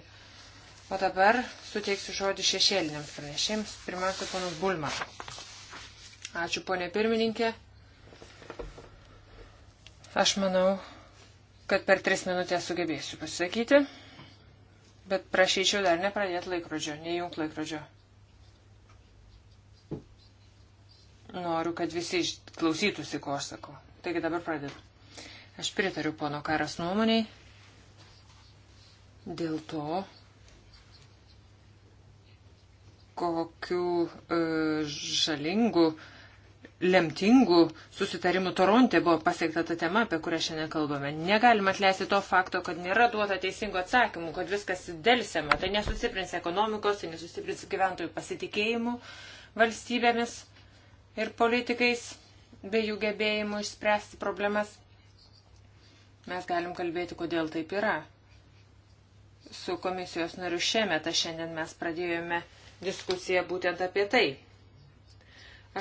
O dabar suteiksiu žodį šešėliniams pranešėjams. Pirmiausia, ponas Bulma. Ačiū, ponė pirmininkė. Aš manau, kad per tris minutės sugebėsiu pasisakyti, bet prašyčiau dar nepradėti laikrodžio, neįjungt laikrodžio. Noriu, kad visi klausytųsi, ko aš sakau. Taigi dabar pradedu. Aš pritariu pono karas nuomoniai. Dėl to, kokiu e, žalingu, lemtingu susitarimu Toronte buvo pasiekta ta tema, apie kurią šiandien kalbame. Negalima atleisti to fakto, kad nėra duota teisingo atsakymų, kad viskas dėlsiama. Tai nesustiprins ekonomikos, tai nesustiprins gyventojų pasitikėjimų valstybėmis ir politikais bei jų gebėjimų išspręsti problemas. Mes galim kalbėti, kodėl taip yra. Su komisijos nariu Šemeta šiandien mes pradėjome diskusiją būtent apie tai.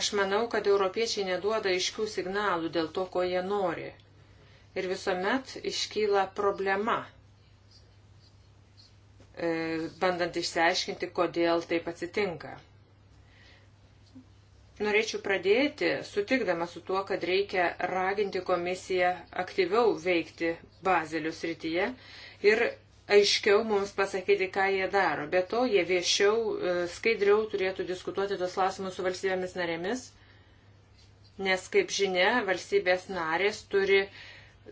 Aš manau, kad europiečiai neduoda iškių signalų dėl to, ko jie nori. Ir visuomet iškyla problema, e, bandant išsiaiškinti, kodėl taip atsitinka. Norėčiau pradėti, sutikdama su tuo, kad reikia raginti komisiją aktyviau veikti bazelių srityje ir aiškiau mums pasakyti, ką jie daro. Be to, jie viešiau, e, skaidriau turėtų diskutuoti tos klausimus su valstybėmis narėmis, nes, kaip žinia, valstybės narės turi,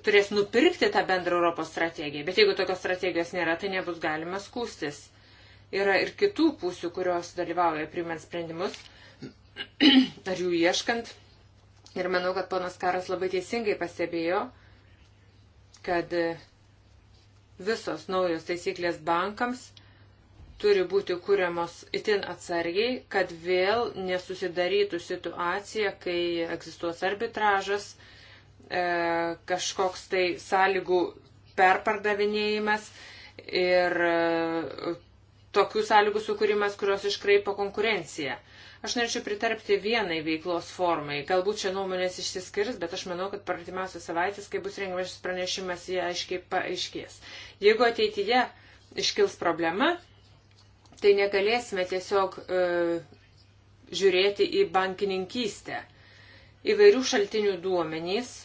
turės nupirkti tą bendrą Europos strategiją. Bet jeigu tokios strategijos nėra, tai nebus galima skūstis. Yra ir kitų pusių, kurios dalyvauja primant sprendimus (clears throat) ar jų ieškant. Ir manau, kad ponas Karas labai teisingai pastebėjo, kad e, visos naujos taisyklės bankams turi būti kūriamos itin atsargiai, kad vėl nesusidarytų situacija, kai egzistuos arbitražas, e, kažkoks tai sąlygų perpardavinėjimas ir e, tokių sąlygų sukūrimas, kurios iškraipo konkurenciją. E, Aš norėčiau pritarpti vienai veiklos formai. Galbūt čia nuomonės išsiskirs, bet aš manau, kad per artimiausias savaitės, kai bus rengiamas šis pranešimas, jie aiškiai paaiškės. Jeigu ateityje iškils problema, tai negalėsime tiesiog e, žiūrėti į bankininkystę. Įvairių šaltinių duomenys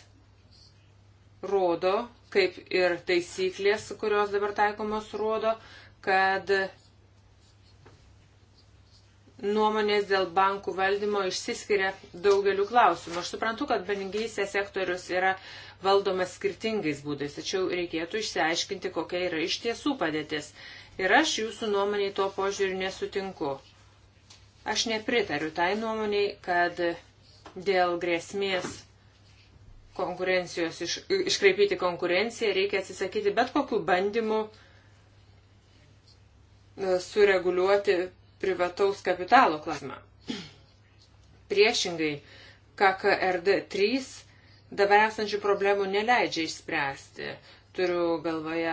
rodo, kaip ir taisyklės, kurios dabar taikomos, rodo, kad nuomonės dėl bankų valdymo išsiskiria daugeliu klausimų. Aš suprantu, kad bankingysės sektorius yra valdomas skirtingais būdais, tačiau reikėtų išsiaiškinti, kokia yra iš tiesų padėtis. Ir aš jūsų nuomoniai tuo požiūriu nesutinku. Aš nepritariu tai nuomoniai, kad dėl grėsmės konkurencijos, iš, iškreipyti konkurenciją reikia atsisakyti bet kokių bandymų e, sureguliuoti privataus kapitalo klausimą. Priešingai, KKRD 3 dabar esančių problemų neleidžia išspręsti. Turiu galvoje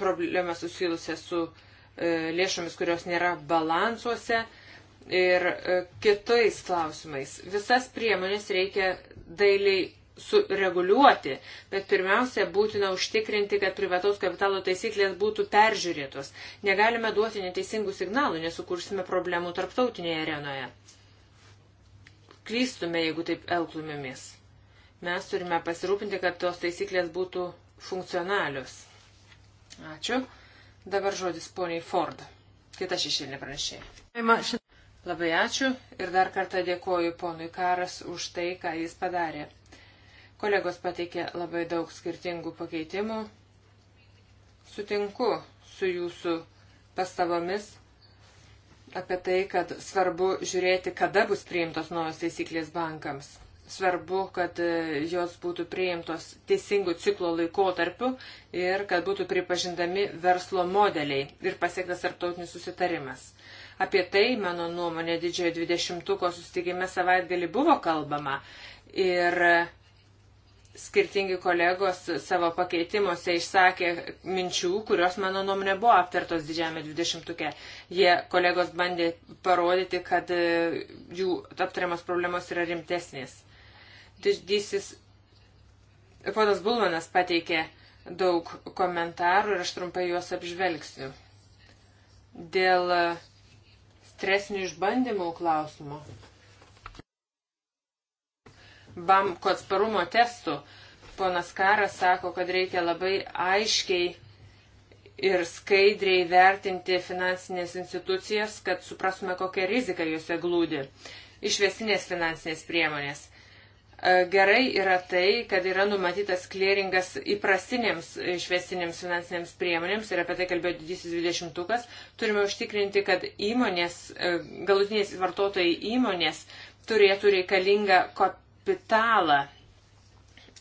problemą susijusią su e, lėšomis, kurios nėra balansuose ir e, kitais klausimais. Visas priemonės reikia dailiai sureguliuoti, bet pirmiausia būtina užtikrinti, kad privataus kapitalo taisyklės būtų peržiūrėtos. Negalime duoti neteisingų signalų, nesukursime problemų tarptautinėje arenoje. Klystume, jeigu taip elgtumėmės. Mes turime pasirūpinti, kad tos taisyklės būtų funkcionalios. Ačiū. Dabar žodis poniai Ford. Kita šešėlė pranešėja. Labai ačiū ir dar kartą dėkoju ponui Karas už tai, ką jis padarė. Kolegos pateikė labai daug skirtingų pakeitimų. Sutinku su jūsų pastabomis apie tai, kad svarbu žiūrėti, kada bus priimtos naujos taisyklės bankams. Svarbu, kad e, jos būtų priimtos teisingų ciklo laikotarpiu ir kad būtų pripažindami verslo modeliai ir pasiektas tarptautinis susitarimas. Apie tai, mano nuomonė, didžiojo dvidešimtuko sustikime savaitgalį buvo kalbama ir skirtingi kolegos savo pakeitimuose išsakė minčių, kurios, mano nuomonė, buvo aptartos didžiame 20-uke. Jie kolegos bandė parodyti, kad e, jų aptariamos problemos yra rimtesnės. Didysis ponas Bulmanas pateikė daug komentarų ir aš trumpai juos apžvelgsiu. Dėl e, stresinių išbandymų klausimo banko atsparumo testų. Ponas Karas sako, kad reikia labai aiškiai ir skaidriai vertinti finansinės institucijas, kad suprasme, kokia rizika juose glūdi. Išvesinės finansinės priemonės. E, gerai yra tai, kad yra numatytas klėringas įprastinėms išvestinėms finansinėms priemonėms ir apie tai kalbėjo didysis dvidešimtukas. Turime užtikrinti, kad įmonės, e, galutiniais vartotojai įmonės turėtų reikalingą kapitalą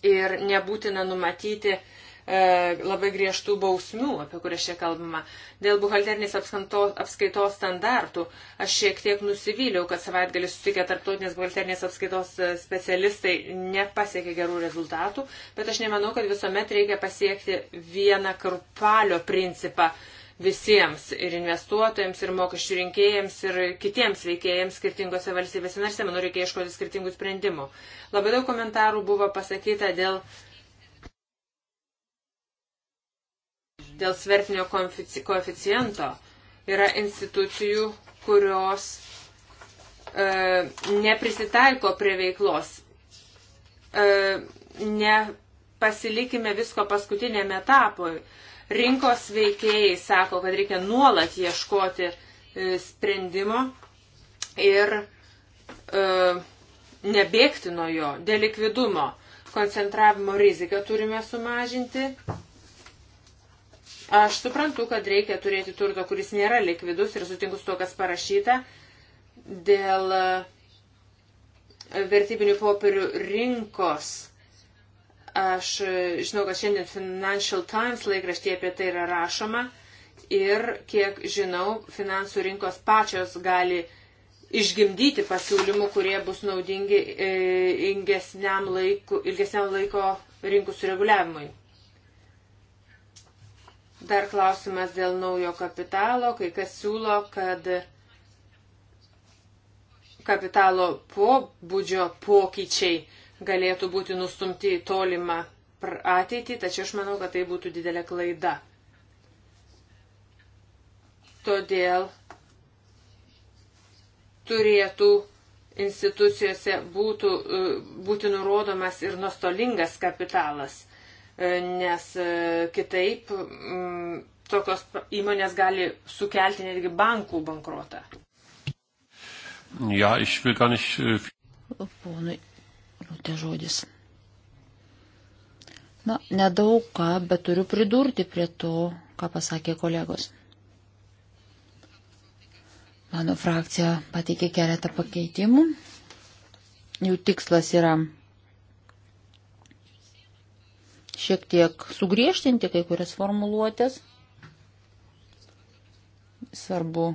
ir nebūtina numatyti e, labai griežtų bausmių, apie kurias čia kalbama. Dėl buhalterinės apskaitos standartų aš šiek tiek nusivyliau, kad savaitgalį susitikę tarptautinės buhalterinės apskaitos e, specialistai nepasiekė gerų rezultatų, bet aš nemanau, kad visuomet reikia pasiekti vieną karpalio principą. E, visiems ir investuotojams, ir mokesčių rinkėjams, ir kitiems veikėjams skirtingose valstybėse narse. Manau, reikia ieškoti skirtingų sprendimų. Labai daug komentarų buvo pasakyta dėl, dėl svertinio koeficiento. Yra institucijų, kurios e, neprisitaiko prie veiklos. E, nepasilikime visko paskutiniam etapui. E, Rinkos veikėjai sako, kad reikia nuolat ieškoti e, sprendimo ir e, nebėgti nuo jo, dėl likvidumo. Koncentravimo riziką turime sumažinti. Aš suprantu, kad reikia turėti turto, kuris nėra likvidus ir sutinku su to, kas parašyta dėl e, vertybinių popierių rinkos Aš žinau, kad šiandien Financial Times laikraštyje apie tai yra rašoma ir, kiek žinau, finansų rinkos pačios gali išgimdyti pasiūlymų, kurie bus naudingi e, ilgesniam, laiku, ilgesniam laiko rinkų sureguliavimui. Dar klausimas dėl naujo kapitalo. Kai kas siūlo, kad kapitalo pobūdžio pokyčiai galėtų būti nustumti į tolimą ateitį, tačiau aš manau, kad tai būtų didelė klaida. Todėl turėtų institucijose būtų, e, būti nurodomas ir nuostolingas kapitalas, e, nes e, kitaip m, mm, tokios įmonės gali sukelti netgi bankų bankrotą. Ja, ich will gar nicht. Äh, Ponui Kliūtė žodis. Na, nedaug ką, bet turiu pridurti prie to, ką pasakė kolegos. Mano frakcija pateikė keletą pakeitimų. Jų tikslas yra šiek tiek sugriežtinti kai kurias formuluotės. Svarbu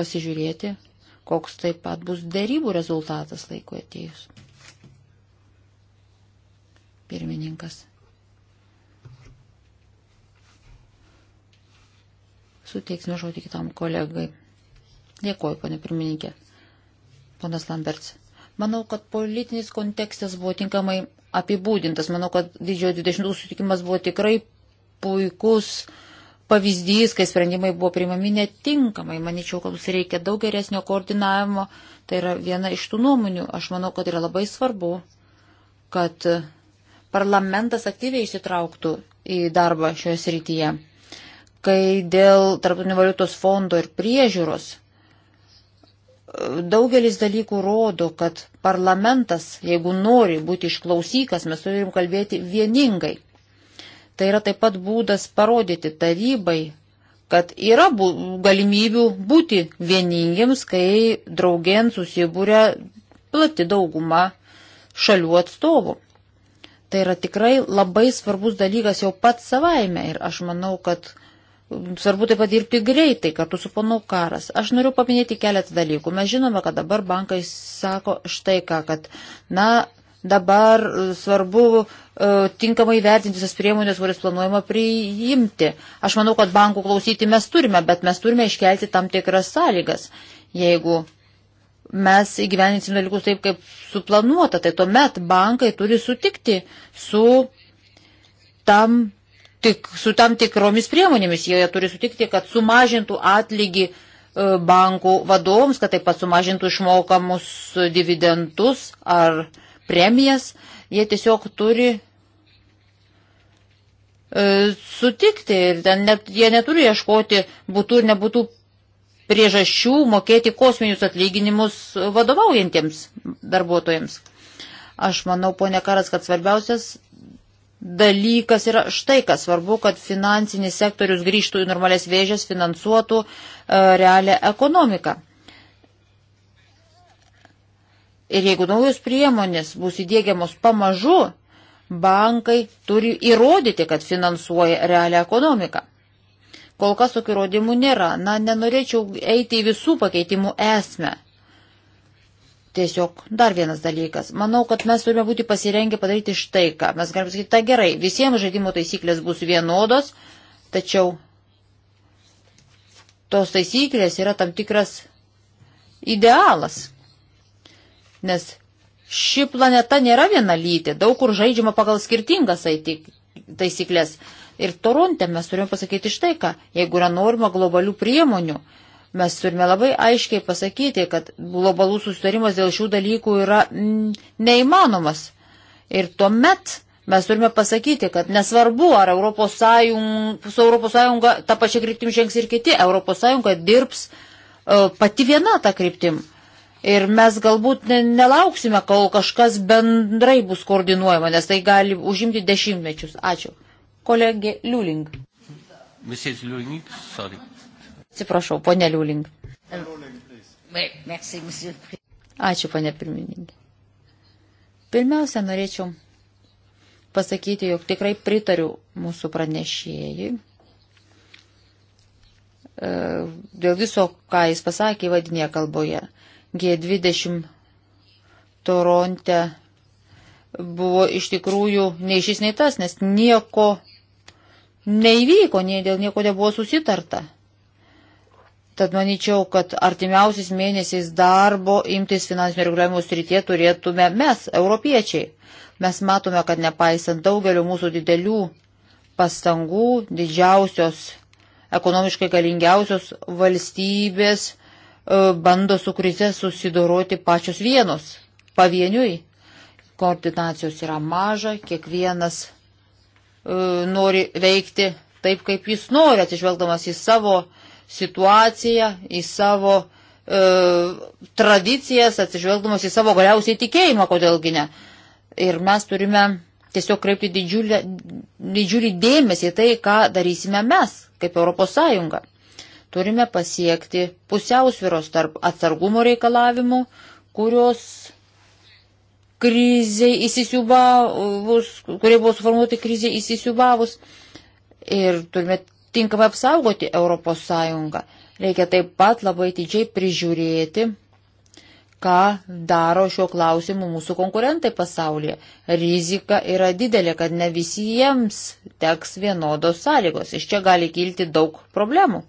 pasižiūrėti, koks taip pat bus dėrybų rezultatas laiko atėjus pirmininkas. Suteiksime žodį kitam kolegai. Dėkuoju, ponė pirmininkė. Ponas Lamberts. Manau, kad politinis kontekstas buvo tinkamai apibūdintas. Manau, kad didžiojo 20 sutikimas buvo tikrai puikus pavyzdys, kai sprendimai buvo priimami netinkamai. Maničiau, kad mums reikia daug geresnio koordinavimo. Tai yra viena iš tų nuomonių. Aš manau, kad yra labai svarbu, kad parlamentas aktyviai įsitrauktų į darbą šioje srityje, kai dėl tarptautinio valiutos fondo ir priežiūros daugelis dalykų rodo, kad parlamentas, jeigu nori būti išklausykas, mes turim kalbėti vieningai. Tai yra taip pat būdas parodyti tarybai, kad yra bu galimybių būti vieningiams, kai draugien susibūrė plati dauguma šalių atstovų. Tai yra tikrai labai svarbus dalykas jau pats savaime ir aš manau, kad svarbu taip pat dirbti greitai, kartu su ponu karas. Aš noriu paminėti keletą dalykų. Mes žinome, kad dabar bankai sako štai ką, kad, na, dabar svarbu uh, tinkamai vertinti tas priemonės, kurias planuojama priimti. Aš manau, kad bankų klausyti mes turime, bet mes turime iškelti tam tikras sąlygas. Jeigu mes įgyveninsim dalykus taip, kaip suplanuota, tai tuomet bankai turi sutikti su tam, tik, su tam tikromis priemonėmis. Jie turi sutikti, kad sumažintų atlygį e, bankų vadovams, kad taip pat sumažintų išmokamus dividendus ar premijas. Jie tiesiog turi e, sutikti ir ten net, jie neturi ieškoti būtų ir nebūtų priežasčių mokėti kosminius atlyginimus vadovaujantiems darbuotojams. Aš manau, ponė Karas, kad svarbiausias dalykas yra štai, kas svarbu, kad finansinis sektorius grįžtų į normales vėžės, finansuotų e, realią ekonomiką. Ir jeigu naujos priemonės bus įdėgiamos pamažu, bankai turi įrodyti, kad finansuoja realią ekonomiką. Kol kas tokių įrodymų nėra. Na, nenorėčiau eiti į visų pakeitimų esmę. Tiesiog dar vienas dalykas. Manau, kad mes turime būti pasirengę padaryti štai ką. Mes galime sakyti, tai gerai, visiems žaidimo taisyklės bus vienodos, tačiau tos taisyklės yra tam tikras idealas. Nes ši planeta nėra viena lytė, daug kur žaidžiama pagal skirtingas taisyklės. Ir Toronte mes turime pasakyti štai ką, jeigu yra norma globalių priemonių, mes turime labai aiškiai pasakyti, kad globalų sustarimas dėl šių dalykų yra mm, neįmanomas. Ir tuomet mes turime pasakyti, kad nesvarbu, ar Europos Sąjung, su Europos Sąjunga tą pačią kryptim žengs ir kiti, Europos Sąjunga dirbs uh, pati viena tą kryptim. Ir mes galbūt nelauksime, kol kažkas bendrai bus koordinuojama, nes tai gali užimti dešimtmečius. Ačiū. Kolegė Liuling. Mrs. Liuling, sorry. Atsiprašau, ponė Liuling. Ačiū, ponė pirmininkė. Pirmiausia, norėčiau pasakyti, jog tikrai pritariu mūsų pranešėjai. E, dėl viso, ką jis pasakė vadinėje kalboje, G20 Toronte buvo iš tikrųjų nei šis, nei tas, nes nieko neįvyko, nei dėl nieko nebuvo susitarta. Tad manyčiau, kad artimiausiais mėnesiais darbo imtis finansinio reguliavimo srityje turėtume mes, europiečiai. Mes matome, kad nepaisant daugelio mūsų didelių pastangų, didžiausios, ekonomiškai galingiausios valstybės e, bando su krize susidoroti pačios vienos, pavieniui koordinacijos yra maža, kiekvienas e, nori veikti taip, kaip jis nori, atsižvelgdamas į savo situaciją, į savo e, tradicijas, atsižvelgdamas į savo galiausiai tikėjimą, kodėlgi ne. Ir mes turime tiesiog kreipti didžiulį, didžiulį dėmesį į tai, ką darysime mes, kaip Europos Sąjunga. Turime pasiekti pusiausviros tarp atsargumo reikalavimų, kurios krizai įsisiubavus, kurie buvo suformuoti krizai įsisiubavus. Ir turime tinkamai apsaugoti Europos Sąjungą. Reikia taip pat labai didžiai prižiūrėti, ką daro šiuo klausimu mūsų konkurentai pasaulyje. Rizika yra didelė, kad ne visiems teks vienodos sąlygos. Iš čia gali kilti daug problemų.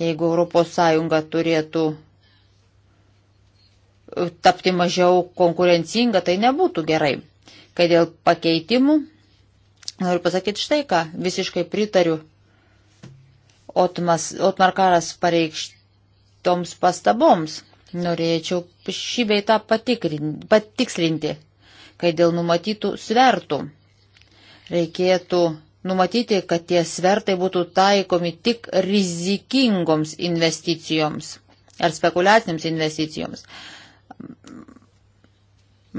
Jeigu ES turėtų tapti mažiau konkurencinga, tai nebūtų gerai. Kai dėl pakeitimų, noriu pasakyti štai ką, visiškai pritariu Otmas, Otmarkaras pareikštoms pastaboms. Norėčiau šį beitą patikslinti, kai dėl numatytų svertų. Reikėtų numatyti, kad tie svertai būtų taikomi tik rizikingoms investicijoms ar spekuliacinėms investicijoms.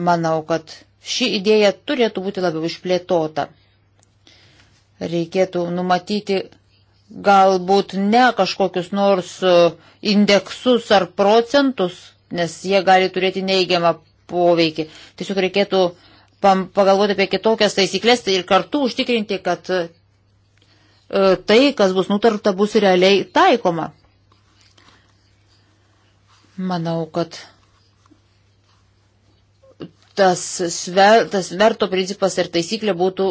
Manau, kad ši idėja turėtų būti labiau išplėtota. Reikėtų numatyti galbūt ne kažkokius nors e, indeksus ar procentus, nes jie gali turėti neigiamą poveikį. Tiesiog reikėtų pagalvoti apie kitokias taisyklės tai ir kartu užtikrinti, kad e, tai, kas bus nutarta, bus realiai taikoma. Manau, kad tas, sver, tas verto principas ir taisyklė būtų,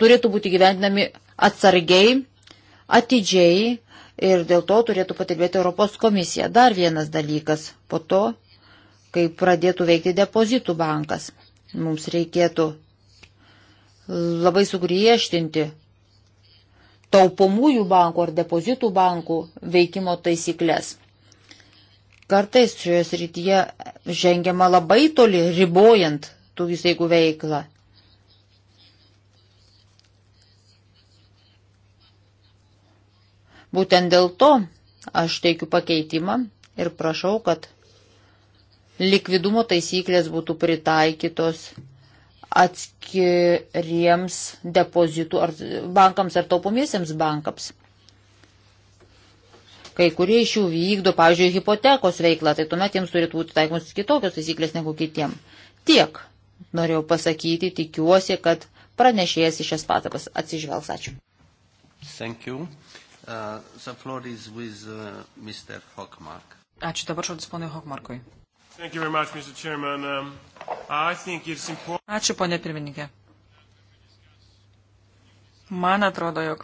turėtų būti gyventinami atsargiai, atidžiai ir dėl to turėtų patirbėti Europos komisija. Dar vienas dalykas po to, kai pradėtų veikti depozitų bankas. Mums reikėtų labai sugriežtinti taupomųjų bankų ar depozitų bankų veikimo taisyklės. Kartais šioje srityje žengiama labai toli, ribojant tų įstaigų veiklą. Būtent dėl to aš teikiu pakeitimą ir prašau, kad likvidumo taisyklės būtų pritaikytos atskiriems depozitų ar bankams ar taupomiesiems bankams kai kurie iš jų vykdo, pavyzdžiui, hipotekos veiklą, tai tuomet jiems turi būti taikomus kitokios taisyklės negu kitiem. Tiek norėjau pasakyti, tikiuosi, kad pranešėjas iš šias patakas atsižvelgs. Ačiū. Uh, with, uh, Ačiū dabar žodis ponui Hokmarkui. Much, um, important... Ačiū, ponė pirmininkė. Man atrodo, jog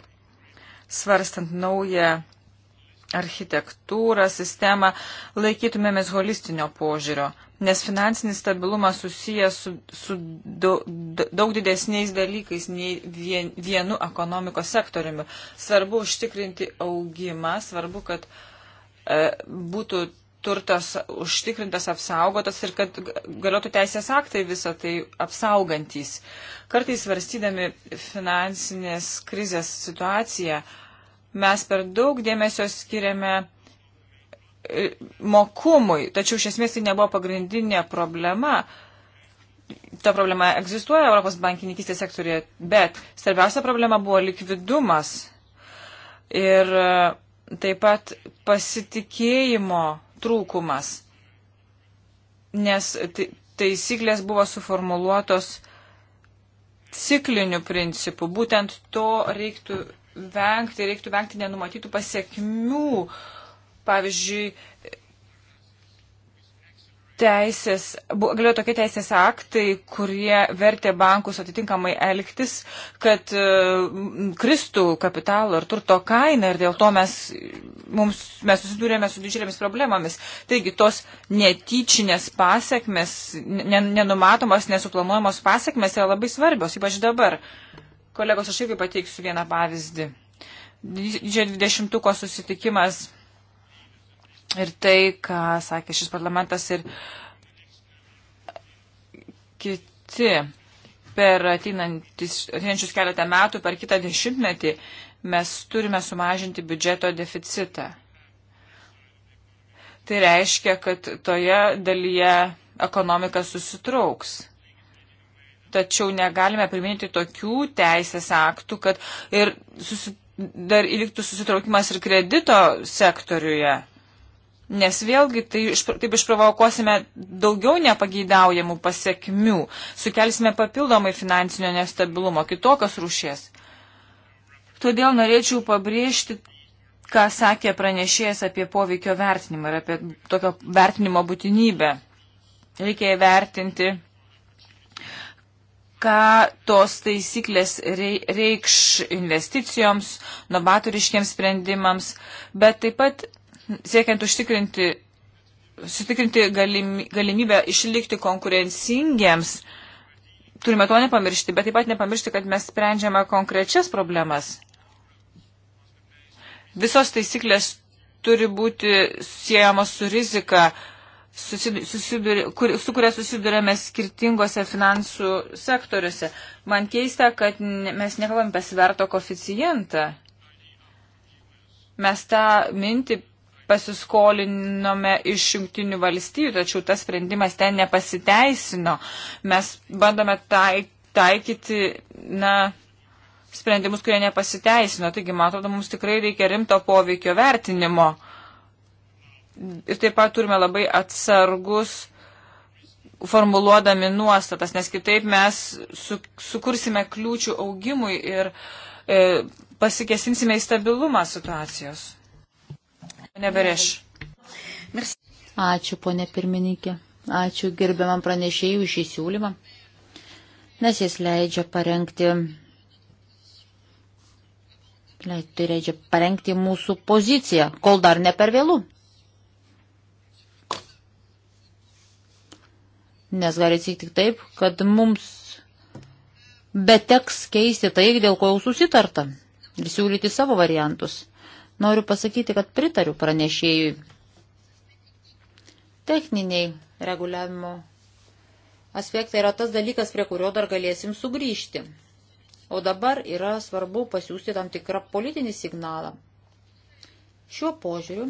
svarstant naują architektūrą, sistemą, laikytumėmės holistinio požiūrio, nes finansinis stabilumas susijęs su, su daug, daug didesniais dalykais nei vien, vienu ekonomikos sektoriumi. Svarbu užtikrinti augimą, svarbu, kad e, būtų turtas užtikrintas, apsaugotas ir kad galiotų teisės aktai visą tai apsaugantys. Kartais svarstydami finansinės krizės situaciją, e, Mes per daug dėmesio skiriame e, mokumui, tačiau iš esmės tai nebuvo pagrindinė problema. Ta problema egzistuoja Europos bankininkistės sektorėje, bet svarbiausia problema buvo likvidumas ir e, taip pat pasitikėjimo trūkumas, nes tai, taisyklės buvo suformuluotos cikliniu principu. Būtent to reiktų vengti, reiktų vengti nenumatytų pasiekmių. Pavyzdžiui, teisės, galėjo tokie teisės aktai, kurie vertė bankus atitinkamai elgtis, kad e, kristų kapitalo ir turto kaina ir dėl to mes, mums, mes susidūrėme su didžiulėmis problemomis. Taigi tos netyčinės pasiekmes, nenumatomas, nesuplanuojamos pasiekmes yra labai svarbios, ypač dabar. Uh, Kolegos, aš irgi pateiksiu vieną pavyzdį. Didžiojo dvidešimtuko susitikimas ir tai, ką sakė šis parlamentas ir kiti per ateinančius keletą metų, per kitą dešimtmetį mes turime sumažinti biudžeto deficitą. Tai reiškia, kad toje dalyje ekonomika susitrauks tačiau negalime priminti tokių teisės aktų, kad ir susi, dar įliktų susitraukimas ir kredito sektoriuje. Nes vėlgi tai, taip išprovokuosime daugiau nepageidaujamų pasiekmių, sukelsime papildomai finansinio nestabilumo kitokios rūšies. Todėl norėčiau pabrėžti, ką sakė pranešėjas apie poveikio vertinimą ir apie tokio vertinimo būtinybę. Reikia įvertinti ką tos taisyklės reikš investicijoms, novatoriškiams sprendimams, bet taip pat siekiant užtikrinti, sutikrinti galim, galimybę išlikti konkurencingiems, turime to nepamiršti, bet taip pat nepamiršti, kad mes sprendžiame konkrečias problemas. Visos taisyklės turi būti siejamos su rizika, susiduri, kur, su kuria susidurėme skirtingose finansų sektoriuose. Man keista, kad mes nekalbam apie sverto koficijantą. Mes tą mintį pasiskolinome iš jungtinių valstybių, tačiau tas sprendimas ten nepasiteisino. Mes bandome taik, taikyti, na, sprendimus, kurie nepasiteisino. Taigi, man atrodo, mums tikrai reikia rimto poveikio vertinimo ir taip pat turime labai atsargus formuluodami nuostatas, nes kitaip mes su, sukursime kliūčių augimui ir e, pasikesinsime į stabilumą situacijos. Nebereš. Ačiū, ponė pirmininkė. Ačiū gerbiamam pranešėjui už įsiūlymą, nes jis leidžia parengti, tai leidžia parengti mūsų poziciją, kol dar ne per vėlų. nes gali atsitikti taip, kad mums beteks keisti tai, dėl ko jau susitarta ir siūlyti savo variantus. Noriu pasakyti, kad pritariu pranešėjui. Techniniai reguliavimo aspektai yra tas dalykas, prie kurio dar galėsim sugrįžti. O dabar yra svarbu pasiūsti tam tikrą politinį signalą. Šiuo požiūriu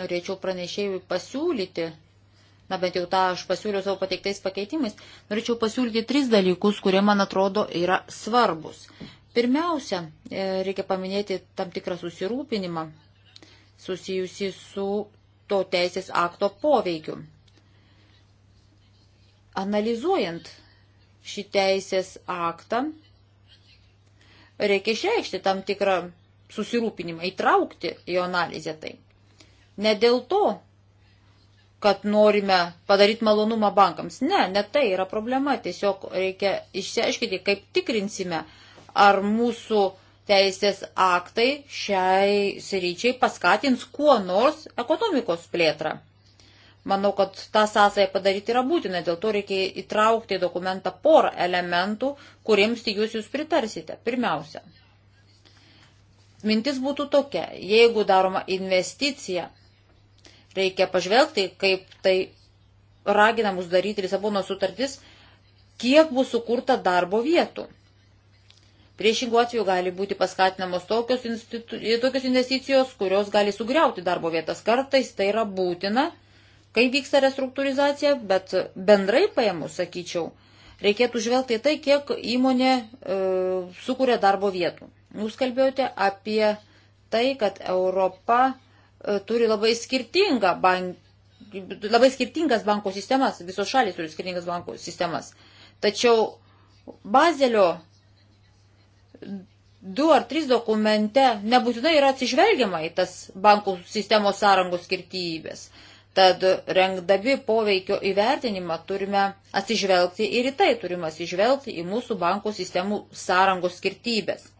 norėčiau pranešėjui pasiūlyti na bent jau tą aš pasiūliau savo pateiktais pakeitimais, norėčiau pasiūlyti tris dalykus, kurie man atrodo yra svarbus. Pirmiausia, e, reikia paminėti tam tikrą susirūpinimą susijusi su to teisės akto poveikiu. Analizuojant šį teisės aktą, reikia išreikšti tam tikrą susirūpinimą, įtraukti į analizę tai. Ne dėl to, kad norime padaryti malonumą bankams. Ne, ne tai yra problema. Tiesiog reikia išsiaiškinti, kaip tikrinsime, ar mūsų teisės aktai šiai sryčiai paskatins kuo nors ekonomikos plėtrą. Manau, kad tą sąsąją padaryti yra būtina, dėl to reikia įtraukti į dokumentą porą elementų, kuriems jūs jūs pritarsite. Pirmiausia, mintis būtų tokia, jeigu daroma investicija, Reikia pažvelgti, kaip tai ragina mus daryti Lisabono sutartis, kiek bus sukurta darbo vietų. Priešingų atveju gali būti paskatinamos tokios, institu... tokios investicijos, kurios gali sugriauti darbo vietas. Kartais tai yra būtina, kai vyksta restruktūrizacija, bet bendrai paėmus, sakyčiau, reikėtų žvelgti tai, kiek įmonė e, sukuria darbo vietų. Jūs kalbėjote apie tai, kad Europa E, turi labai skirtingą bank, labai skirtingas bankų sistemas, visos šalis turi skirtingas bankų sistemas. Tačiau Bazelio du ar trys dokumente nebūtinai yra atsižvelgiama į tas bankų sistemos sąrangos skirtybės. Tad rengdami poveikio įvertinimą turime atsižvelgti ir į tai, turime atsižvelgti į mūsų bankų sistemų sąrangos skirtybės.